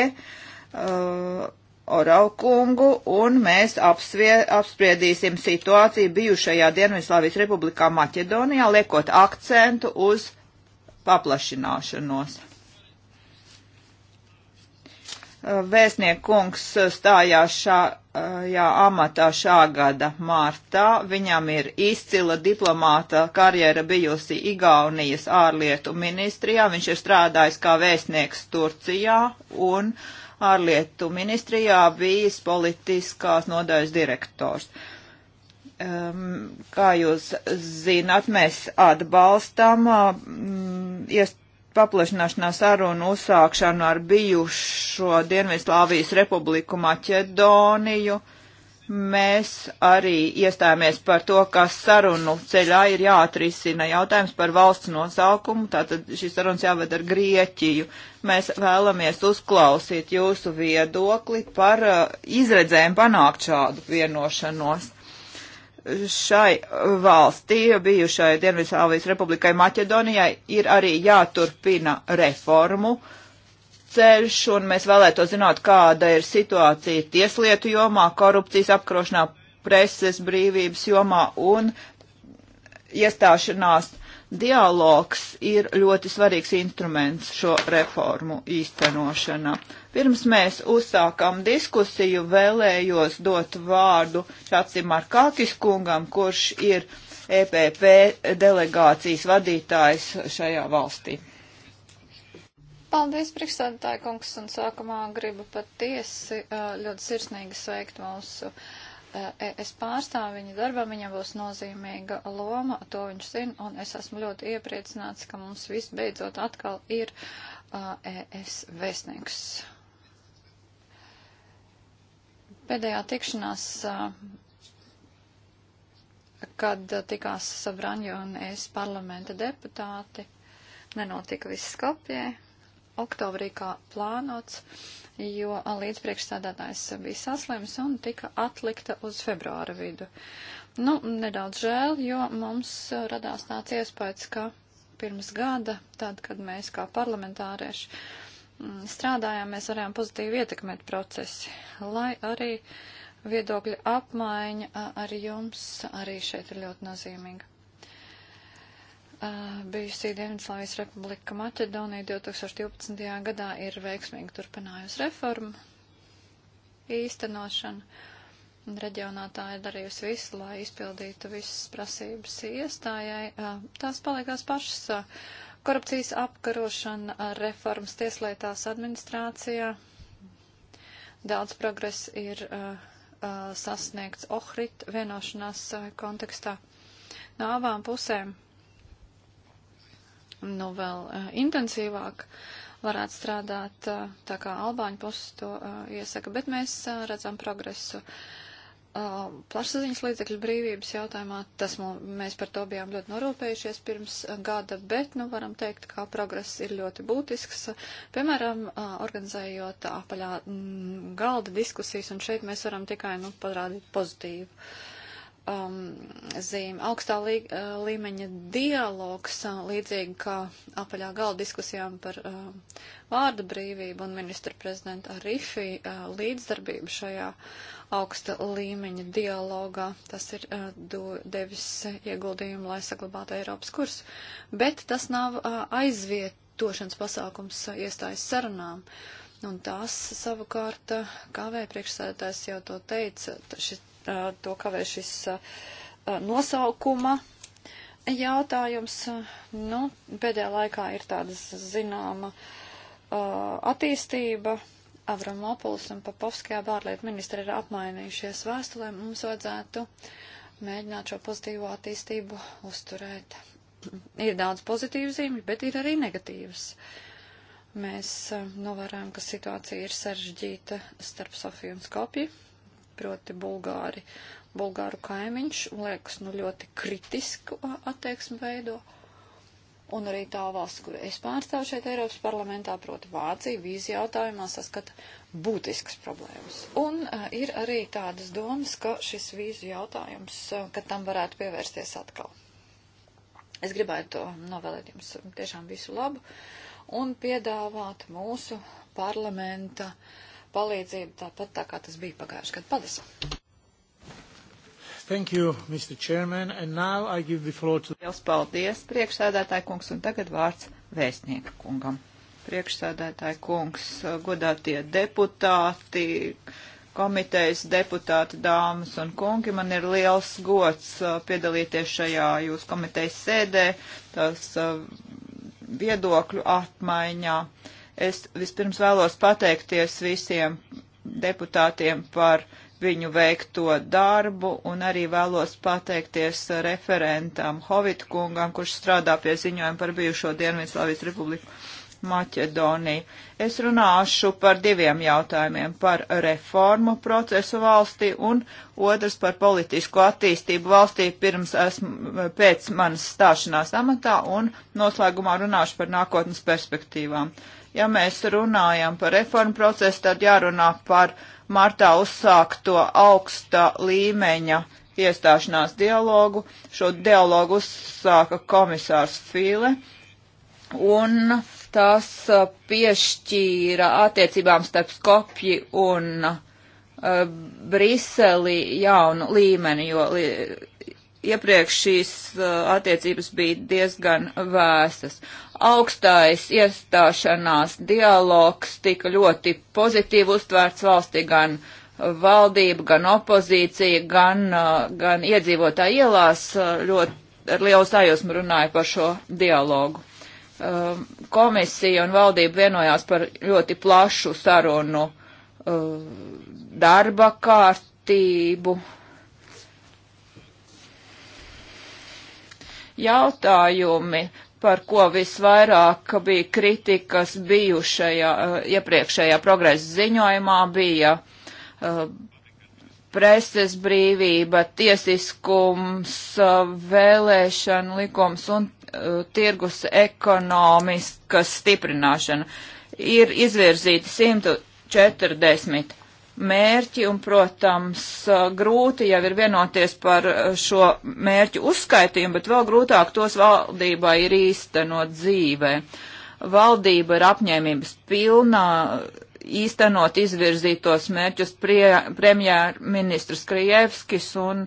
C: Uh, Oralkungu, un mēs apsvie, apspriedīsim situāciju bijušajā Dienvidslāvijas republikā Maķedonijā, liekot akcentu uz paplašināšanos. Vēstniekungs stājās šajā amatā šā gada martā. Viņam ir izcila diplomāta karjera bijusi Igaunijas ārlietu ministrijā. Viņš ir strādājis kā vēstnieks Turcijā un uh, ārlietu ministrijā bijis politiskās nodaļas direktors. Um, kā jūs zināt, mēs atbalstam um, uh, paplašināšanās sarunu uzsākšanu ar bijušo Dienvidslāvijas republiku Maķedoniju. Uh, mēs arī iestājāmies par to, ka sarunu ceļā ir jāatrisina jautājums par valsts nosaukumu, tātad šīs sarunas jāved ar Grieķiju. Mēs vēlamies uzklausīt jūsu viedokli par uh, izredzēm panākt šādu vienošanos. Šai valstī, bijušai Dienvidslāvijas republikai Maķedonijai, ir arī jāturpina reformu uh, ceļš, un mēs vēlētos zināt, kāda ir situācija tieslietu jomā, korupcijas apkarošanā, preses brīvības jomā un iestāšanās dialogs ir ļoti svarīgs instruments šo reformu īstenošanā. Pirms mēs uzsākām diskusiju, vēlējos dot vārdu Čacim Markakis kungam, kurš ir EPP delegācijas vadītājs šajā valstī.
A: Paldies, priekšstādātāji kungs, un sākumā gribu patiesi ļoti sirsnīgi sveikt mūsu es pārstāvu viņa darbā, viņam būs nozīmīga loma, to viņš zina, un es esmu ļoti iepriecināts, ka mums viss beidzot atkal ir ES vēstnieks. Pēdējā tikšanās, kad tikās Sabranjo un es parlamenta deputāti, nenotika viss Skopjē oktobrī kā plānots, jo līdzpriekšstādātājs bija saslims un tika atlikta uz februāra vidu. Nu, nedaudz žēl, jo mums radās tāds iespējas, ka pirms gada, tad, kad mēs kā parlamentārieši mm, strādājām, mēs varējām pozitīvi ietekmēt procesi, lai arī viedokļa apmaiņa ar jums arī šeit ir ļoti nozīmīga bijusi Dienvidslāvijas republika Maķedonija 2012. gadā ir veiksmīgi turpinājusi reformu īstenošanu. Reģionā tā ir darījusi visu, lai izpildītu visas prasības iestājai. Tās paliekās pašas korupcijas apkarošana, reformas tieslietās administrācijā. Daudz progress ir sasniegts Ohrit vienošanās kontekstā. No abām pusēm nu vēl eh, intensīvāk varētu strādāt, eh, tā kā Albāņu puses to eh, iesaka, bet mēs redzam progresu. Plašsaziņas līdzekļu brīvības jautājumā, tas mēs par to bijām ļoti norūpējušies pirms gada, bet, nu, varam teikt, ka progress ir ļoti būtisks. Piemēram, organizējot apaļā mm, galda diskusijas, un šeit mēs varam tikai, nu, parādīt pozitīvu uh, um, zīme. Augstā lī, uh, līmeņa dialogs, uh, līdzīgi kā apaļā galda diskusijām par um, vārda brīvību un ministra prezidenta Arifi uh, līdzdarbību šajā augsta līmeņa dialogā, tas ir uh, do, devis ieguldījumu, lai saglabātu Eiropas kursu. Bet tas nav uh, aizvietošanas pasākums uh, iestājas sarunām. Un tās savukārt, kā vēl priekšsēdētājs jau to teica, šis Uh, to kavē šis uh, uh, nosaukuma jautājums. Nu, pēdējā laikā ir tāda zināma attīstība. Avramopulis un Papovskajā vārlietu ministri ir apmainījušies vēstulē. Mums vajadzētu mēģināt šo pozitīvo attīstību uzturēt. Ir daudz pozitīvu zīmju, bet ir arī negatīvas. Mēs novērojam, ka situācija ir sarežģīta starp Sofiju un Skopju proti Bulgāri. Bulgāru kaimiņš, liekas, nu ļoti kritisku attieksmi veido. Un arī tā valsts, kur es pārstāvu šeit Eiropas parlamentā, proti Vācija, vīzi jautājumā saskata būtiskas problēmas. Un uh, ir arī tādas domas, ka šis vīzu jautājums, uh, ka tam varētu pievērsties atkal. Es gribētu to novēlēt jums tiešām visu labu un piedāvāt mūsu parlamenta uh, palīdzību, tāpat tā kā tas bija pagājušajā gadā. Paldies!
C: Thank you, Mr. Chairman, and now I give the floor to... Liels paldies, priekšsēdētāji kungs, un tagad vārds vēstnieka kungam. Priekšsēdētāji kungs, godātie deputāti, komitejas deputāti, dāmas un kungi, man ir liels gods uh, piedalīties šajā jūsu komitejas sēdē, tas uh, viedokļu apmaiņā. Uh, Es vispirms vēlos pateikties visiem deputātiem par viņu veikto darbu un arī vēlos pateikties referentam Hovit kungam, kurš strādā pie ziņojuma par bijušo Dienvidslāvijas republiku Maķedoniju. Es runāšu par diviem jautājumiem - par reformu procesu valstī un otrs par politisko attīstību valstī pirms esmu, pēc manas stāšanās amatā un noslēgumā runāšu par nākotnes perspektīvām. Uh, Ja mēs runājam par reformu procesu, tad jārunā par martā uzsākto augsta līmeņa iestāšanās dialogu. Šo dialogu uzsāka komisārs Fīle un tas uh, piešķīra attiecībām starp Skopji un uh, Briseli jaunu līmeni, jo iepriekš šīs uh, attiecības bija diezgan vēsas. Augstais iestāšanās dialogs tika ļoti pozitīvi uztvērts valstī gan valdība, gan opozīcija, gan, uh, gan iedzīvotāji ielās uh, ļoti ar lielu sajūsmu runāja par šo dialogu. Um, komisija un valdība vienojās par ļoti plašu sarunu darba kārtību jautājumi, par ko visvairāk bija kritikas bijušajā eh, iepriekšējā progresa ziņojumā, bija uh, preses brīvība, tiesiskums, eh, vēlēšana likums un uh, tirgus ekonomiskas stiprināšana. Ir izvirzīti 140 mērķi, un, protams, grūti jau ir vienoties par šo mērķu uzskaitījumu, bet vēl grūtāk tos valdībai ir īstenot dzīvē. Valdība ir apņēmības pilnā īstenot izvirzītos mērķus premjērministrs Krievskis un,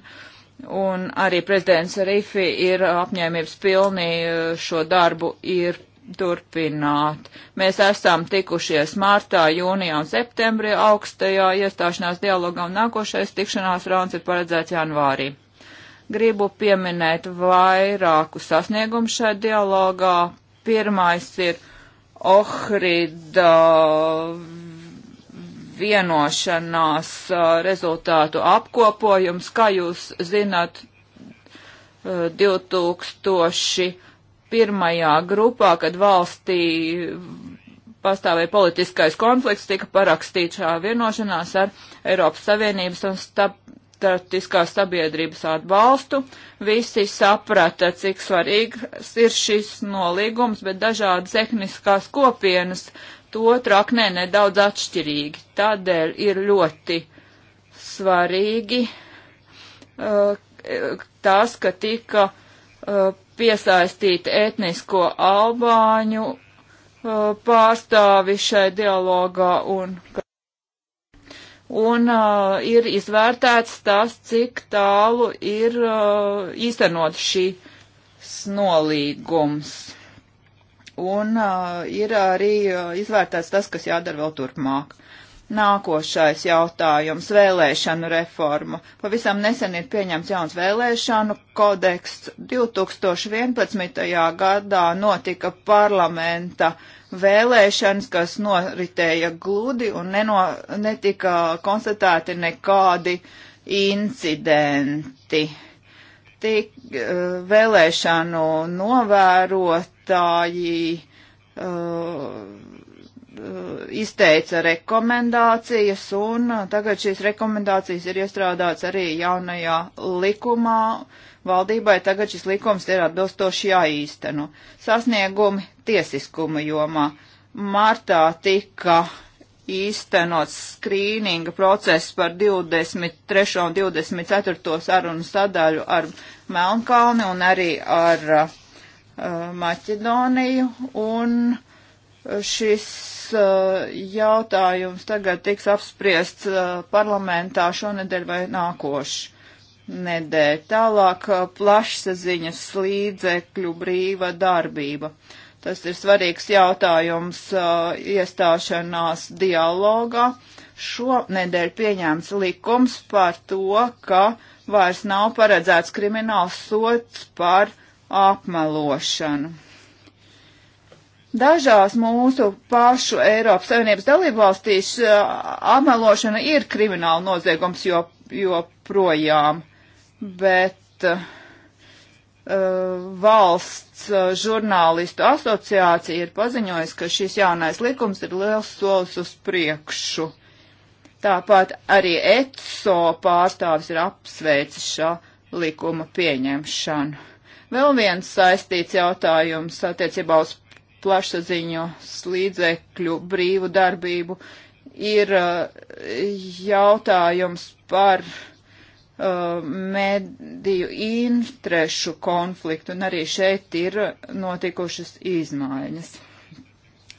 C: un arī prezidents Rifi ir apņēmības pilnī eh, šo darbu ir turpināt. Mēs esam tikušies martā, jūnijā un septembrī augstajā iestāšanās dialogā un nākošais tikšanās rauns ir paredzēts janvārī. Gribu pieminēt vairāku sasniegumu šajā dialogā. Pirmais ir Ohrida vienošanās rezultātu apkopojums, kā jūs zināt, 2000 pirmajā grupā, kad valstī pastāvēja politiskais konflikts, tika parakstīta šā vienošanās ar Eiropas Savienības un starptautiskās sabiedrības atbalstu. Visi saprata, cik svarīgs ir šis nolīgums, bet dažādas tehniskās kopienas to traknē nedaudz atšķirīgi. Tādēļ ir ļoti svarīgi uh, tas, ka tika uh, piesaistīt etnisko albāņu uh, pārstāvi šai dialogā un, un uh, ir izvērtēts tas, cik tālu ir uh, īstenot šīs nolīgums. Un uh, ir arī uh, izvērtēts tas, kas jādara vēl turpmāk. Nākošais jautājums - vēlēšanu reforma. Pavisam nesen ir pieņemts jauns vēlēšanu kodeks. 2011. gadā notika parlamenta vēlēšanas, kas noritēja gludi un neno, netika konstatēti nekādi incidenti. Tik eh, vēlēšanu novērotāji. Uh, Eh, izteica rekomendācijas, un eh, tagad šīs rekomendācijas ir iestrādāts arī jaunajā likumā. Valdībai tagad šis likums ir atbilstoši jāīsteno. Sasniegumi tiesiskuma jomā. Martā tika īstenots skrīninga process par 23. un 24. sarunu sadaļu ar Melnkalni un arī ar uh, Maķedoniju, un šis Uh, jautājums tagad tiks apspriests uh, parlamentā šonedēļ vai nākošu nedēļu. Tālāk uh, plašsaziņas līdzekļu brīva darbība. Tas ir svarīgs jautājums iestāšanās dialogā. Šonedēļ pieņēmts likums par to, ka vairs nav paredzēts krimināls sots par apmelošanu. Dažās mūsu pašu Eiropas Savienības dalībvalstīs eh, apmelošana ir krimināla noziegums joprojām, jo bet uh, valsts eh, žurnālistu asociācija ir paziņojusi, ka šis jaunais likums ir liels solis uz priekšu. Tāpat arī ECO pārstāvis ir apsveicis šā likuma pieņemšanu. Vēl viens saistīts jautājums attiecībā uz plašsaziņu līdzekļu brīvu darbību, ir uh, jautājums par uh, mediju interešu konfliktu, un arī šeit ir notikušas izmaiņas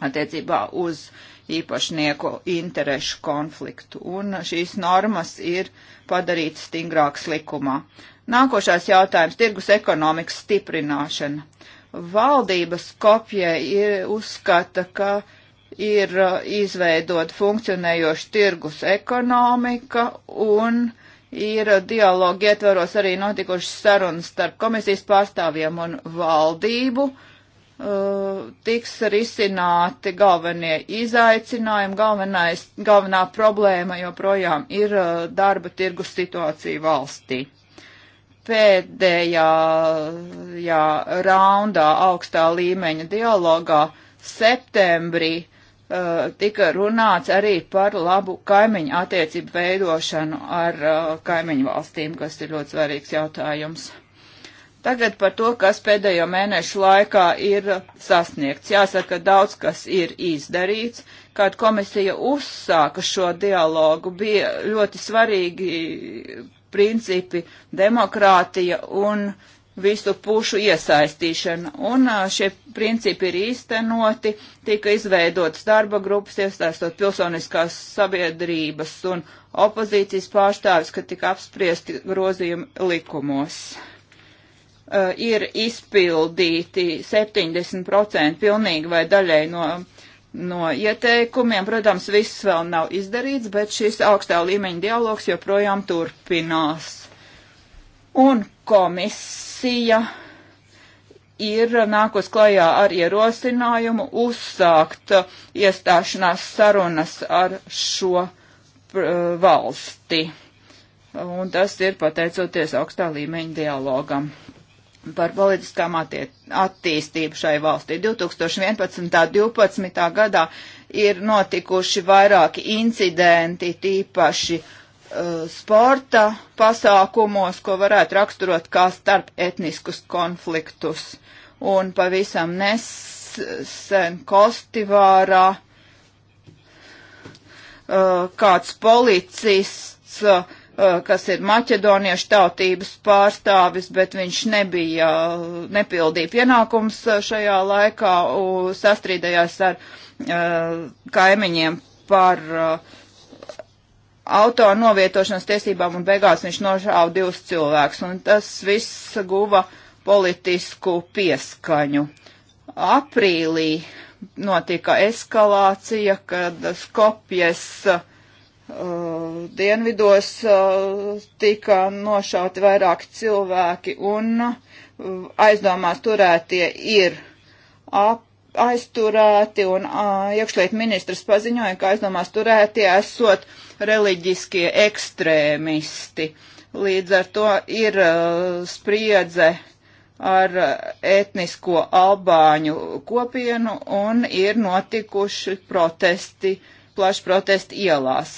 C: attiecībā uz īpašnieku interešu konfliktu, un šīs normas ir padarītas stingrākas likumā. Nākošais jautājums - tirgus ekonomikas stiprināšana valdības kopjai ir uzskata, ka ir uh, izveidot funkcionējošu tirgus ekonomika un ir uh, dialogu ietvaros arī notikušas sarunas starp komisijas pārstāvjiem un valdību. Uh, tiks risināti galvenie izaicinājumi, galvenais, galvenā problēma joprojām ir uh, darba tirgus situācija valstī pēdējā jā, raundā augstā līmeņa dialogā septembrī uh, tika runāts arī par labu kaimiņu attiecību veidošanu ar uh, kaimiņu valstīm, kas ir ļoti svarīgs jautājums. Tagad par to, kas pēdējo mēnešu laikā ir sasniegts. Jāsaka, daudz kas ir izdarīts. Kad komisija uzsāka šo dialogu, bija ļoti svarīgi principi - demokrātija un visu pušu iesaistīšana. Un šie principi ir īstenoti, tika izveidotas darba grupas, iesaistot pilsoniskās sabiedrības un opozīcijas pārstāvis, kad tika apspriesti grozījumi likumos. Uh, ir izpildīti 70% pilnīgi vai daļai no no ieteikumiem. Protams, viss vēl nav izdarīts, bet šis augstā līmeņa dialogs joprojām turpinās. Un komisija ir nākos klajā ar ierosinājumu uzsākt iestāšanās sarunas ar šo valsti. Un tas ir pateicoties augstā līmeņa dialogam par politiskām attīstību šai valstī. 2011. un 2012. gadā ir notikuši vairāki incidenti, tīpaši uh, sporta pasākumos, ko varētu raksturot kā starp etniskus konfliktus. Un pavisam nesen Kostivārā uh, kāds policists uh, Uh, kas ir maķedoniešu tautības pārstāvis, bet viņš nebija, uh, nepildīja pienākums uh, šajā laikā, sastrīdējās ar kaimiņiem par auto novietošanas tiesībām un beigās viņš nošāva divus cilvēkus, un tas viss guva politisku pieskaņu. Aprīlī notika eskalācija, kad Skopjes uh, Uh, dienvidos uh, tika nošauti vairāki cilvēki un uh, aizdomās turētie ir ap, aizturēti un iekšlietu ministrs paziņoja, ka aizdomās turētie esot reliģiskie ekstrēmisti. Līdz ar to ir spriedze ar etnisko albāņu kopienu un ir notikuši protesti uh, plaši protesti ielās.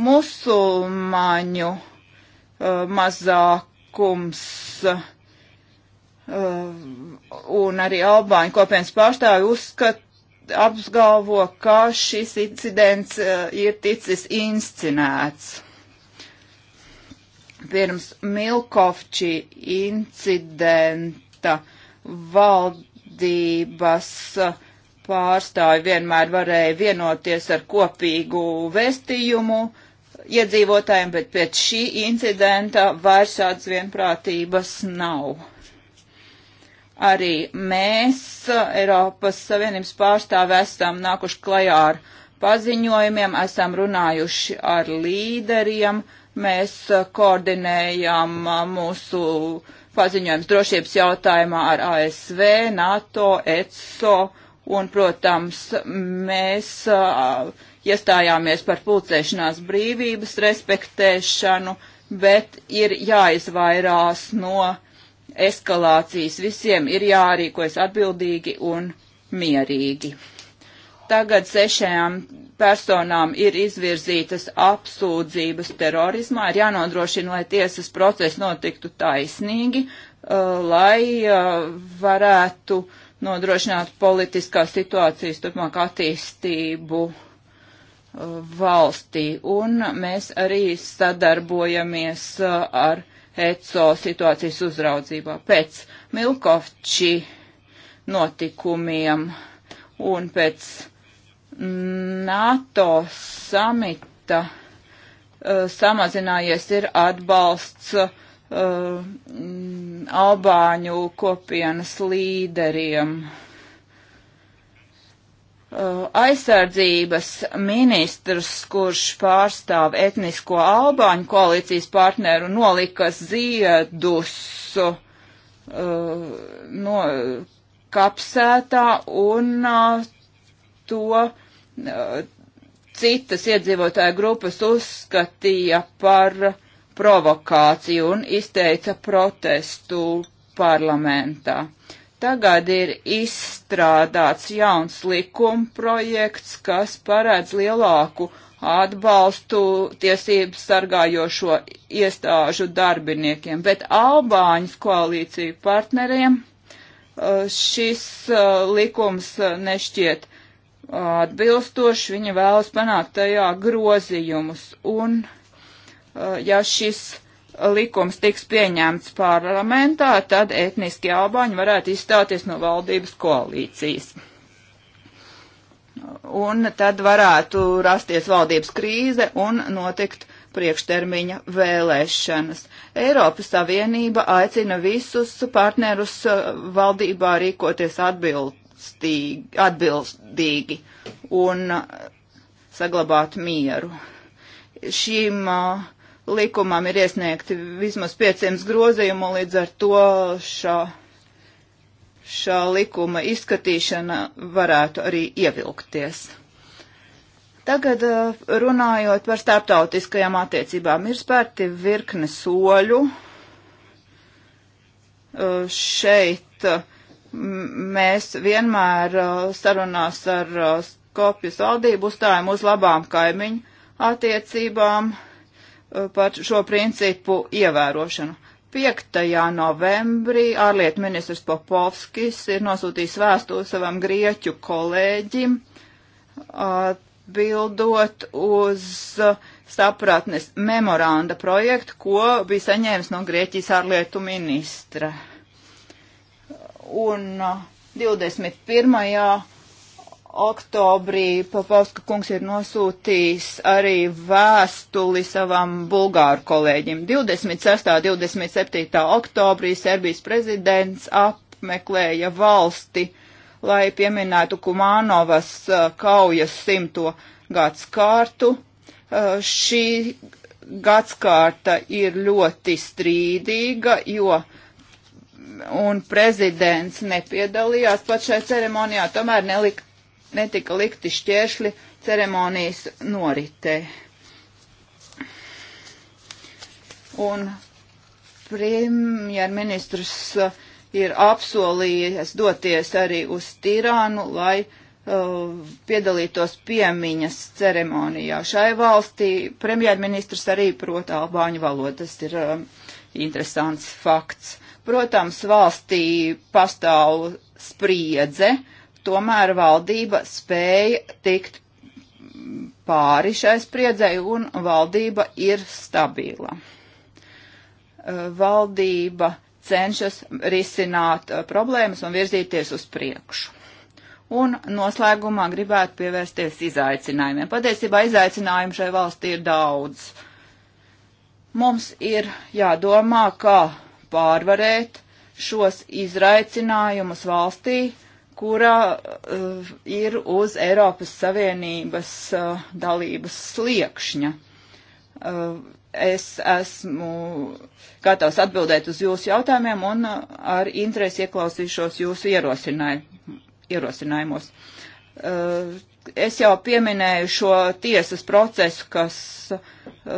C: Musulmaņu uh, mazākums uh, un arī albāņu kopienas pārstāvi uzskata, apgalvo, ka šis incidents uh, ir ticis inscenēts. Pirms Milkovči incidenta valdības uh, pārstāvi vienmēr varēja vienoties ar kopīgu vestījumu iedzīvotājiem, bet pēc šī incidenta vairs šāds vienprātības nav. Arī mēs, Eiropas Savienības pārstāvi, esam nākuši klajā ar paziņojumiem, esam runājuši ar līderiem, mēs koordinējam mūsu paziņojums drošības jautājumā ar ASV, NATO, ECO un, protams, mēs uh, iestājāmies par pulcēšanās brīvības respektēšanu, bet ir jāizvairās no eskalācijas. Visiem ir jārīkojas atbildīgi un mierīgi. Tagad sešajām personām ir izvirzītas apsūdzības terorismā, ir jānodrošina, lai tiesas process notiktu taisnīgi, uh, lai uh, varētu uh, nodrošināt politiskās situācijas turpmāk attīstību uh, valstī. Un mēs arī sadarbojamies uh, ar ECO situācijas uzraudzībā pēc Milkovči notikumiem un pēc NATO samita uh, samazinājies ir atbalsts uh, uh, mm, Albāņu kopienas līderiem. Uh, aizsardzības ministrs, kurš pārstāv etnisko Albāņu koalīcijas partneru, nolika ziedus uh, no kapsētā un uh, to uh, citas iedzīvotāju grupas uzskatīja par uh, provokāciju un izteica protestu parlamentā. Tagad ir izstrādāts jauns likumprojekts, kas paredz lielāku atbalstu tiesību sargājošo iestāžu darbiniekiem, bet Albāņas koalīciju partneriem uh, šis uh, likums uh, nešķiet atbilstoši, viņi vēlas panākt tajā grozījumus un uh, Eh, ja šis likums tiks pieņemts parlamentā, tad etniski albāņi varētu izstāties no valdības koalīcijas. Un tad varētu rasties valdības krīze un notikt priekštermiņa vēlēšanas. Eiropas Savienība aicina visus partnerus eh, valdībā rīkoties atbildīgi un eh, saglabāt mieru. Šīm uh, likumam ir iesniegti vismaz 500 grozījumu, līdz ar to šā, šā likuma izskatīšana varētu arī ievilkties. Tagad eh, runājot par starptautiskajām attiecībām, ir spērti virkne soļu. Eh, šeit eh, mēs vienmēr sarunās ar Skopjas valdību uzstājam uz labām kaimiņu attiecībām. Uh, par šo principu ievērošanu. 5. novembrī ārlietu ministrs Popovskis ir nosūtījis vēstuli savam grieķu kolēģim, atbildot uz sapratnes memoranda projektu, ko bija saņēmis no Grieķijas ārlietu ministra. Un 21 uh, oktobrī Papauska kungs ir nosūtījis arī vēstuli savam bulgāru kolēģim. 26. 27. oktobrī Serbijas prezidents apmeklēja valsti, lai pieminētu Kumānovas uh, kaujas simto gads kārtu. Uh, šī gadskārta ir ļoti strīdīga, jo un prezidents nepiedalījās pat šajā ceremonijā, tomēr nelika netika likti šķēršļi ceremonijas noritē. Un premjerministrs uh, ir apsolījies doties arī uz Tirānu, lai uh, piedalītos piemiņas ceremonijā. Šai valstī premjerministrs arī prot albāņu valodu. Tas ir uh, interesants fakts. Protams, valstī pastāv spriedze, uh, tomēr valdība spēja tikt pāri šai spriedzei un valdība ir stabila. Valdība cenšas risināt problēmas un virzīties uz priekšu. Un noslēgumā gribētu pievērsties izaicinājumiem. Patiesībā izaicinājumu šai valstī ir daudz. Mums ir jādomā, kā pārvarēt šos izaicinājumus valstī, uh, kura uh, eh, ir uz Eiropas Savienības uh, dalības sliekšņa. Uh, es esmu gatavs atbildēt uz jūsu jautājumiem un uh, ar interesi ieklausīšos jūsu ierosinājumos. Uh, Es jau pieminēju šo tiesas procesu, kas uh,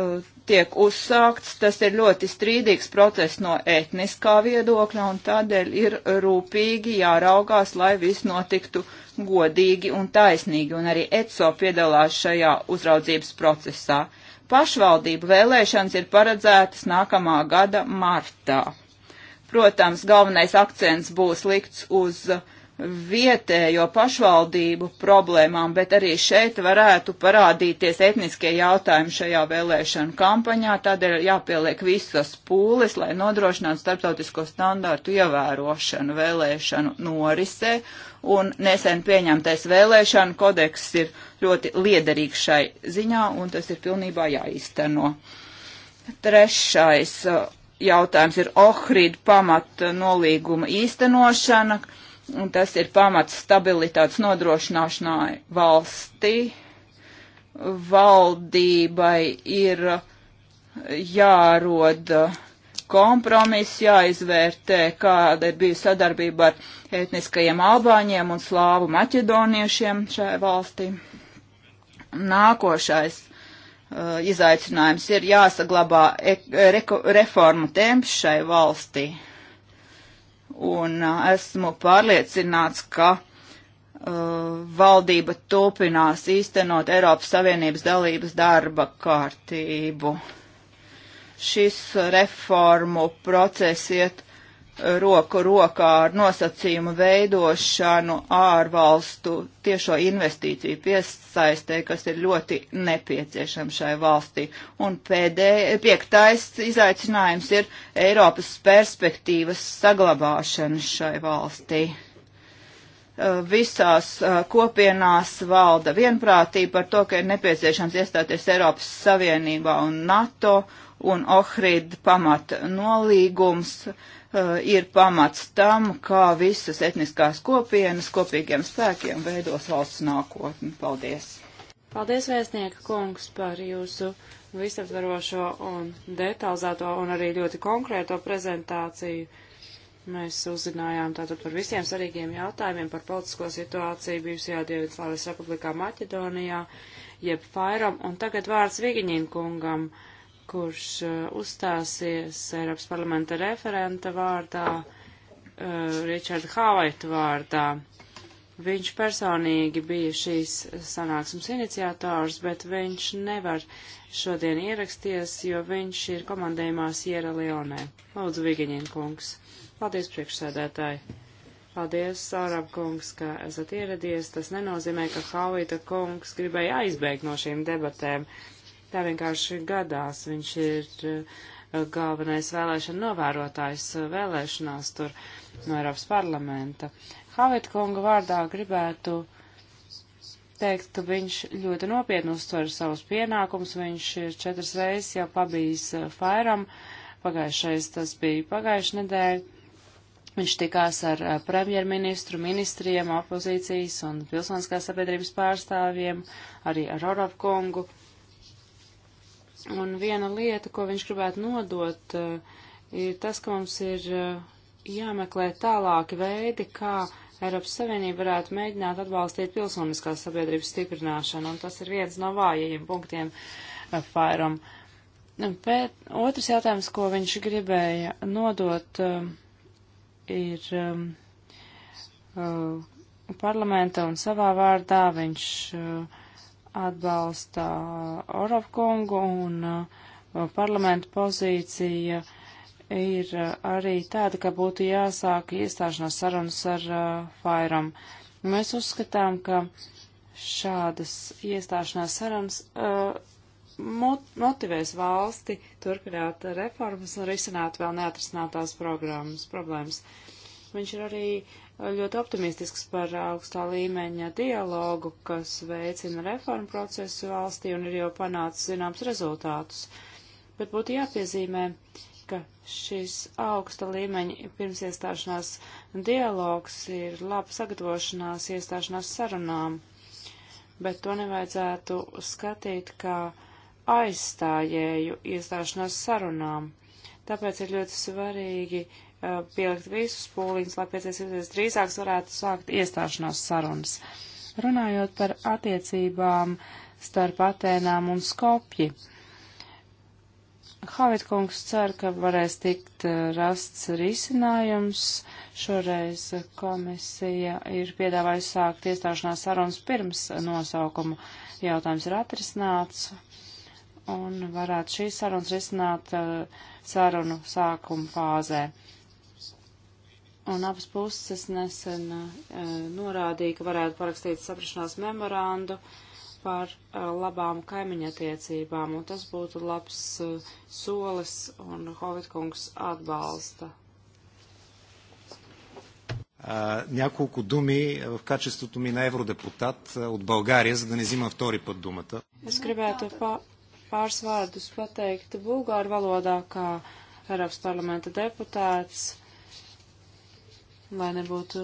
C: tiek uzsākts. Tas ir ļoti strīdīgs process no etniskā viedokļa, un tādēļ ir rūpīgi jāraugās, lai viss notiktu godīgi un taisnīgi, un arī ECO piedalās šajā uzraudzības procesā. Pašvaldību vēlēšanas ir paredzētas nākamā gada martā. Protams, galvenais akcents būs likts uz uh, vietējo pašvaldību problēmām, bet arī šeit varētu parādīties etniskie jautājumi šajā vēlēšanu kampaņā, tādēļ jāpieliek visas pūles, lai nodrošinātu starptautisko standārtu ievērošanu vēlēšanu norise, un nesen pieņemtais vēlēšanu kodeks ir ļoti liederīgs šai ziņā, un tas ir pilnībā jāīsteno. Trešais uh, jautājums ir Ohrid pamata nolīguma īstenošana un tas ir pamats stabilitātes nodrošināšanai valstī. Valdībai ir jārod kompromiss, jāizvērtē, kāda ir bijusi sadarbība ar etniskajiem albāņiem un slāvu maķedoniešiem šajā valstī. Nākošais uh, izaicinājums ir jāsaglabā e re reformu temps šai valstī. Uh, un esmu pārliecināts, ka Uh, valdība turpinās īstenot Eiropas Savienības dalības darba kārtību. Šis reformu process iet roku rokā ar nosacījumu veidošanu ārvalstu tiešo investīciju piesaistē, kas ir ļoti nepieciešama šai valstī. Un pēdējais, piektais izaicinājums ir Eiropas perspektīvas saglabāšana šai valstī. Visās kopienās valda vienprātība par to, ka ir nepieciešams iestāties Eiropas Savienībā un NATO un Ohrid pamat nolīgums Eh, ir pamats tam, kā visas etniskās kopienas kopīgiem spēkiem veidos valsts nākotni. Paldies!
B: Paldies, vēstnieka kungs, par jūsu visaptvarošo un detalizēto un arī ļoti konkrēto prezentāciju. Mēs uzzinājām tātad par visiem svarīgiem jautājumiem par politisko situāciju bijusajā Dievidslāvijas republikā Maķedonijā, jeb Fairam, un tagad vārds Vigiņin kungam. Uh, kurš uh, uzstāsies Eiropas parlamenta referenta vārdā, uh, Ričarda Hāvaita vārdā. Viņš personīgi bija šīs sanāksmes iniciators, bet viņš nevar šodien ieraksties, jo viņš ir komandējumā Sierra Leonē. Lūdzu, Vigiņin kungs. Paldies, priekšsēdētāji. Paldies, Sārab kungs, ka esat ieradies. Tas nenozīmē, ka Hauvita kungs gribēja aizbēgt no šīm debatēm Tā vienkārši gadās. Viņš ir eh, galvenais vēlēšana novērotājs eh, vēlēšanās tur no Eiropas parlamenta. Havet kunga vārdā gribētu teikt, ka viņš ļoti nopietni uztver savus pienākumus. Viņš ir četras reizes jau pabijis eh, Fairam. Pagājušais tas bija pagājušajā nedēļā. Viņš tikās ar premjerministru, ministriem, opozīcijas un pilsoniskās sabiedrības pārstāvjiem, arī ar Oropu kungu. Un viena lieta, ko viņš gribētu nodot, eh, ir tas, ka mums ir eh, jāmeklē tālāki veidi, kā Eiropas Savienība varētu mēģināt atbalstīt pilsoniskās sabiedrības stiprināšanu, un tas ir viens no vājajiem punktiem eh, Fairam. Nu, Pēc, otrs jautājums, ko viņš gribēja nodot, ir parlamenta un savā vārdā viņš uh, atbalsta uh, Orovkungu un uh, parlamentu pozīcija ir uh, arī tāda, ka būtu jāsāk iestāšanās sarunas ar Fairam. Mēs uzskatām, ka šādas iestāšanās sarunas uh, motivēs valsti turpināt reformas un risināt vēl neatrisinātās programmas, problēmas. Viņš ir arī uh, ļoti optimistisks par augstā līmeņa dialogu, kas veicina reformu procesu valstī un ir jau panācis zināms rezultātus. Bet būtu jāpiezīmē, ka šis augsta līmeņa pirms iestāšanās dialogs ir laba sagatavošanās iestāšanās sarunām, bet to nevajadzētu skatīt kā aizstājēju iestāšanās sarunām. Tāpēc ir ļoti svarīgi Uh, pielikt visus pūliņus, lai pēc iespējas drīzāk varētu sākt iestāšanās sarunas. Runājot par attiecībām starp Atēnām un Skopji, Havitkungs cer, ka varēs tikt uh, rasts risinājums. Šoreiz komisija ir piedāvājusi sākt iestāšanās sarunas pirms nosaukuma. Jautājums ir atrisināts un varētu šīs sarunas risināt uh, sarunu sākuma fāzē. Un abas puses nesen uh, norādīja, ka varētu parakstīt saprašanās memorandu par uh, labām kaimiņattiecībām, un tas būtu labs uh, solis, un Hovitkungs atbalsta. Няколко думи в качеството ми на евродепутат от България, за да не взимам втори път думата. Es gribētu pa, pāris vārdus pateikt bulgāru valodā kā Eiropas parlamenta deputāts lai nebūtu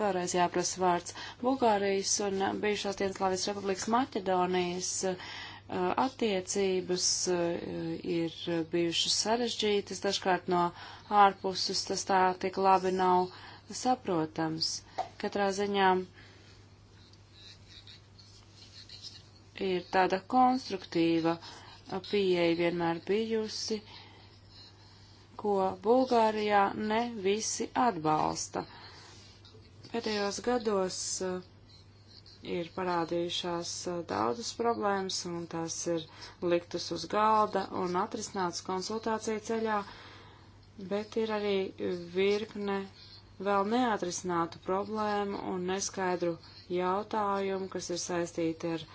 B: vēlreiz jāprasa vārds Bulgārijas un bijušās Dienaslāvijas republikas Maķedonijas uh, attiecības uh, ir bijušas sarežģītas, dažkārt no ārpuses tas tā tik labi nav saprotams. Katrā ziņā ir tāda konstruktīva uh, pieeja vienmēr bijusi. Uh, ko Bulgārijā ne visi atbalsta. Pēdējos gados eh, ir parādījušās eh, daudzas problēmas, un tās ir liktas uz galda un atrisināts konsultāciju ceļā, bet ir arī virkne vēl neatrisinātu problēmu un neskaidru jautājumu, kas ir saistīti ar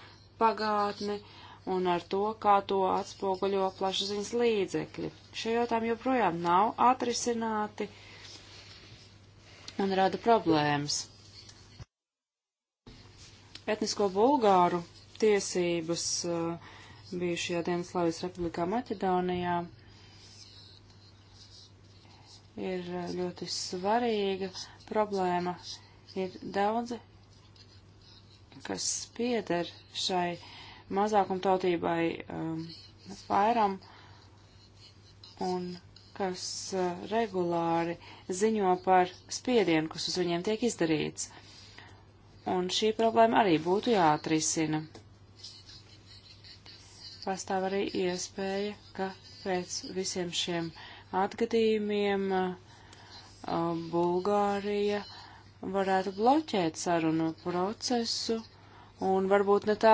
B: pagātni, uh, un ar to, kā to atspoguļo plašsaziņas līdzekļi. Šie jautājumi joprojām nav atrisināti un rada problēmas. Etnisko bulgāru tiesības uh, bijušajā Dienaslavijas republikā Maķedonijā ir uh, ļoti svarīga problēma. Ir daudzi, kas pieder šai uh, mazākumtautībai um, vairam un kas uh, regulāri ziņo par spiedienu, kas uz viņiem tiek izdarīts. Un šī problēma arī būtu jāatrisina. Pastāv arī iespēja, ka pēc visiem šiem atgadījumiem uh, Bulgārija varētu bloķēt sarunu procesu Un varbūt ne tā,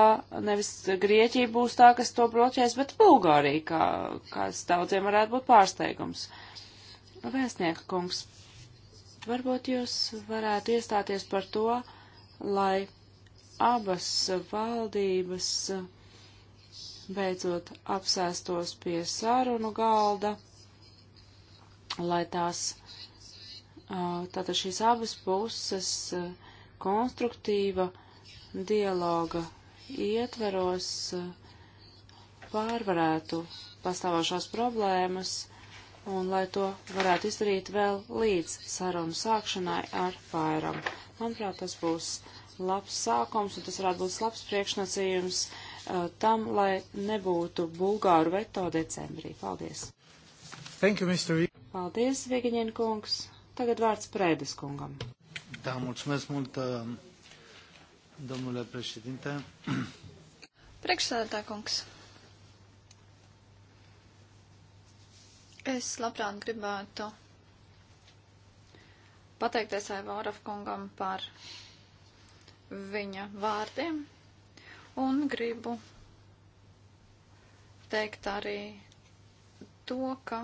B: nevis Grieķija būs tā, kas to bloķēs, bet Bulgārija, kā, kāds daudziem varētu būt pārsteigums. Vēstnieka kungs, varbūt jūs varētu iestāties par to, lai abas valdības beidzot apsēstos pie sarunu galda, lai tās, tātad šīs abas puses konstruktīva, dialoga ietveros eh, pārvarētu pastāvošās problēmas un lai to varētu izdarīt vēl līdz sarunu sākšanai ar Fairam. Manuprāt, tas būs labs sākums un tas varētu būt labs priekšnacījums uh, eh, tam, lai nebūtu bulgāru veto decembrī. Paldies!
A: Thank you, Mr. V.
B: Paldies, Vigiņin kungs! Tagad vārds Prēdes kungam. Tā, mulțumesc mult, uh, domnule președinte.
A: Priekšsēdētāj kungs. Es labprāt gribētu pateikties Aivārov kungam par viņa vārdiem un gribu teikt arī to, ka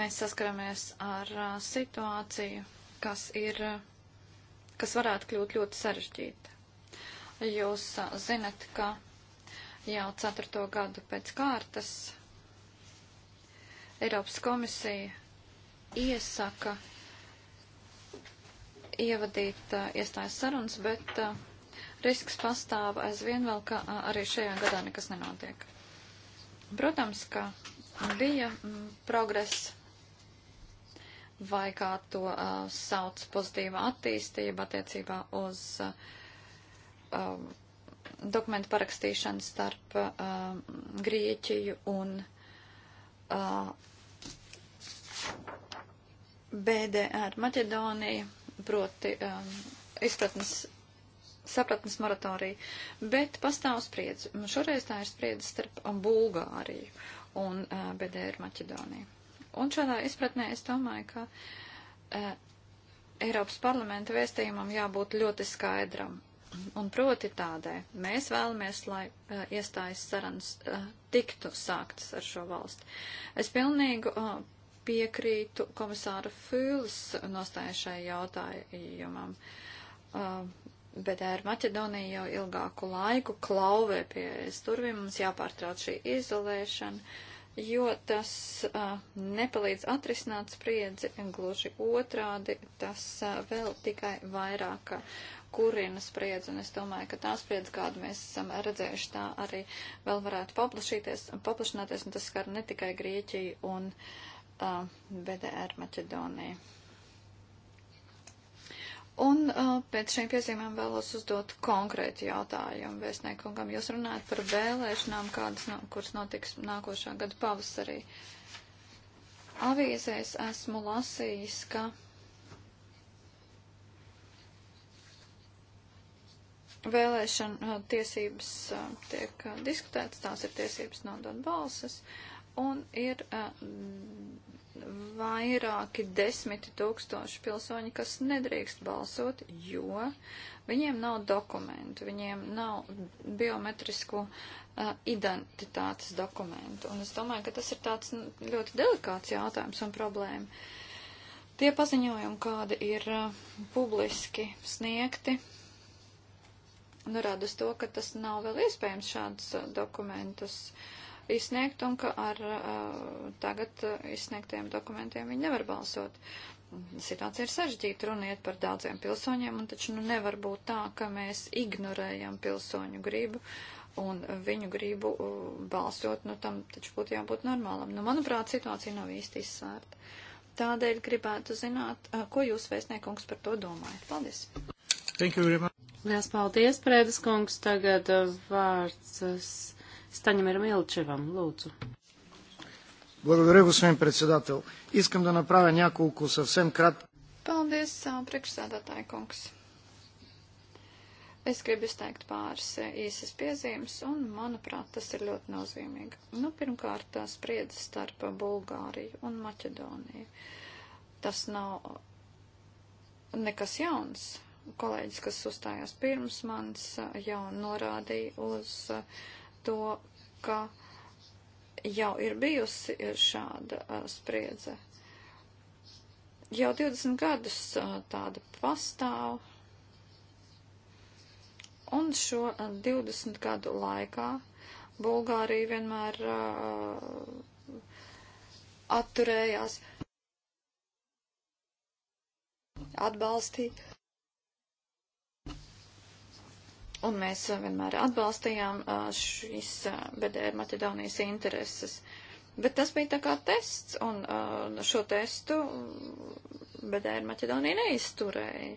A: mēs saskaramies ar situāciju, kas ir uh, kas varētu kļūt ļoti sarežģīta. Jūs zinat, ka jau ceturto gadu pēc kārtas Eiropas komisija iesaka ievadīt uh, iestājas sarunas, bet uh, risks pastāv aizvien vēl, ka uh, arī šajā gadā nekas nenotiek. Protams, ka bija mm, progress vai kā to uh, sauc pozitīva attīstība attiecībā uz uh, um, dokumentu parakstīšanu starp uh, Grieķiju un uh, BDR Maķedoniju, proti um, izpratnes sapratnes moratorija, bet pastāv spriedzi. Šoreiz tā ir spriedzi starp Bulgāriju un uh, BDR Maķedoniju. Un šādā izpratnē es domāju, ka uh, Eiropas parlamenta vēstījumam jābūt ļoti skaidram. Un proti tādai, mēs vēlamies, lai uh, iestājas sarunas uh, tiktu sāktas ar šo valsti. Es pilnīgi uh, piekrītu komisāra Fūles nostājušai jautājumam. Uh, bet ar Maķedoniju jau ilgāku laiku klauvē pie stūrviem mums jāpārtrauc šī izolēšana jo tas uh, nepalīdz atrisināt spriedzi, gluži otrādi, tas uh, vēl tikai vairāk kurina spriedzi, un es domāju, ka tā spriedzi, kādu mēs esam redzējuši, tā arī vēl varētu paplašīties, paplašināties, un tas skar ne tikai Grieķiju un uh, BDR Maķedoniju. Un uh, pēc šiem piezīmēm vēlos uzdot konkrētu jautājumu vēstniekungam. Jūs runājat par vēlēšanām, kādas, no, kuras notiks nākošā gada pavasarī. Avīzēs esmu lasījis, ka vēlēšana uh, tiesības uh, tiek uh, diskutētas, tās ir tiesības nodot balsas, un ir uh, vairāki desmiti tūkstoši pilsoņi, kas nedrīkst balsot, jo viņiem nav dokumentu, viņiem nav biometrisku uh, identitātes dokumentu. Un es domāju, ka tas ir tāds ļoti delikāts jautājums un problēma. Tie paziņojumi, kādi ir uh, publiski sniegti, norāda nu, uz to, ka tas nav vēl iespējams šādus uh, dokumentus uh, izsniegt un ka ar uh, tagad uh, izsniegtiem dokumentiem viņi nevar balsot. Situācija ir sažģīta, runiet par daudziem pilsoņiem, un taču nu nevar būt tā, ka mēs ignorējam pilsoņu gribu un viņu gribu uh, balsot, nu tam taču būtu jābūt normālam. Nu, manuprāt, situācija nav īsti izsvērta. Tādēļ gribētu zināt, ko jūs, vēstniekungs, par to domājat. Paldies! Thank you very much!
B: Lielas paldies, Prēdas kungs. Tagad vārds Станимир Милчевам. Луцо. Благодаря, господин председател. Искам да направя няколко съвсем кратки.
A: Paldies, priekšsēdētāja kungs. Es gribu izteikt pāris īsas piezīmes, un, manuprāt, tas ir ļoti nozīmīgi. Nu, pirmkārt, tā spriedze starp Bulgāriju un Maķedoniju. Tas nav nekas jauns. Kolēģis, kas uzstājās pirms manis, jau norādīja uz uh, to, ka jau ir bijusi šāda uh, spriedze. Jau 20 gadus uh, tāda pastāv, un šo uh, 20 gadu laikā Bulgārija vienmēr uh, atturējās, atbalstīja Un mēs uh, vienmēr atbalstījām uh, šīs uh, BDR e Maķedonijas intereses. Bet tas bija tā kā tests, un šo testu mm, BDR e Maķedonija neizturēja.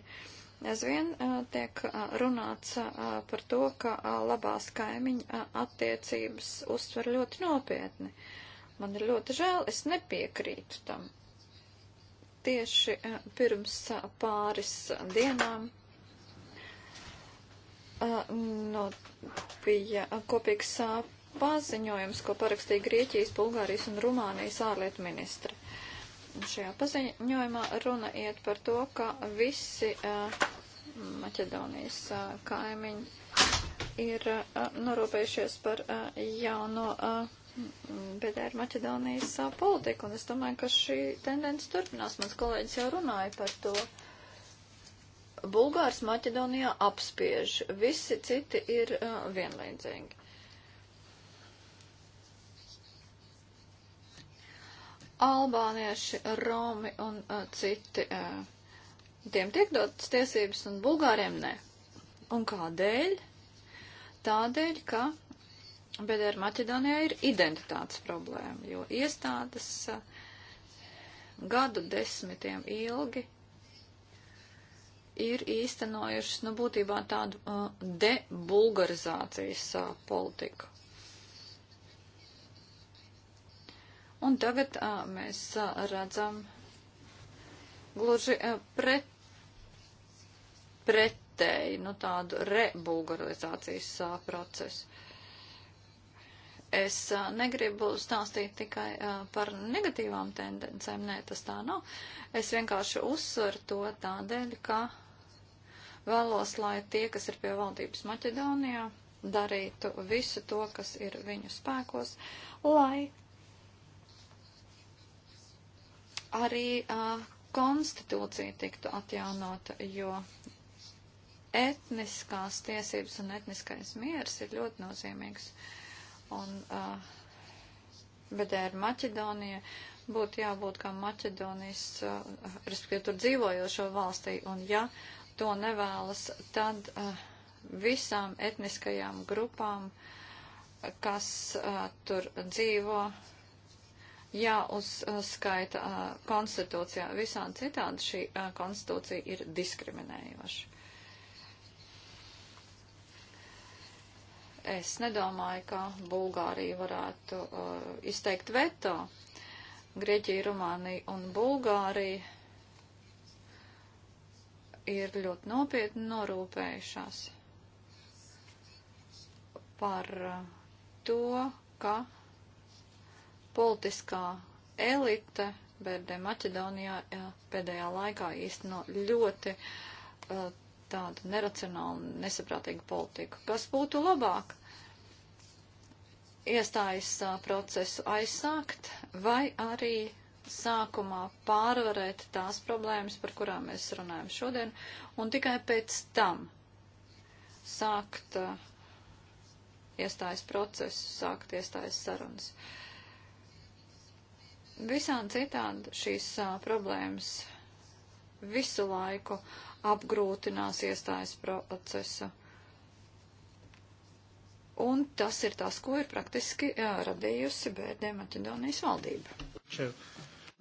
A: Aizvien tiek runāts par to, ka labās kaimiņa attiecības uztver ļoti nopietni. Man ir ļoti žēl, es nepiekrītu tam. Tieši pirms pāris dienām nu, bija kopīgs paziņojums, ko parakstīja Grieķijas, Bulgārijas un Rumānijas ārlietu ministri. Šajā paziņojumā runa iet par to, ka visi Maķedonijas kaimiņi ir norūpējušies par jauno BDR Maķedonijas politiku, un es domāju, ka šī tendence turpinās. Mans kolēģis jau runāja par to. Uh, Bulgārs Maķedonijā apspiež, visi citi ir uh, vienlīdzīgi. Albānieši, Romi un uh, citi, uh, tiem tiek dotas tiesības un Bulgāriem ne. Un kādēļ? Tādēļ, ka Bet ar Maķedoniju ir identitātes problēma, jo iestādes gadu desmitiem ilgi ir īstenojušas, nu, būtībā tādu uh, debulgarizācijas uh, politiku. Un tagad uh, mēs uh, redzam gluži uh, pret, pretēji, nu, tādu rebulgarizācijas uh, procesu. Es uh, negribu stāstīt tikai uh, par negatīvām tendencēm, nē, tas tā nav. Es vienkārši uzsveru to tādēļ, ka Vēlos, lai tie, kas ir pie valdības Maķedonijā, darītu visu to, kas ir viņu spēkos, lai arī uh, konstitūcija tiktu atjaunota, jo etniskās tiesības un etniskais miers ir ļoti nozīmīgs. Un, uh, bet ar Maķedoniju būtu jābūt kā Maķedonijas, uh, respektīvi tur dzīvojošo valstī, un ja to nevēlas, tad uh, visām etniskajām grupām, kas uh, tur dzīvo, jāuzskaita uh, konstitūcijā. Visādi citādi šī uh, konstitūcija ir diskriminējoša. Es nedomāju, ka Bulgārija varētu uh, izteikt veto. Grieķija, Rumānija un Bulgārija ir ļoti nopietni norūpējušās par uh, to, ka politiskā elite BRD Maķedonijā pēdējā laikā īsteno ļoti uh, tādu neracionālu, nesaprātīgu politiku. Kas būtu labāk? Iestājas uh, procesu aizsākt vai arī sākumā pārvarēt tās problēmas, par kurām mēs runājam šodien, un tikai pēc tam sākt uh, iestājas procesu, sākt iestājas sarunas. Visādi citādi šīs uh, problēmas visu laiku apgrūtinās iestājas procesu. Un tas ir tas, ko ir praktiski jā, uh, radījusi BD Maķedonijas valdība.
C: Čau.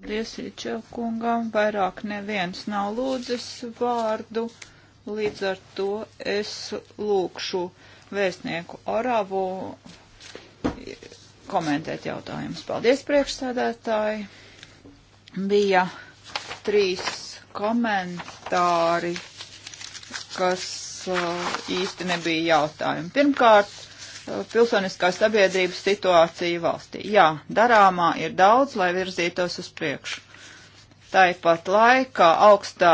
C: Liesīča kungam vairāk neviens nav lūdzis vārdu, līdz ar to es lūkšu vēstnieku Oravu komentēt jautājumus. Paldies, priekšsēdētāji! Bija trīs komentāri, kas uh, īsti nebija jautājumi. Pirmkārt, pilsoniskā sabiedrības situāciju valstī. Jā, darāmā ir daudz, lai virzītos uz priekšu. Tāpat laikā augstā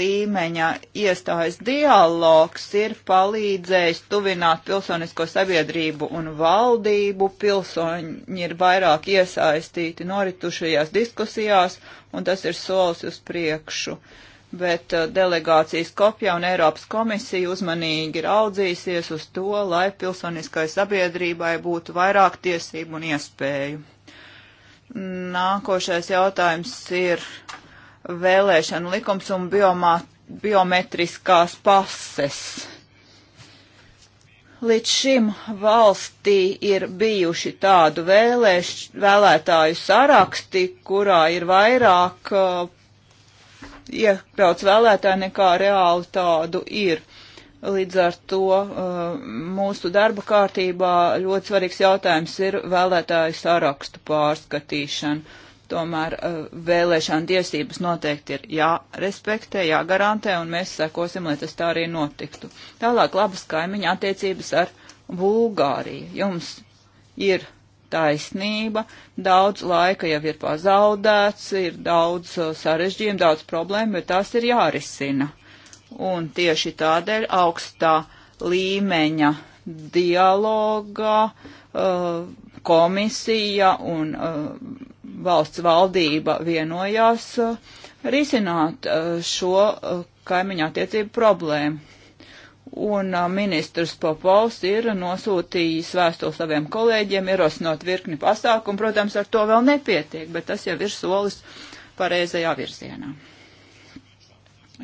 C: līmeņa iestājas dialogs ir palīdzējis tuvināt pilsonisko sabiedrību un valdību. Pilsoņi ir vairāk iesaistīti noritušajās diskusijās, un tas ir solis uz priekšu. Uh, bet uh, delegācijas kopija un Eiropas komisija uzmanīgi raudzīsies uz to, lai pilsoniskai sabiedrībai būtu vairāk tiesību un iespēju. Nākošais jautājums ir vēlēšana likums un biomā, biometriskās pases. Līdz šim valstī ir bijuši tādu vēlēš, vēlētāju saraksti, kurā ir vairāk uh, iekļauts vēlētāji nekā reāli tādu ir. Līdz ar to uh, mūsu darba kārtībā ļoti svarīgs jautājums ir vēlētāju sarakstu pārskatīšana. Tomēr uh, vēlēšana tiesības noteikti ir jārespektē, jāgarantē, un mēs sekosim, lai tas tā arī notiktu. Tālāk labas kaimiņa attiecības ar Bulgāriju. Jums ir taisnība. Daudz laika jau ir pazaudēts, ir daudz uh, sarežģījumu, daudz problēmu, bet tās ir jārisina. Un tieši tādēļ augstā līmeņa dialogā uh, komisija un uh, valsts valdība vienojās uh, risināt uh, šo uh, kaimiņā tiecību problēmu Un ministrs Popovs ir nosūtījis vēstuli saviem kolēģiem, ierosinot virkni pasākumu. Protams, ar to vēl nepietiek, bet tas jau ir solis pareizajā virzienā.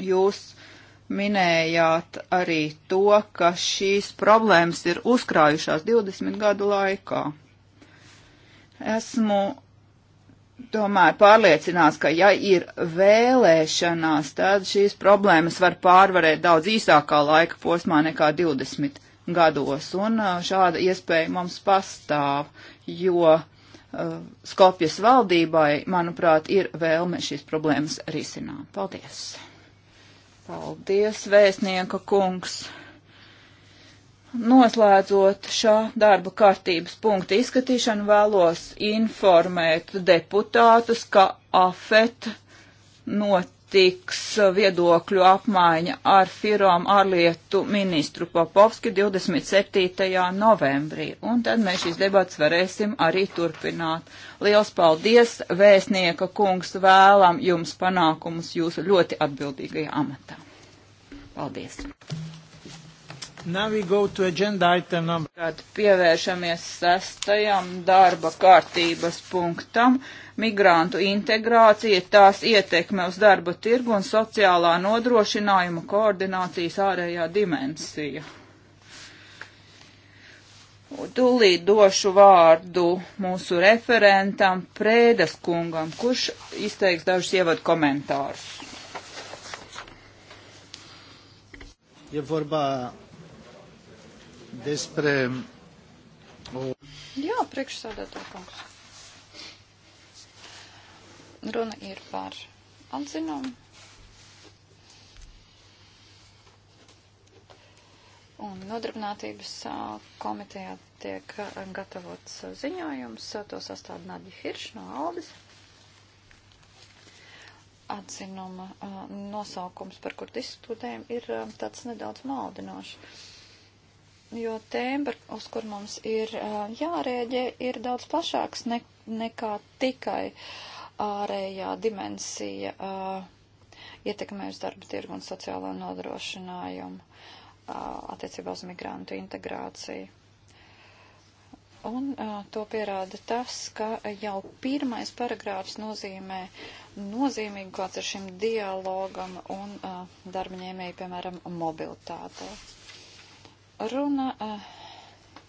C: Jūs minējāt arī to, ka šīs problēmas ir uzkrājušās 20 gadu laikā. Esmu tomēr pārliecinās, ka ja ir vēlēšanās, tad šīs problēmas var pārvarēt daudz īsākā laika posmā nekā 20 gados. Un šāda iespēja mums pastāv, jo Skopjas valdībai, manuprāt, ir vēlme šīs problēmas risināt. Paldies! Paldies, vēstnieka kungs! Noslēdzot šā darba kārtības punkta izskatīšanu, vēlos informēt deputātus, ka AFET notiks viedokļu apmaiņa ar Firom ārlietu ministru Popovski 27. novembrī, un tad mēs šīs debats varēsim arī turpināt. Liels paldies, vēstnieka kungs, vēlam jums panākumus jūsu ļoti atbildīgajā amatā. Paldies! Now we go to agenda item number. Kad pievēršamies sestajam darba kārtības punktam, migrantu integrācija, tās ietekme uz darba tirgu un sociālā nodrošinājuma koordinācijas ārējā dimensija. Tūlīt došu vārdu mūsu referentam Prēdas kungam, kurš izteiks dažus ievadu komentārus.
B: E vorba despre...
A: Jā, priekšsēdētāj kungs. Runa ir par atzinumu. Un nodarbinātības komitejā tiek gatavots ziņojums, to sastāv Nadja Hirš no Aldis. Atzinuma nosaukums, par kur diskutējam, ir tāds nedaudz maldinošs jo tēma, uz kur mums ir jārēģē, ir daudz plašāks ne, nekā tikai ārējā dimensija ietekmē uz darba tirgu un sociālo nodrošinājumu attiecībā uz migrantu integrāciju. Un to pierāda tas, ka jau pirmais paragrāfs nozīmē nozīmīgi, kāds ir šim dialogam un darba ņēmēji, piemēram, mobilitātei. Runa uh,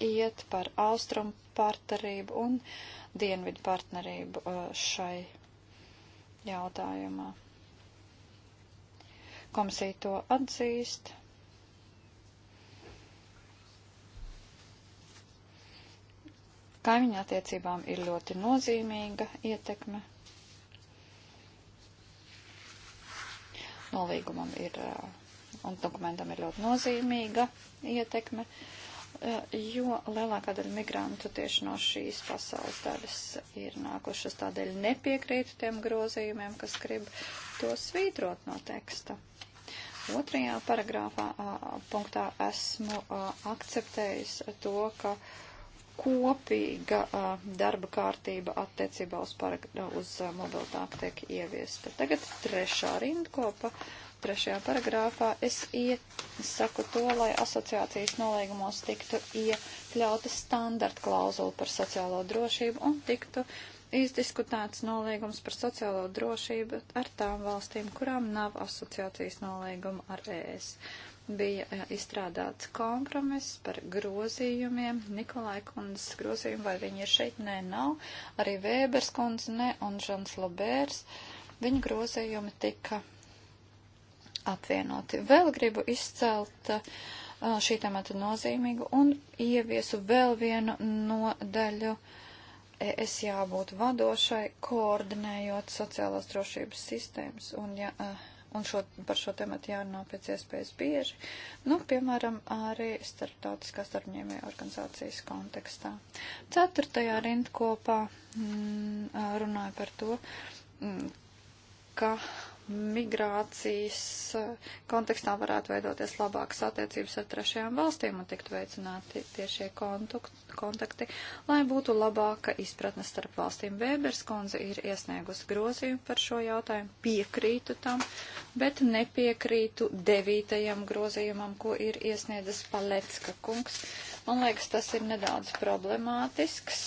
A: iet par austrumu partnerību un dienvidu partnerību uh, šai jautājumā. Komisija to atzīst. Kaimiņa attiecībām ir ļoti nozīmīga ietekme. Nolīgumam ir uh, un dokumentam ir ļoti nozīmīga ietekme, e, jo lielākā daļa migrantu tieši no šīs pasaules daļas ir nākušas, tādēļ nepiekrītu tiem grozījumiem, kas grib to svītrot no teksta. Otrajā paragrāfā punktā esmu akceptējis to, ka kopīga uh, darba kārtība attiecībā uz, parag, uz uh, mobilitāti tiek ieviesta. Tagad trešā rindkopa trešajā paragrāfā es iesaku to, lai asociācijas nolīgumos tiktu iekļauta standarta klauzula par sociālo drošību un tiktu izdiskutēts nolīgums par sociālo drošību ar tām valstīm, kurām nav asociācijas nolīguma ar ES. Bija eh, izstrādāts kompromiss par grozījumiem. Nikolai kundzes grozījumi, vai viņi ir šeit? Nē, nav. Arī Vēbers kundze, nē, un Žans Lobērs. Viņa grozījumi tika apvienoti. Vēl gribu izcelt uh, šī temata nozīmīgu un ieviesu vēl vienu nodaļu. Es jābūt vadošai, koordinējot sociālās drošības sistēmas un, ja, uh, un šo, par šo tematu jārunā pēc iespējas bieži, nu, piemēram, arī starptautiskās starpņēmē organizācijas kontekstā. Ceturtajā rindkopā mm, runāju par to, mm, ka migrācijas eh, kontekstā varētu veidoties labākas attiecības ar trešajām valstīm un tikt veicināti tiešie kontakti, lai būtu labāka izpratne starp valstīm. Vēbers konze ir iesniegusi grozījumu par šo jautājumu, piekrītu tam, bet nepiekrītu devītajam grozījumam, ko ir iesniedzis Palecka kungs. Man liekas, tas ir nedaudz problemātisks.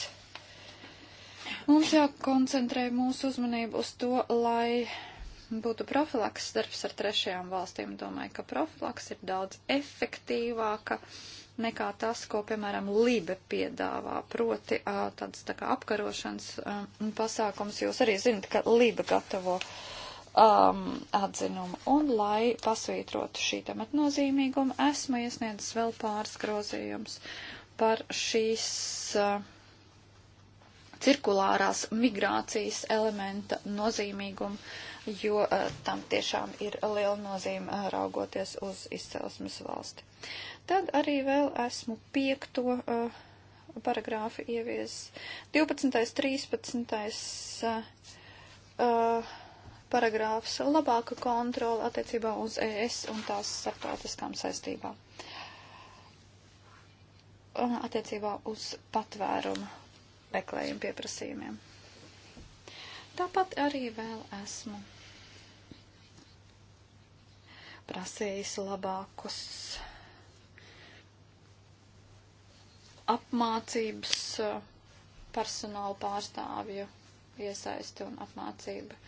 A: Mums jākoncentrē mūsu uzmanību uz to, lai būtu profilaks darbs ar trešajām valstīm. Domāju, ka profilaks ir daudz efektīvāka nekā tas, ko, piemēram, Libe piedāvā, proti tāds tā kā apkarošanas pasākums. Jūs arī zinat, ka Libe gatavo um, atzinumu. Un, lai pasvītrotu šī temat nozīmīgumu, esmu iesniedzis vēl pāris grozījums par šīs uh, cirkulārās migrācijas elementa nozīmīgumu jo eh, tam tiešām ir liela nozīme eh, raugoties uz izcelsmes valsti. Tad arī vēl esmu piekto eh, paragrāfu ievies 12. 13 paragrāfs - labāka kontrola attiecībā uz ES un tās starptautiskām saistībām. Attiecībā uz patvērumu meklējumu pieprasījumiem. Tāpat arī vēl esmu prasījis labākus apmācības eh, personāla pārstāvju iesaisti un apmācību.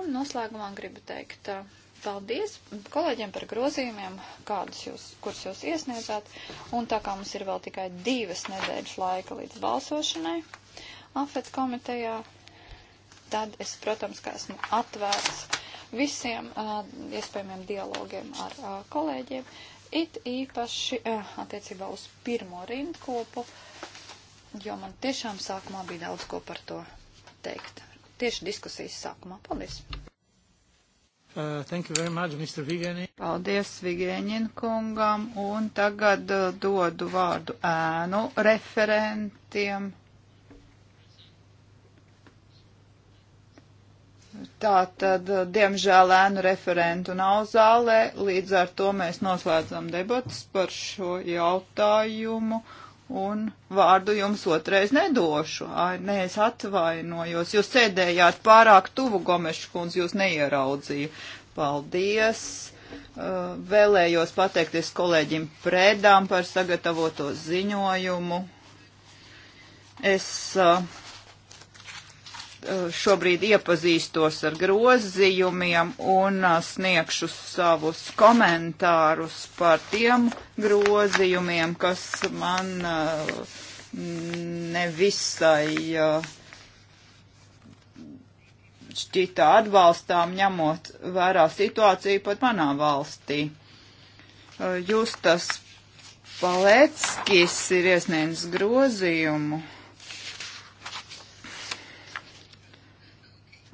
A: Un noslēgumā gribu teikt eh, paldies kolēģiem par grozījumiem, kādus jūs, kurus jūs iesniedzāt. Un tā kā mums ir vēl tikai divas nedēļas laika līdz balsošanai AFET komitejā, tad es, protams, kā esmu atvērts visiem uh, iespējamiem dialogiem ar uh, kolēģiem, it īpaši uh, attiecībā uz pirmo rindkopu, jo man tiešām sākumā bija daudz ko par to teikt. Tieši diskusijas sākumā. Paldies! Uh, thank you very much, Mr. Vigeni.
C: Paldies Vigēņin kungam, un tagad uh, dodu vārdu ēnu referentiem. Tā tad, eh, diemžēl, ēnu referentu nav zālē, līdz ar to mēs noslēdzam debatas par šo jautājumu un vārdu jums otrais nedošu. Ai, nē, es atvainojos, jūs sēdējāt pārāk tuvu, Gomešu kundz, jūs neieraudzīju. Paldies! Eh, vēlējos pateikties kolēģim Prēdām par sagatavoto ziņojumu. Es uh, Eh, šobrīd iepazīstos ar grozījumiem un eh, sniegšu savus komentārus par tiem grozījumiem, kas man eh, nevisai šķita atbalstām, ņemot vērā situāciju pat manā valstī. Justas Paleckis ir iesniedzis grozījumu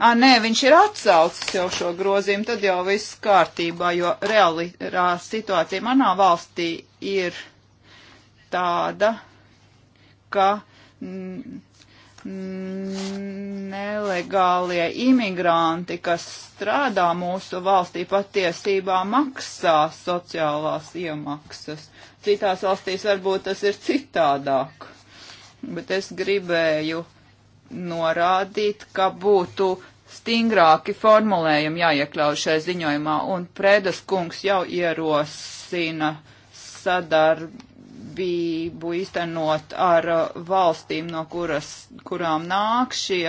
C: Ā, nē, viņš ir atsaucis jau šo grozījumu, tad jau viss kārtībā, jo reāli situācija manā valstī ir tāda, ka nelegālie imigranti, kas strādā mūsu valstī, patiesībā maksā sociālās iemaksas. Citās valstīs varbūt tas ir citādāk, bet es gribēju norādīt, ka būtu stingrāki formulējumi jāiekļauj šai ziņojumā, un Prēdas kungs jau ierosina sadarbību īstenot ar uh, valstīm, no kuras, kurām nāk šie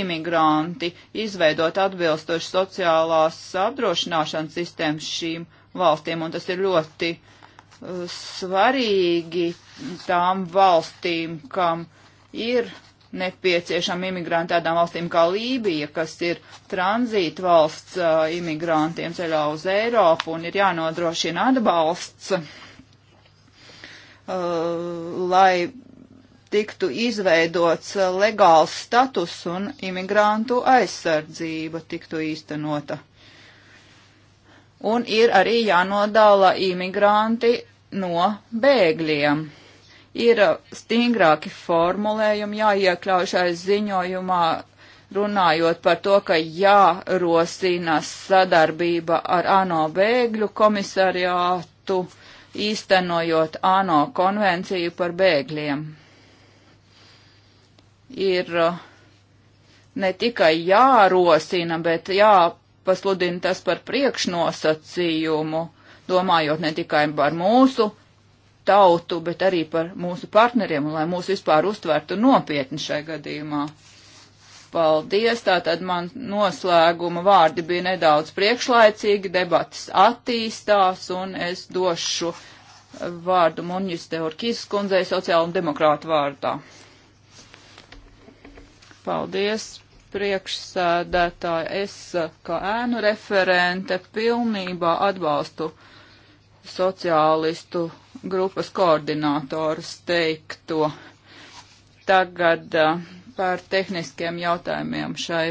C: imigranti, izveidot atbilstoši sociālās apdrošināšanas sistēmas šīm valstīm, un tas ir ļoti uh, svarīgi tām valstīm, kam ir nepieciešami imigranti tādām valstīm kā Lībija, kas ir tranzīta valsts uh, imigrantiem ceļā uz Eiropu un ir jānodrošina atbalsts, uh, lai tiktu izveidots legāls status un imigrantu aizsardzība tiktu īstenota. Un ir arī jānodala imigranti no bēgļiem ir uh, stingrāki formulējumi jāiekļauj šai ziņojumā, runājot par to, ka jārosina sadarbība ar ANO bēgļu komisariātu, īstenojot ANO konvenciju par bēgļiem. Ir uh, ne tikai jārosina, bet jāpasludina tas par priekšnosacījumu, domājot ne tikai par mūsu tautu, bet arī par mūsu partneriem, un lai mūs vispār uztvertu nopietni šai gadījumā. Paldies, tātad man noslēguma vārdi bija nedaudz priekšlaicīgi, debatas attīstās, un es došu vārdu Monjas Teorkīs kundzei sociāla un demokrāta vārdā. Paldies, priekšsēdētāji. Es kā ēnu referente pilnībā atbalstu sociālistu grupas koordinātoras teikto. Tagad uh, par tehniskiem jautājumiem šai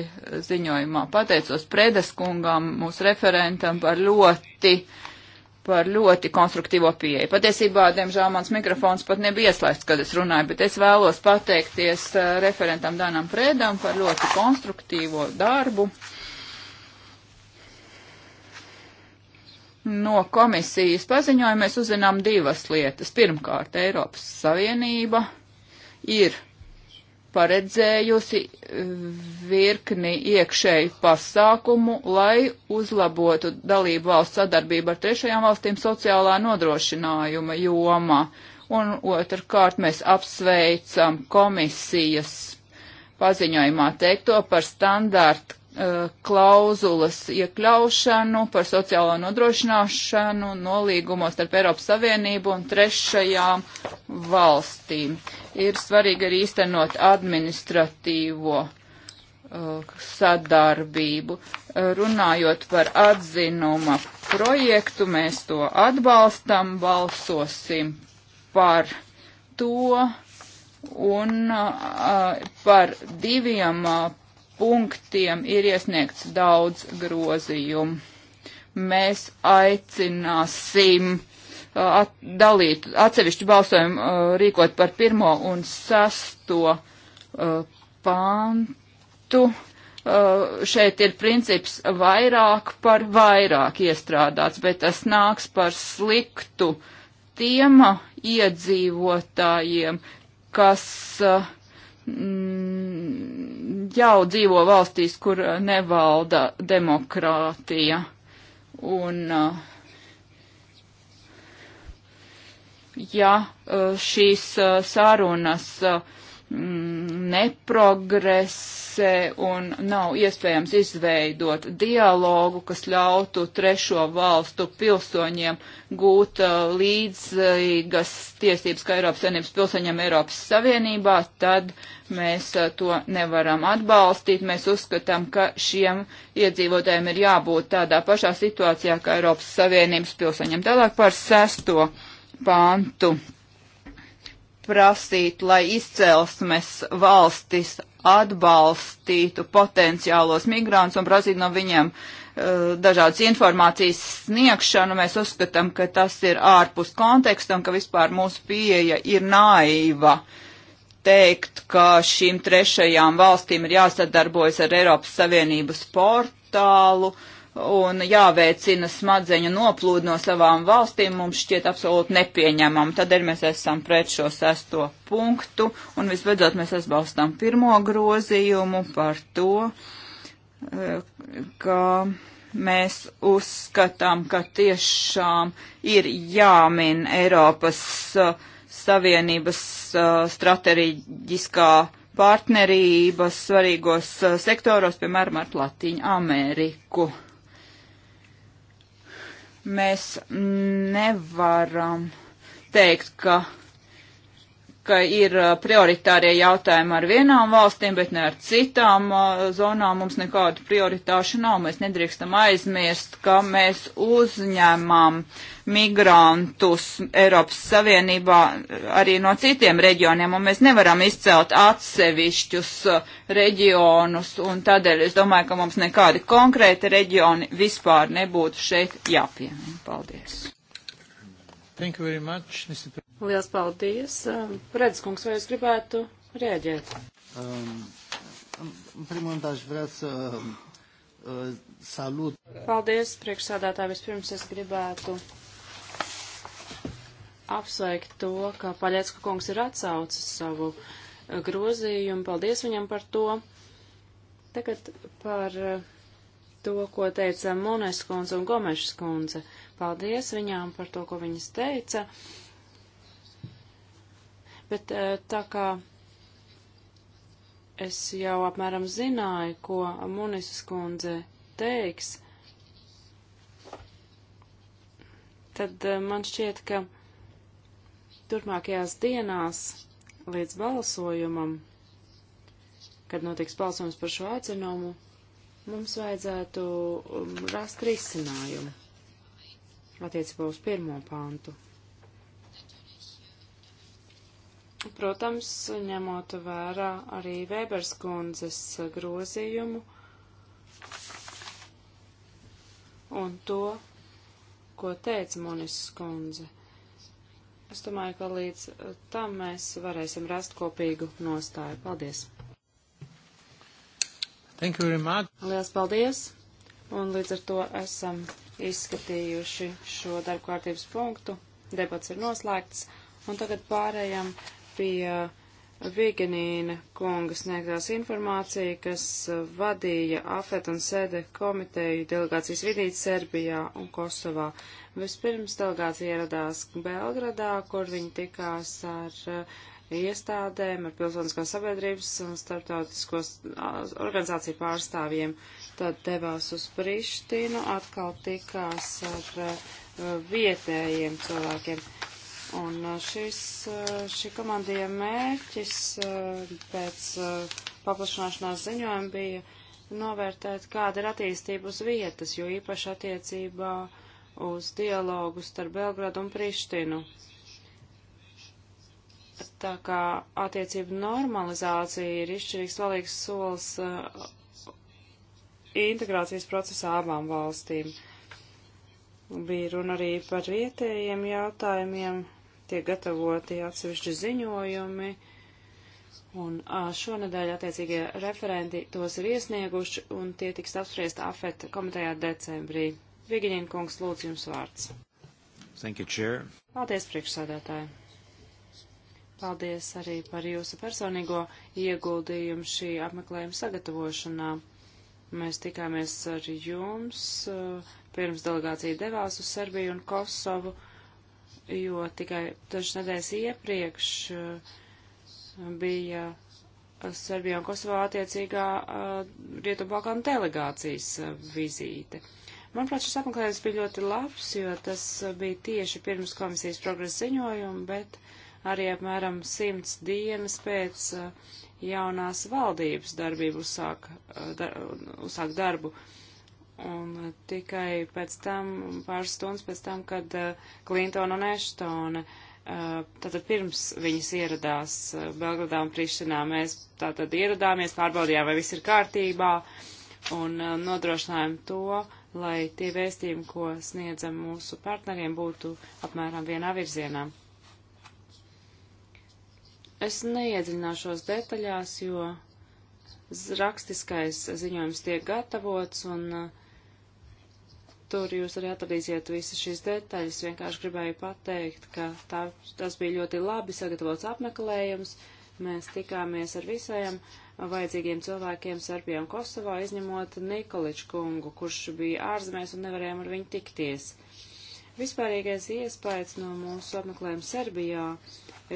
C: ziņojumā. Pateicos Predeskungam, mūsu referentam, par ļoti, par ļoti konstruktīvo pieeju. Patiesībā, diemžēl, mans mikrofons pat nebija ieslēgts, kad es runāju, bet es vēlos pateikties referentam Danam Predam par ļoti konstruktīvo darbu. Uh, No komisijas paziņojuma mēs uzzinām divas lietas. Pirmkārt, Eiropas Savienība ir paredzējusi virkni iekšēju pasākumu, lai uzlabotu dalību valsts sadarbību ar trešajām valstīm sociālā nodrošinājuma jomā. Un otrkārt, mēs apsveicam komisijas paziņojumā teikto par standārtu Eh, klauzulas iekļaušanu par sociālo nodrošināšanu nolīgumos starp Eiropas Savienību un trešajām valstīm. Ir svarīgi arī īstenot administratīvo uh, sadarbību. Eh, runājot par atzinuma projektu, mēs to atbalstam, balsosim par to un uh, par diviem uh, punktiem ir iesniegts daudz grozījumu. Mēs aicināsim uh, at, dalīt atsevišķu balsojumu uh, rīkot par pirmo un sesto uh, pantu. Uh, šeit ir princips vairāk par vairāk iestrādāts, bet tas nāks par sliktu tiem iedzīvotājiem, kas uh, Mm, jau dzīvo valstīs, kur uh, nevalda demokrātija. Un, uh, ja uh, šīs sarunas mm, neprogresē un nav iespējams izveidot dialogu, kas ļautu trešo valstu pilsoņiem gūt uh, līdzīgas tiesības kā Eiropas Savienības pilsoņiem Eiropas Savienībā, tad mēs uh, to nevaram atbalstīt. Mēs uzskatām, ka šiem iedzīvotājiem ir jābūt tādā pašā situācijā kā Eiropas Savienības pilsoņiem. Tālāk par sesto pāntu prasīt, lai izcelsmes valstis atbalstītu potenciālos migrantus un prasīt no viņiem uh, dažādas informācijas sniegšanu, mēs uzskatām, ka tas ir ārpus konteksta un ka vispār mūsu pieeja ir naiva teikt, ka šīm trešajām valstīm ir jāsadarbojas ar Eiropas Savienības portālu. Uh, un jāveicina smadzeņu noplūdu no savām valstīm, mums šķiet absolūti nepieņemama. Tādēļ mēs esam pret šo sesto punktu, un visbeidzot mēs atbalstām pirmo grozījumu par to, eh, ka mēs uzskatām, ka tiešām ir jāmin Eiropas eh, Savienības eh, strateģiskā partnerības svarīgos sektoros, piemēram, ar Latīņu Ameriku. Mēs nevaram teikt, ka ka ir uh, prioritārie jautājumi ar vienām valstīm, bet ne ar citām uh, zonām. Mums nekādu prioritāšu nav. Mēs nedrīkstam aizmirst, ka mēs uzņemam uh, migrantus Eiropas Savienībā arī no citiem reģioniem, un mēs nevaram izcelt atsevišķus uh, reģionus, un tādēļ es domāju, ka mums nekādi konkrēti reģioni vispār nebūtu šeit jāpiemina. Paldies! Thank you very
B: much, Mr. Pre Liels paldies. Um, Redz, kungs, vai jūs gribētu rēģēt?
A: Um, um, În primul rând aș vrea să uh, salut.
B: Paldies, priekšsādātāji. Vispirms es gribētu apsveikt to, ka Paļecka kungs ir atsaucis savu eh, grozījumu. Paldies viņam par to. Tagad par eh, to, ko teica Mones kundze un Gomešas kundze. Paldies viņām par to, ko viņas teica. Bet eh, tā kā es jau apmēram zināju, ko Mones kundze teiks, tad man šķiet, ka Turpmākajās dienās līdz balsojumam, kad notiks balsojums par šo atzinumu, mums vajadzētu um, rast risinājumu attiecībā uz pirmo pāntu. Protams, ņemot vērā arī Vēbers kundzes grozījumu un to, ko teica Monis skundze. Es domāju, ka līdz eh, tam mēs varēsim rast kopīgu nostāju. Paldies!
A: Thank you very much!
B: Lielas paldies! Un līdz ar to esam izskatījuši šo darba kārtības punktu. Debats ir noslēgts. Un tagad pārējām pie Vigenīna kunga sniegtās informācija, kas vadīja AFET un SEDE komiteju delegācijas vidīt Serbijā un Kosovā. Vispirms delegācija ieradās Belgradā, kur viņi tikās ar uh, iestādēm, ar pilsoniskās sabiedrības un starptautiskos uh, organizāciju pārstāvjiem. Tad devās uz Prištinu, atkal tikās ar uh, vietējiem cilvēkiem. Un uh, šis, uh, šī komandija mērķis uh, pēc paplašanāšanās ziņojuma bija novērtēt, kāda ir attīstība uz vietas, jo īpaši attiecībā uz dialogu starp Belgradu un Prištinu. Tā kā attiecību normalizācija ir izšķirīgs valīgs solis integrācijas procesā abām valstīm. Bija runa arī par vietējiem jautājumiem, tiek gatavoti atsevišķi ziņojumi, un šonadēļ attiecīgie referenti tos ir iesnieguši, un tie tiks apspriest AFET komitejā decembrī. Vigiņina kungs, lūdzu jums vārds. Thank you, Chair. Paldies, priekšsādātāji. Paldies arī par jūsu personīgo ieguldījumu šī apmeklējuma sagatavošanā. Mēs tikāmies ar jums, pirms delegācija devās uz Serbiju un Kosovu. Uh, jo tikai dažas nedēļas iepriekš uh, bija uh, Serbijā un Kosovā attiecīgā uh, Rietubalkāna delegācijas vizīte. Manuprāt, šis apmeklējums bija ļoti labs, jo tas bija tieši pirms komisijas progresa ziņojuma, bet arī apmēram simts dienas pēc jaunās valdības darbību uzsāk, dar, uzsāk darbu. Un uh, tikai pēc tam, pāris stundas pēc tam, kad Klintona uh, un Eštone, uh, tātad pirms viņas ieradās Belgradā un Prištinā, mēs tātad ieradāmies, pārbaudījām, vai viss ir kārtībā un nodrošinājām to, lai tie vēstījumi, ko sniedzam mūsu partneriem, būtu apmēram vienā virzienā. Es neiedziļināšos detaļās, jo rakstiskais ziņojums tiek gatavots un uh, Tur jūs arī atradīsiet visas šīs detaļas. Vienkārši gribēju pateikt, ka tā, tas bija ļoti labi sagatavots apmeklējums. Mēs tikāmies ar visiem vajadzīgiem cilvēkiem Serbijā un Kosovā, izņemot Nikoliču kungu, kurš bija ārzemēs un nevarējām ar viņu tikties. Vispārīgais iespējas no mūsu apmeklējuma Serbijā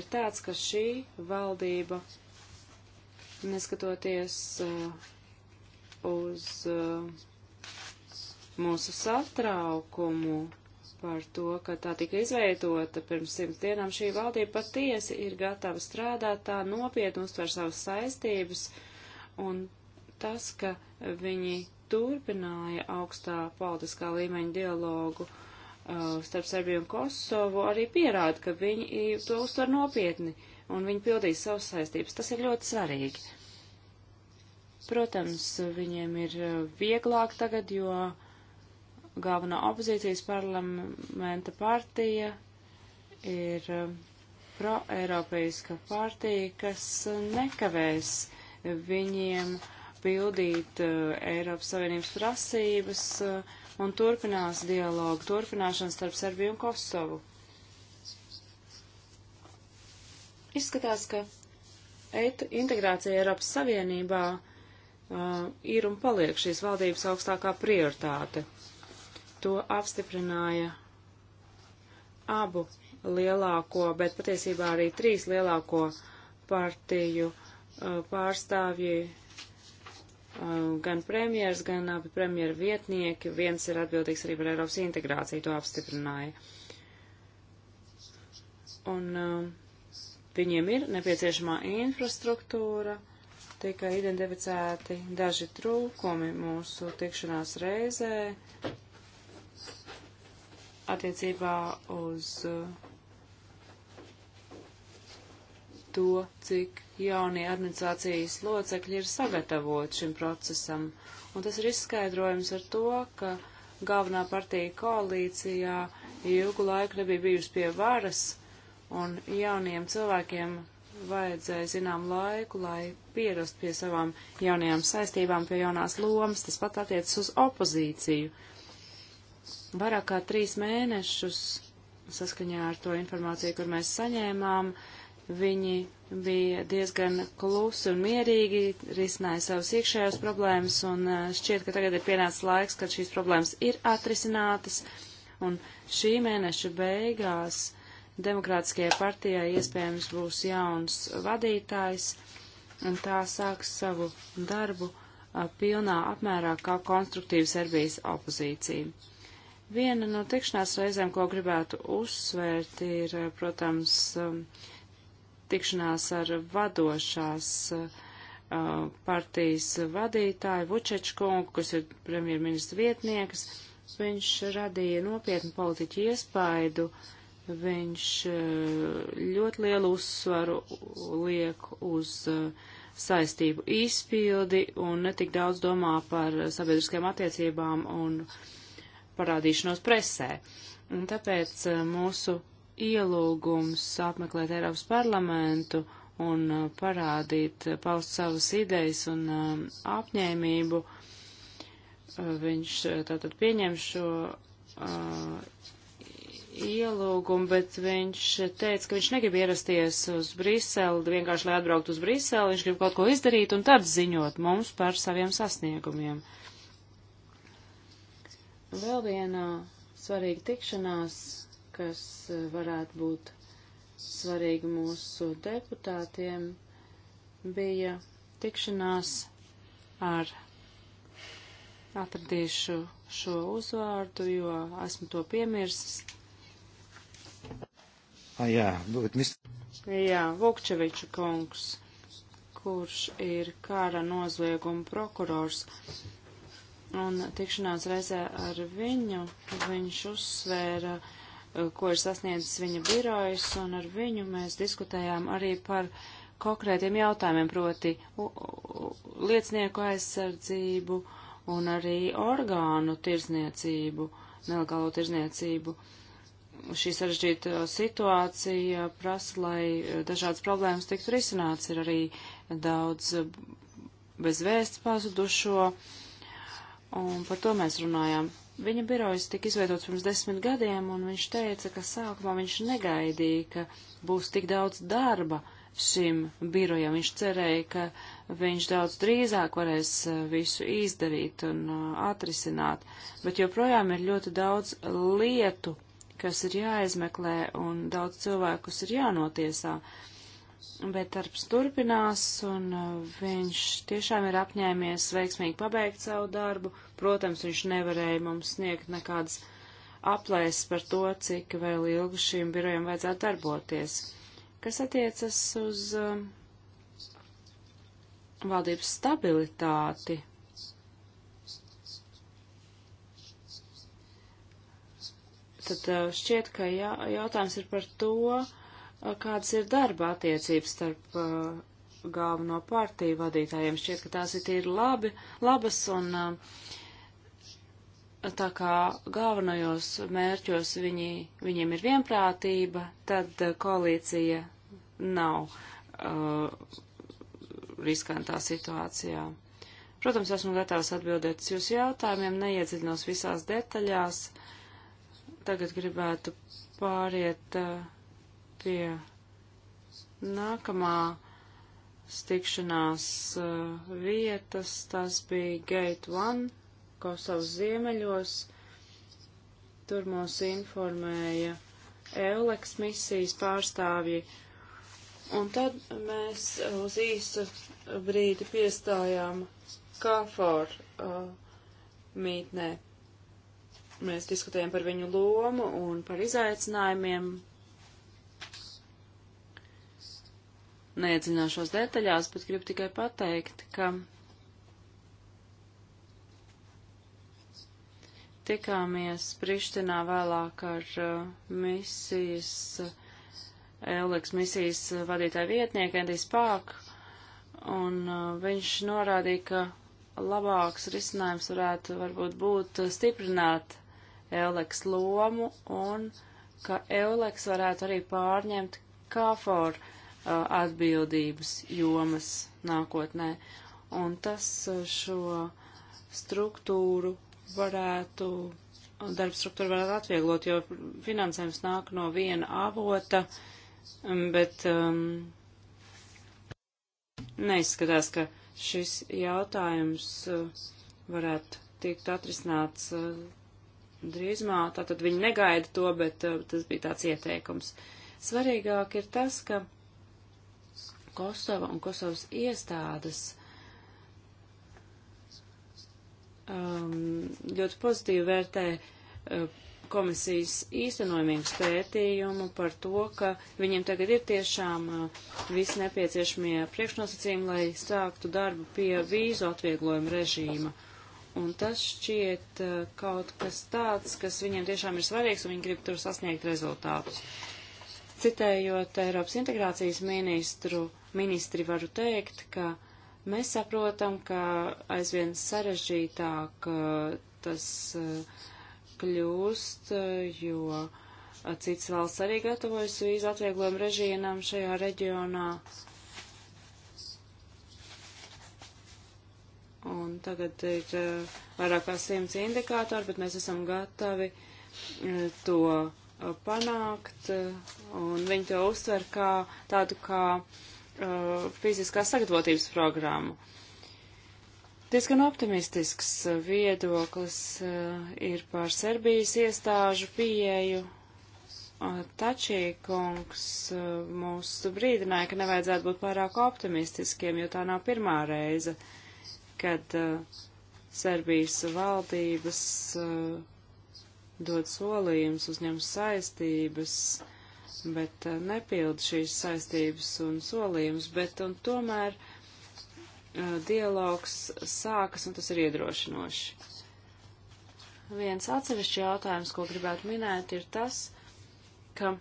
B: ir tāds, ka šī valdība, neskatoties uh, uz uh, mūsu satraukumu par to, ka tā tika izveidota pirms simts dienām, šī valdība patiesi ir gatava strādāt, tā nopietni uztver savas saistības, un tas, ka viņi turpināja augstā politiskā līmeņa dialogu uh, starp Serbiju un Kosovu, arī pierāda, ka viņi to uztver nopietni, un viņi pildīs savas saistības. Tas ir ļoti svarīgi. Protams, viņiem ir uh, vieglāk tagad, jo galvenā opozīcijas parlamenta partija ir eh, proeiropeiska partija, kas nekavēs viņiem pildīt uh, Eiropas Savienības prasības uh, un turpinās dialogu, turpināšanu starp Serbiju un Kosovu. Izskatās, ka integrācija Eiropas Savienībā uh, ir un paliek šīs valdības augstākā prioritāte. To apstiprināja abu lielāko, bet patiesībā arī trīs lielāko partiju uh, pārstāvji, uh, gan premjers, gan abi premjera vietnieki. Viens ir atbildīgs arī par Eiropas integrāciju, to apstiprināja. Un um, viņiem ir nepieciešamā infrastruktūra, tika identificēti daži trūkumi mūsu tikšanās reizē, attiecībā uz uh, to, cik jaunie administrācijas locekļi ir sagatavoti šim procesam. Un tas ir izskaidrojums ar to, ka galvenā partija koalīcijā ilgu laiku nebija bijusi pie varas, un jauniem cilvēkiem vajadzēja zinām laiku, lai pierast pie savām jaunajām saistībām, pie jaunās lomas. Tas pat attiecas uz opozīciju. Uh, Vairāk kā trīs mēnešus saskaņā ar to informāciju, kur mēs saņēmām, viņi bija diezgan klusi un mierīgi, risināja savas iekšējās problēmas, un eh, šķiet, ka tagad ir pienācis laiks, kad šīs problēmas ir atrisinātas, un šī mēneša beigās demokrātiskajai partijai iespējams būs jauns vadītājs, un tā sāks savu darbu a, eh, pilnā apmērā kā konstruktīva Serbijas opozīcija. Viena no tikšanās reizēm, ko gribētu uzsvērt, ir, protams, um, tikšanās ar vadošās uh, partijas vadītāju Vučečkungu, kas ir premjerministra vietnieks. Viņš radīja nopietnu politiķu iespaidu, viņš uh, ļoti lielu uzsvaru liek uz uh, saistību izpildi un netik daudz domā par sabiedriskajām attiecībām un uh, parādīšanos presē. Un tāpēc eh, mūsu ielūgums apmeklēt Eiropas parlamentu un eh, parādīt, eh, paust savas idejas un apņēmību, viņš tātad pieņem šo ielūgumu, bet viņš teica, ka viņš negrib ierasties uz Briseli, vienkārši lai atbraukt uz Briseli, viņš grib kaut ko izdarīt un tad ziņot mums par saviem sasniegumiem. Uh, vēl viena svarīga tikšanās, kas eh, varētu būt svarīga mūsu deputātiem, bija tikšanās ar atradīšu šo uzvārdu, jo esmu to piemirsis. Ah, jā, bet mis... Jā, Vukčeviču kungs, kurš ir kara nozieguma prokurors Un tikšanās reizē ar viņu viņš uzsvēra, uh, ko ir sasniedzis viņa birojas, un ar viņu mēs diskutējām arī par konkrētiem jautājumiem, proti liecinieku aizsardzību un arī orgānu tirzniecību, nelegālo tirzniecību. Šī sarežģīta situācija prasa, lai uh, dažādas problēmas tiktu risināts. Ir arī daudz uh, bezvēsts pazudušo. Uh, un par to mēs runājām. Viņa birojas tika izveidots pirms desmit gadiem, un viņš teica, ka sākumā viņš negaidīja, ka būs tik daudz darba šim birojam. Viņš cerēja, ka viņš daudz drīzāk varēs eh, visu izdarīt un eh, atrisināt, bet joprojām ir ļoti daudz lietu, kas ir jāizmeklē, un daudz cilvēkus ir jānotiesā. Uh, bet darbs turpinās, un uh, viņš tiešām ir apņēmies veiksmīgi pabeigt savu darbu. Protams, viņš nevarēja mums sniegt nekādas aplēses par to, cik vēl ilgi šīm birojiem vajadzētu darboties. Kas attiecas uz um, valdības stabilitāti, tad uh, šķiet, ka jā, jautājums ir par to, kādas ir darba attiecības starp uh, galveno partiju vadītājiem. Šķiet, ka tās ir tīri labi, labas un uh, tā kā galvenajos mērķos viņi, viņiem ir vienprātība, tad uh, koalīcija nav riskantā situācijā. Protams, esmu gatavs atbildēt uz jūsu jautājumiem, neiedziļinos visās detaļās. Tagad gribētu pāriet uh, pie nākamā tikšanās uh, vietas. Tas bija Gate One, Kosovas ziemeļos. Tur mūs informēja Euleks misijas pārstāvji. Un tad mēs uz īsu brīdi piestājām Kafor uh, mītnē. Mēs diskutējām par viņu lomu un par izaicinājumiem, neiedzināšos detaļās, bet gribu tikai pateikt, ka tikāmies Prištinā vēlāk ar uh, misijas, uh, Euleks misijas vadītāja vietnieka Endijs Pāk, un uh, viņš norādīja, ka labāks risinājums varētu varbūt būt stiprināt Euleks lomu un ka Euleks varētu arī pārņemt kāforu atbildības jomas nākotnē. Un tas šo struktūru varētu, darba struktūru varētu atvieglot, jo finansējums nāk no viena avota, bet um, neizskatās, ka šis jautājums varētu tikt atrisināts drīzumā. Tātad viņi negaida to, bet tas bija tāds ieteikums. Svarīgāk ir tas, ka Kosova un Kosovas iestādes um, ļoti pozitīvi vērtē uh, komisijas īstenojumības pētījumu par to, ka viņiem tagad ir tiešām uh, visi nepieciešamie priekšnosacījumi, lai sāktu darbu pie vīzu atvieglojuma režīma. Un tas šķiet uh, kaut kas tāds, kas viņiem tiešām ir svarīgs, un viņi grib tur sasniegt rezultātus. Citējot Eiropas integrācijas ministru, uh, ministri varu teikt, ka mēs saprotam, ka aizvien sarežģītāk uh, tas uh, kļūst, uh, jo cits valsts arī gatavojas vīzu atvieglojumu režīmam šajā reģionā. Un tagad ir vairāk kā simts indikātori, bet mēs esam gatavi to panākt, un viņi to uztver kā tādu kā uh, uh, fiziskās sagatavotības programmu. Diezgan optimistisks uh, viedoklis uh, ir par Serbijas iestāžu pieeju. Uh, Tačī kungs uh, mūs brīdināja, ka nevajadzētu būt pārāk optimistiskiem, jo tā nav pirmā reize, kad uh, Serbijas valdības dod solījums, uzņem saistības uh, bet eh, nepild šīs saistības un solījumus, bet un tomēr eh, dialogs sākas, un tas ir iedrošinoši. Viens atsevišķi jautājums, ko gribētu minēt, ir tas, ka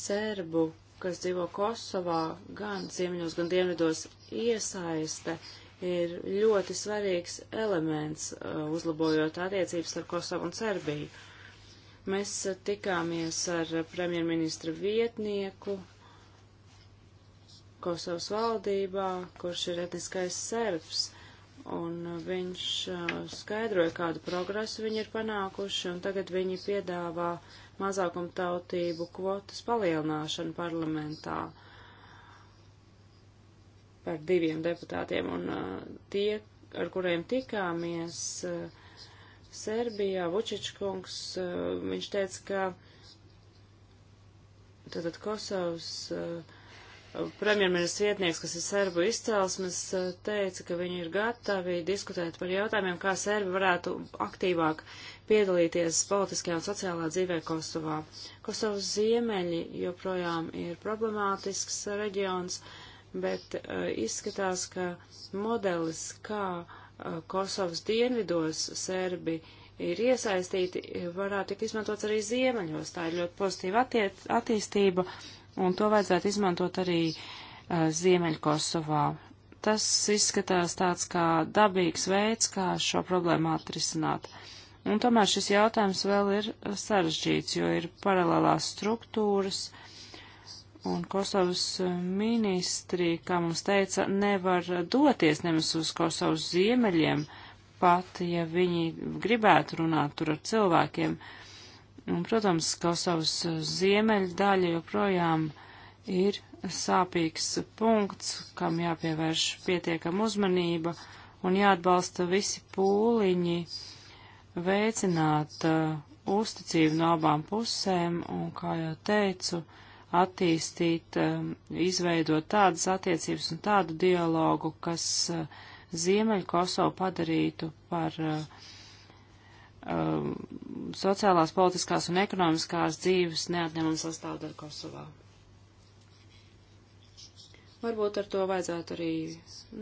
B: serbu, kas dzīvo Kosovā, gan ziemeļos, gan dienvidos, iesaiste uh, ir ļoti svarīgs elements, uh, uzlabojot attiecības ar Kosovu un Serbiju. Mēs uh, tikāmies ar premjerministra vietnieku Kosovas valdībā, kurš ir etniskais serbs, un uh, viņš skaidroja, kādu progresu viņi ir panākuši, un tagad viņi piedāvā mazākumtautību kvotas palielināšanu parlamentā. Uh, par diviem deputātiem, un uh, tie, ar kuriem tikāmies uh, Serbijā, Vučičkungs, uh, viņš teica, ka tātad Kosovas uh, premjerministrs vietnieks, kas ir serbu izcelsmes, uh, teica, ka viņi ir gatavi diskutēt par jautājumiem, kā serbi varētu aktīvāk piedalīties politiskajā un sociālā dzīvē Kosovā. Kosovas ziemeļi joprojām ir problemātisks reģions. Uh, bet uh, izskatās, ka modelis, kā uh, Kosovas dienvidos serbi ir iesaistīti, varētu tikt izmantots arī ziemeļos. Tā ir ļoti pozitīva attiet, attīstība, un to vajadzētu izmantot arī uh, Ziemeļkosovā. Tas izskatās tāds kā dabīgs veids, kā šo problēmu atrisināt. Un tomēr šis jautājums vēl ir uh, sarežģīts, jo ir paralēlās struktūras, uh, Un Kosovas ministri, kā mums teica, nevar doties nemaz uz Kosovas ziemeļiem, pat ja viņi gribētu runāt tur ar cilvēkiem. Un, protams, Kosovas ziemeļa daļa joprojām ir sāpīgs punkts, kam jāpievērš pietiekam uzmanība un jāatbalsta visi pūliņi veicināt uh, uzticību no abām pusēm, un, kā jau teicu, attīstīt, um, izveidot tādas attiecības un tādu dialogu, kas uh, Ziemeļu Kosovu padarītu par uh, um, sociālās, politiskās un ekonomiskās dzīves neatņemam sastāvdaļu Kosovā. Varbūt ar to vajadzētu arī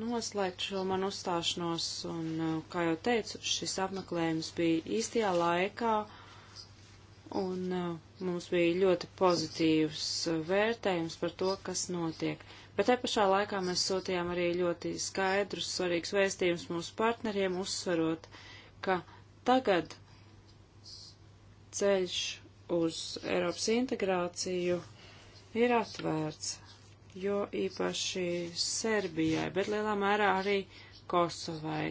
B: noslēgt šo manu uzstāšanos, un, uh, kā jau teicu, šis apmeklējums bija īstajā laikā, un uh, Mums bija ļoti pozitīvs vērtējums par to, kas notiek. Bet te pašā laikā mēs sūtījām arī ļoti skaidrus, svarīgus vēstījumus mūsu partneriem, uzsverot, ka tagad ceļš uz Eiropas integrāciju ir atvērts, jo īpaši Serbijai, bet lielā mērā arī Kosovai.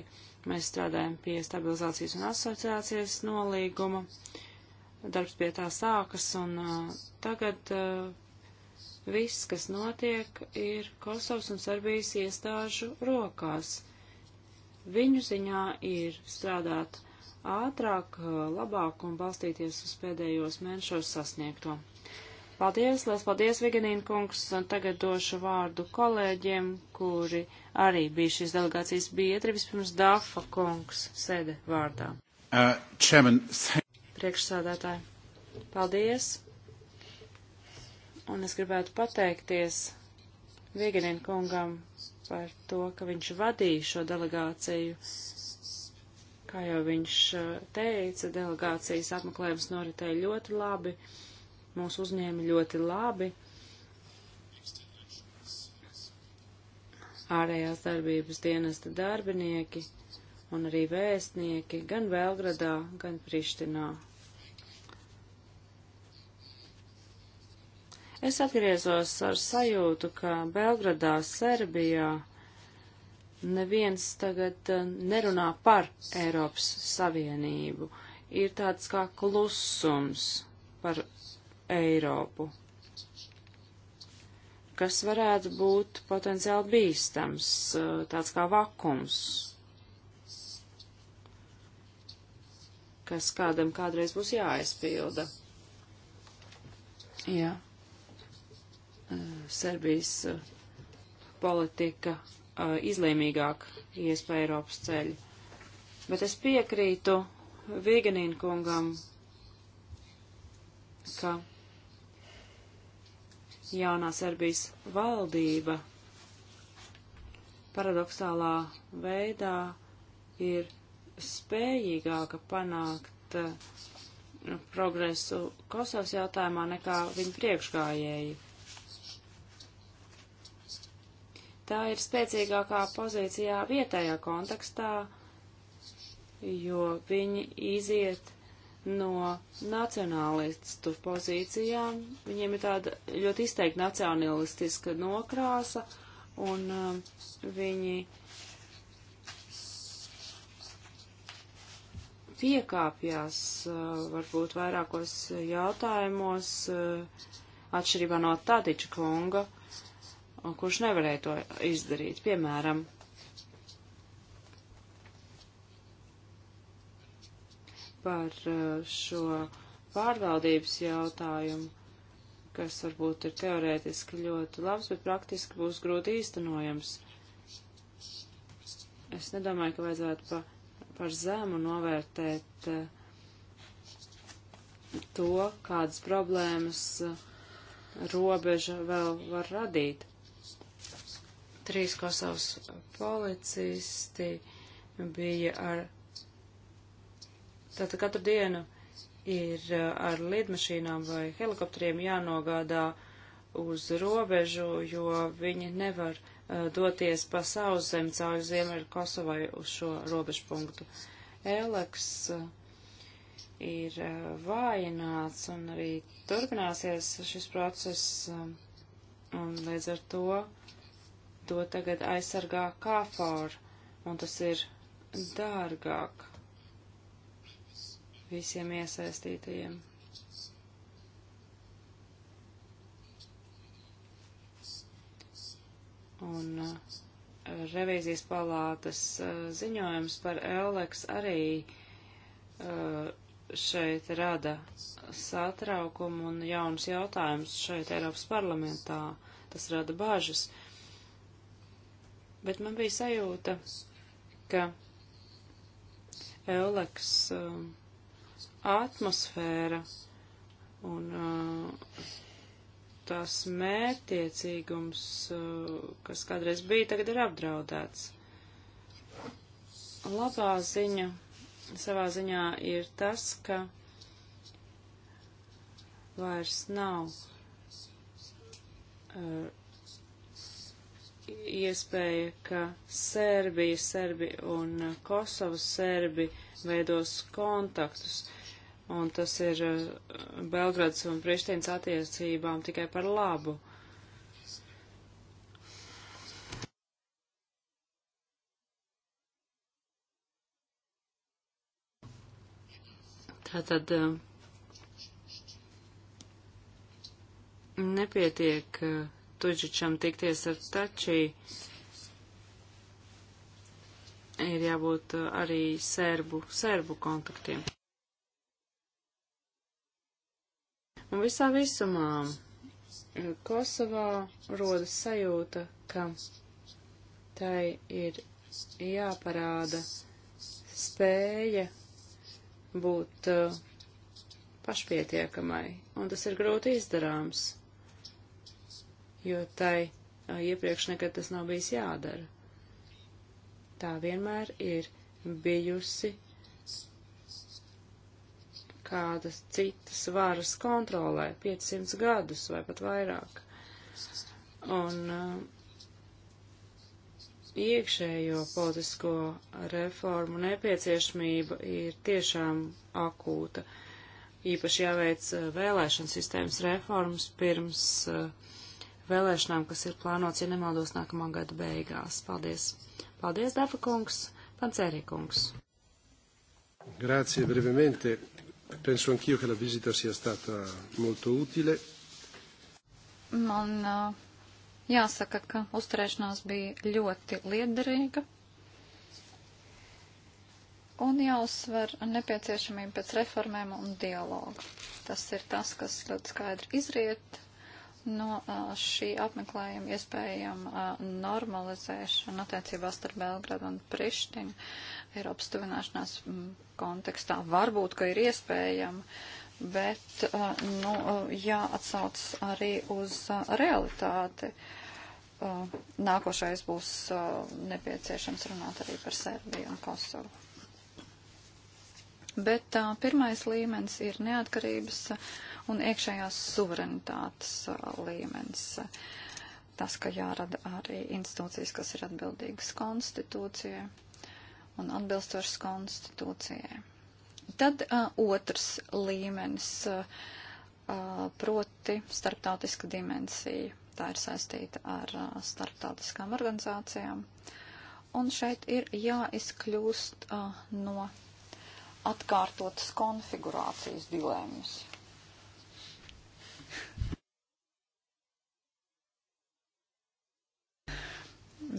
B: Mēs strādājam pie stabilizācijas un asociācijas nolīguma. Uh, darbs pie tā sākas, un uh, tagad uh, viss, kas notiek, ir Kosovas un Serbijas iestāžu rokās. Viņu ziņā ir strādāt ātrāk, uh, labāk un balstīties uz pēdējos mēnešos sasniegto. Paldies, liels paldies, Viganīna kungs, un tagad došu vārdu kolēģiem, kuri arī bija šīs delegācijas biedri, vispirms Dafa kungs sēde vārdā.
A: Uh, chairman,
B: priekšsādātāji. Paldies! Un es gribētu pateikties Vieganien kungam par to, ka viņš vadīja šo delegāciju. Kā jau viņš teica, delegācijas apmeklējums noritēja ļoti labi, mūsu uzņēma ļoti labi. Ārējās darbības dienesta darbinieki un arī vēstnieki gan Belgradā, gan Prištinā Es atgriezos ar sajūtu, ka Belgradā, Serbijā neviens tagad eh, nerunā par Eiropas Savienību. Ir tāds kā klusums par Eiropu, kas varētu būt potenciāli bīstams, eh, tāds kā vakums, kas kādam kādreiz būs jāaizpilda. Jā. Eh, Serbijas eh, politika eh, izlēmīgāk ies pa Eiropas ceļu. Bet es piekrītu Vīganīna kungam, ka jaunā Serbijas valdība paradoxālā veidā ir spējīgāka panākt progresu Kosovas jautājumā nekā viņa priekšgājēji. tā ir spēcīgākā pozīcijā vietējā kontekstā, jo viņi iziet no nacionālistu pozīcijām. Viņiem ir tāda ļoti izteikti nacionalistiska nokrāsa, un um, viņi piekāpjās uh, varbūt vairākos jautājumos, uh, atšķirībā no Tadiča kunga, uh, un kurš nevarēja to izdarīt. Piemēram, par eh, šo pārvaldības jautājumu, kas varbūt ir teorētiski ļoti labs, bet praktiski būs grūti īstenojams. Es nedomāju, ka vajadzētu pa, par zemu novērtēt eh, to, kādas problēmas eh, robeža vēl var radīt. Trīs Kosovas policisti bija ar. Tātad katru dienu ir uh, ar lidmašīnām vai helikopteriem jānogādā uz robežu, jo viņi nevar uh, doties pa savu zemi cauri Ziemeļu Kosovai uz šo robežu punktu. Eleks uh, ir vājināts un arī turpināsies šis process, um, un līdz ar to to tagad aizsargā KFOR, un tas ir dārgāk visiem iesaistītajiem. Un uh, revīzijas palātas uh, ziņojums par Euleks arī uh, šeit rada satraukumu un jaunus jautājumus šeit Eiropas parlamentā. Tas rada bažas. Uh, bet man bija sajūta, ka Euleks uh, atmosfēra un uh, tās mērķiecīgums, uh, kas kādreiz bija, tagad ir apdraudēts. Labā ziņa savā ziņā ir tas, ka vairs nav uh, iespēja, ka Sērbija, Serbi un Kosovas Serbi veidos kontaktus, un tas ir eh, Belgrads un Prištins attiecībām tikai par labu. Tātad eh, nepietiek uh, Tuģičam tikties ar Tačī. Ir jābūt uh, arī sērbu, sērbu kontaktiem. Un visā visumā uh, Kosovā rodas sajūta, ka tai ir jāparāda spēja būt uh, pašpietiekamai, un tas ir grūti izdarāms jo tai iepriekš nekad tas nav bijis jādara. Tā vienmēr ir bijusi kādas citas varas kontrolē 500 gadus vai pat vairāk. Un uh, iekšējo politisko reformu nepieciešamība ir tiešām akūta. Īpaši jāveic vēlēšana sistēmas reformas pirms uh, vēlēšanām, kas ir plānots, ja nemaldos, nākamā gada beigās. Paldies! Paldies, Dafa kungs! Pancēri kungs! Grazie, brevemente. Penso anch'io che la visita sia stata molto utile.
A: Man uh, jāsaka, ka uzturēšanās bija ļoti liederīga. Un jāuzsver nepieciešamība pēc reformēm un dialoga. Tas ir tas, kas ļoti skaidri izriet no nu, šī apmeklējuma iespējama normalizēšana attiecībā starp Belgradu un Prištinu Eiropas tuvināšanās kontekstā varbūt, ka ir iespējama, bet nu, jāatsauc arī uz realitāti. Nākošais būs nepieciešams runāt arī par Serbiju un Kosovu. Bet pirmais līmenis ir neatkarības un iekšējās suverenitātes uh, līmenis. Tas, ka jārada arī institūcijas, kas ir atbildīgas konstitūcijai un atbilstošas konstitūcijai. Tad uh, otrs līmenis, uh, proti starptautiska dimensija. Tā ir saistīta ar uh, starptautiskām organizācijām. Un šeit ir jāizkļūst uh, no atkārtotas konfigurācijas dilēmas.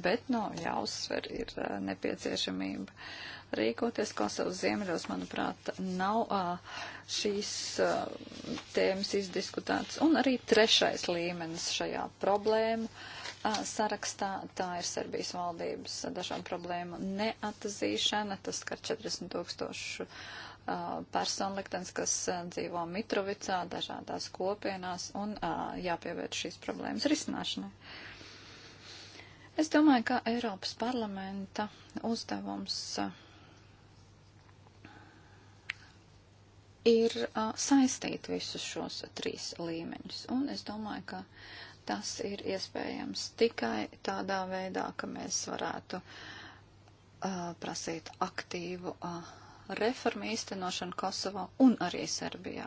A: Bet, nu, no, jāuzsver, ir uh, nepieciešamība rīkoties. Kosovas ziemeļos, manuprāt, nav uh, šīs uh, tēmas izdiskutētas. Un arī trešais līmenis šajā problēmu uh, sarakstā, tā ir Serbijas valdības dažām problēmu neatzīšana, tas skar 40 tūkstošu. 000 personu liktenis, kas dzīvo Mitrovicā, dažādās kopienās un jāpievērš šīs problēmas risināšanai. Es domāju, ka Eiropas parlamenta uzdevums ir saistīt visus šos trīs līmeņus. Un es domāju, ka tas ir iespējams tikai tādā veidā, ka mēs varētu uh, prasīt aktīvu uh, reformu īstenošanu Kosovā un arī Serbijā.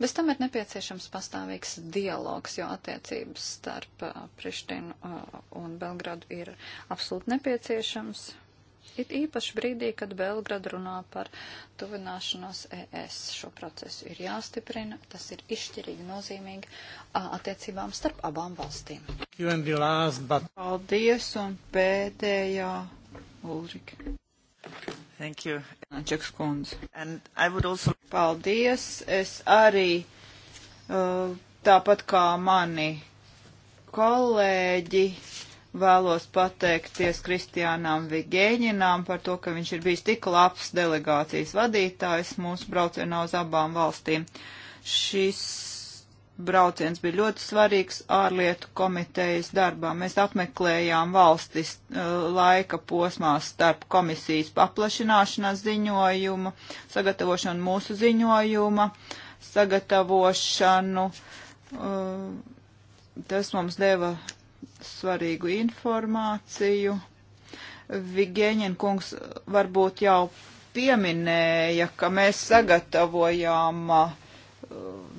A: Bez tam ir nepieciešams pastāvīgs dialogs, jo attiecības starp uh, Prištinu uh, un Belgradu ir absolūti nepieciešams. It īpaši brīdī, kad Belgrada runā par tuvināšanos ES, šo procesu ir jāstiprina, tas ir izšķirīgi nozīmīgi uh, attiecībām starp abām valstīm.
C: Last, but... Paldies un pēdējā Ulrika. Thank you. Čeks kundze. And I would also... Paldies. Es arī uh, tāpat kā mani kolēģi vēlos pateikties Kristiānam Vigēņinām par to, ka viņš ir bijis tik labs delegācijas vadītājs mūsu braucienā uz abām valstīm. Šis brauciens bija ļoti svarīgs ārlietu komitejas darbā. Mēs apmeklējām valstis uh, laika posmā starp komisijas paplašināšanās ziņojuma, sagatavošanu mūsu ziņojuma, sagatavošanu. Uh, tas mums deva svarīgu informāciju. Vigēņin kungs varbūt jau pieminēja, ka mēs sagatavojām uh,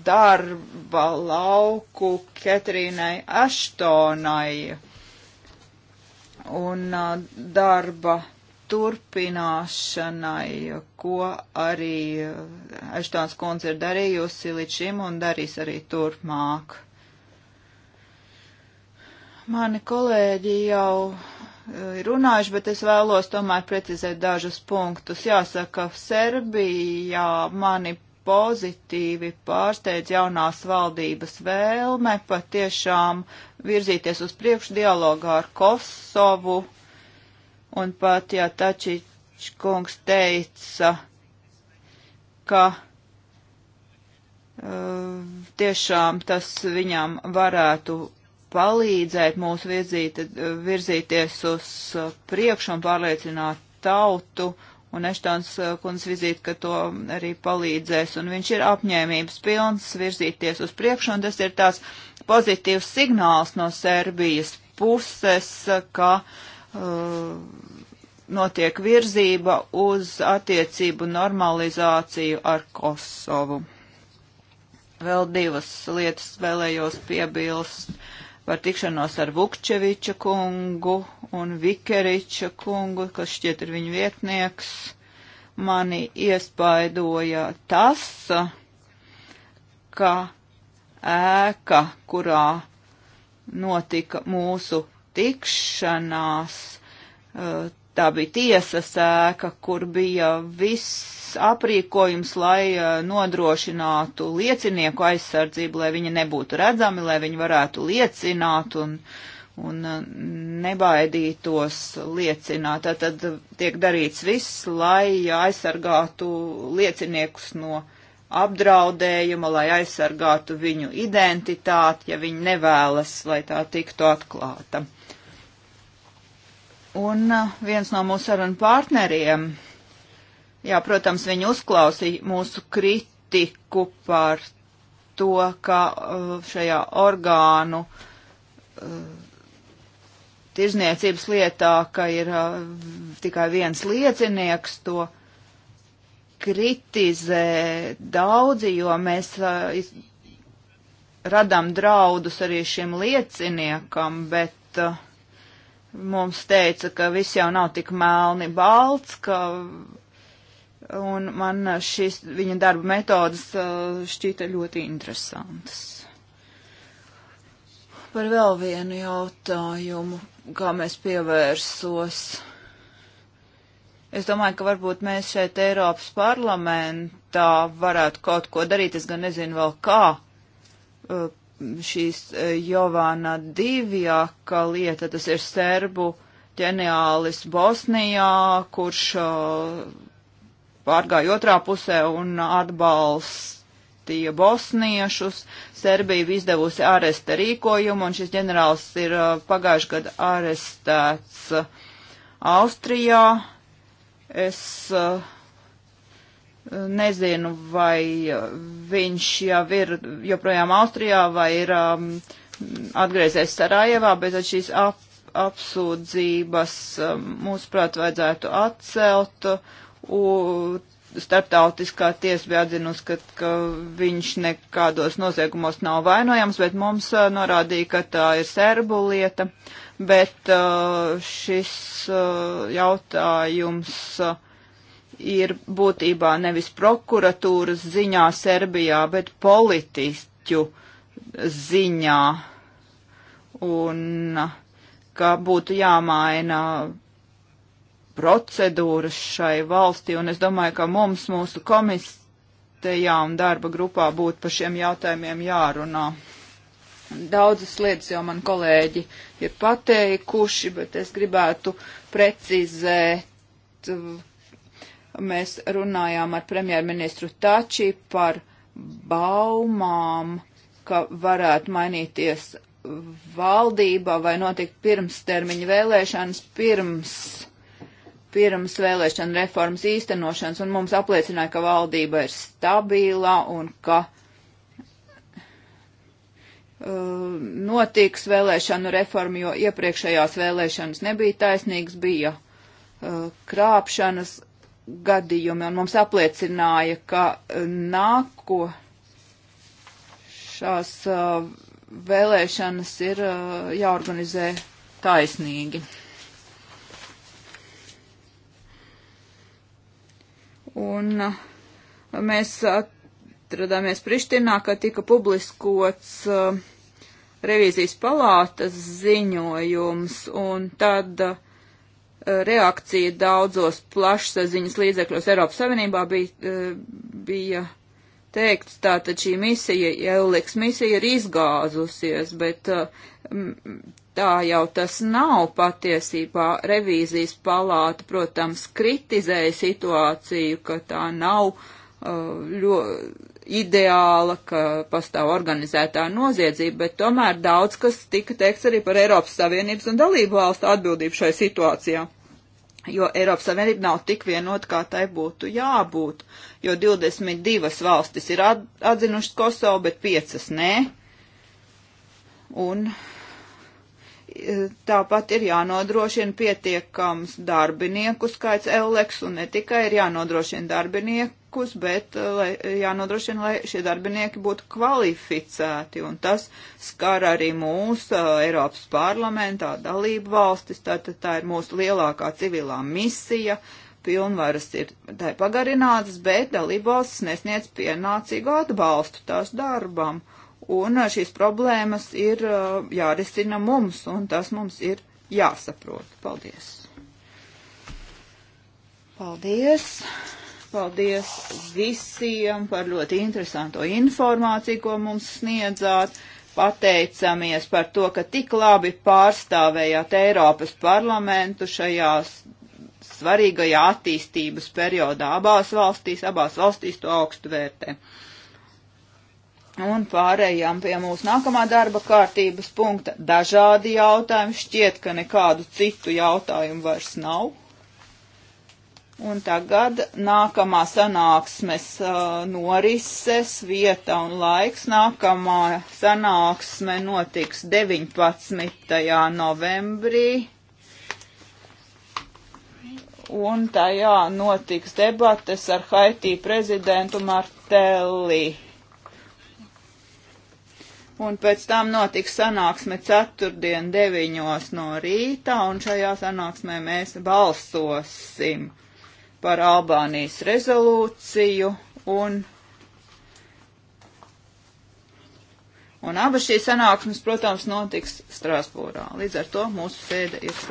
C: darba lauku Ketrīnai Aštonai un darba turpināšanai, ko arī Aštons kundze ir darījusi līdz šim un darīs arī turpmāk. Mani kolēģi jau runājuši, bet es vēlos tomēr precizēt dažus punktus. Jāsaka, Serbijā mani pozitīvi pārsteidz jaunās valdības vēlme patiešām virzīties uz priekšu dialogā ar Kosovu. Un pat, ja Tačiņš kungs teica, ka uh, tiešām tas viņam varētu palīdzēt mūs virzīt, uh, virzīties uz uh, priekšu un pārliecināt tautu un Eštāns uh, kundz vizīt, ka to arī palīdzēs, un viņš ir apņēmības pilns virzīties uz priekšu, un tas ir tās pozitīvs signāls no Serbijas puses, uh, ka uh, notiek virzība uz attiecību normalizāciju ar Kosovu. Vēl divas lietas vēlējos piebilst. Uh, par tikšanos ar Vukčeviča kungu un Vikeriča kungu, kas šķiet ir viņu vietnieks. Mani iespaidoja tas, ka ēka, kurā notika mūsu tikšanās, eh, Tā bija tiesas ēka, kur bija viss aprīkojums, lai e, nodrošinātu liecinieku aizsardzību, lai viņi nebūtu redzami, lai viņi varētu liecināt un, un e, nebaidītos liecināt. Tad tiek darīts viss, lai aizsargātu lieciniekus no apdraudējuma, lai aizsargātu viņu identitāti, ja viņi nevēlas, lai tā tiktu atklāta. Un uh, viens no mūsu sarunu partneriem, jā, protams, viņi uzklausīja mūsu kritiku par to, ka uh, šajā orgānu uh, tirzniecības lietā, ka ir tikai viens liecinieks, to kritizē daudzi, jo mēs radām draudus arī šim lieciniekam, bet uh, mums teica, ka viss jau nav tik melni balts, ka un man šīs viņa darba metodas uh, šķita ļoti interesantas. Par vēl vienu jautājumu, kā mēs pievērsos. Es domāju, ka varbūt mēs šeit Eiropas parlamentā varētu kaut ko darīt, es gan nezinu vēl kā, uh, šīs e, Jovana Divjaka lieta, tas ir serbu ģeniālis Bosnijā, kurš e, pārgāja otrā pusē un atbalstīja bosniešus. Serbija izdevusi aresta rīkojumu, un šis ģenerālis ir e, pagājuši gadu arestēts Austrijā. Es uh, Nezinu, vai viņš jau ir joprojām Austrijā vai ir um, atgriezies Sarajevā, bet šīs ap, apsūdzības, um, mūsuprāt, vajadzētu atcelt. U, starptautiskā tiesa bija atzinusi, ka, ka viņš nekādos noziegumos nav vainojams, bet mums uh, norādīja, ka tā ir serbu lieta. Bet uh, šis uh, jautājums. Uh, ir būtībā nevis prokuratūras ziņā Serbijā, bet politiķu ziņā. Un ka būtu jāmaina procedūras šai valstī, un es domāju, ka mums, mūsu komisijā un darba grupā būtu par šiem jautājumiem jārunā. Daudzas lietas jau man kolēģi ir pateikuši, bet es gribētu precizēt Mēs runājām ar premjerministru Tači par baumām, ka varētu mainīties valdība vai notikt pirms termiņa vēlēšanas, pirms, pirms vēlēšana reformas īstenošanas, un mums apliecināja, ka valdība ir stabila un ka uh, notiks vēlēšanu reforma, jo iepriekšējās vēlēšanas nebija taisnīgas, bija uh, krāpšanas gadījumi, un mums apliecināja, ka e, nāko šās e, vēlēšanas ir e, jāorganizē taisnīgi. Un mēs atradāmies Prištinā, ka tika publiskots uh, revīzijas palātas ziņojums, un tad uh, reakcija daudzos plašsaziņas līdzekļos Eiropas Savienībā bija, e, bija teikts, tātad šī misija, Eliks misija ir izgāzusies, bet e, tā jau tas nav patiesībā. Revīzijas palāta, protams, kritizēja situāciju, ka tā nav e, ļoti ideāla, ka pastāv organizētā noziedzība, bet tomēr daudz kas tika teikts arī par Eiropas Savienības un dalību valstu atbildību šai situācijā. Jo Eiropas Savienība nav tik vienota, kā tai būtu jābūt, jo 22 valstis ir atzinušas Kosovu, bet 5 nē. Un e, tāpat ir jānodrošina pietiekams darbinieku skaits Eleks, un ne tikai ir jānodrošina darbinieku spēkus, bet eh, lai, jānodrošina, lai šie darbinieki būtu kvalificēti, un tas skar arī mūsu eh, Eiropas parlamentā dalību valstis, tātad tā ir mūsu lielākā civilā misija, pilnvaras ir tai pagarinātas, bet dalību valstis nesniedz pienācīgu atbalstu tās darbam, un eh, šīs problēmas ir jārisina mums, un tas mums ir jāsaprot. Paldies! Paldies! Paldies visiem par ļoti interesanto informāciju, ko mums sniedzāt. Pateicamies par to, ka tik labi pārstāvējāt Eiropas parlamentu šajās svarīgajā attīstības periodā abās valstīs, abās valstīs to augstu vērtē. Un pārējām pie mūsu nākamā darba kārtības punkta. Dažādi jautājumi šķiet, ka nekādu citu jautājumu vairs nav. Un tagad nākamā sanāksmes uh, norises vieta un laiks. Nākamā sanāksme notiks 19. novembrī. Un tajā notiks debates ar Haitī prezidentu Martelli. Un pēc tam notiks sanāksme ceturtdien deviņos no rīta, un šajā sanāksmē mēs balsosim par Albānijas rezolūciju un Un abas šīs sanāksmes, protams, notiks Strasbūrā. Līdz ar to mūsu sēde ir.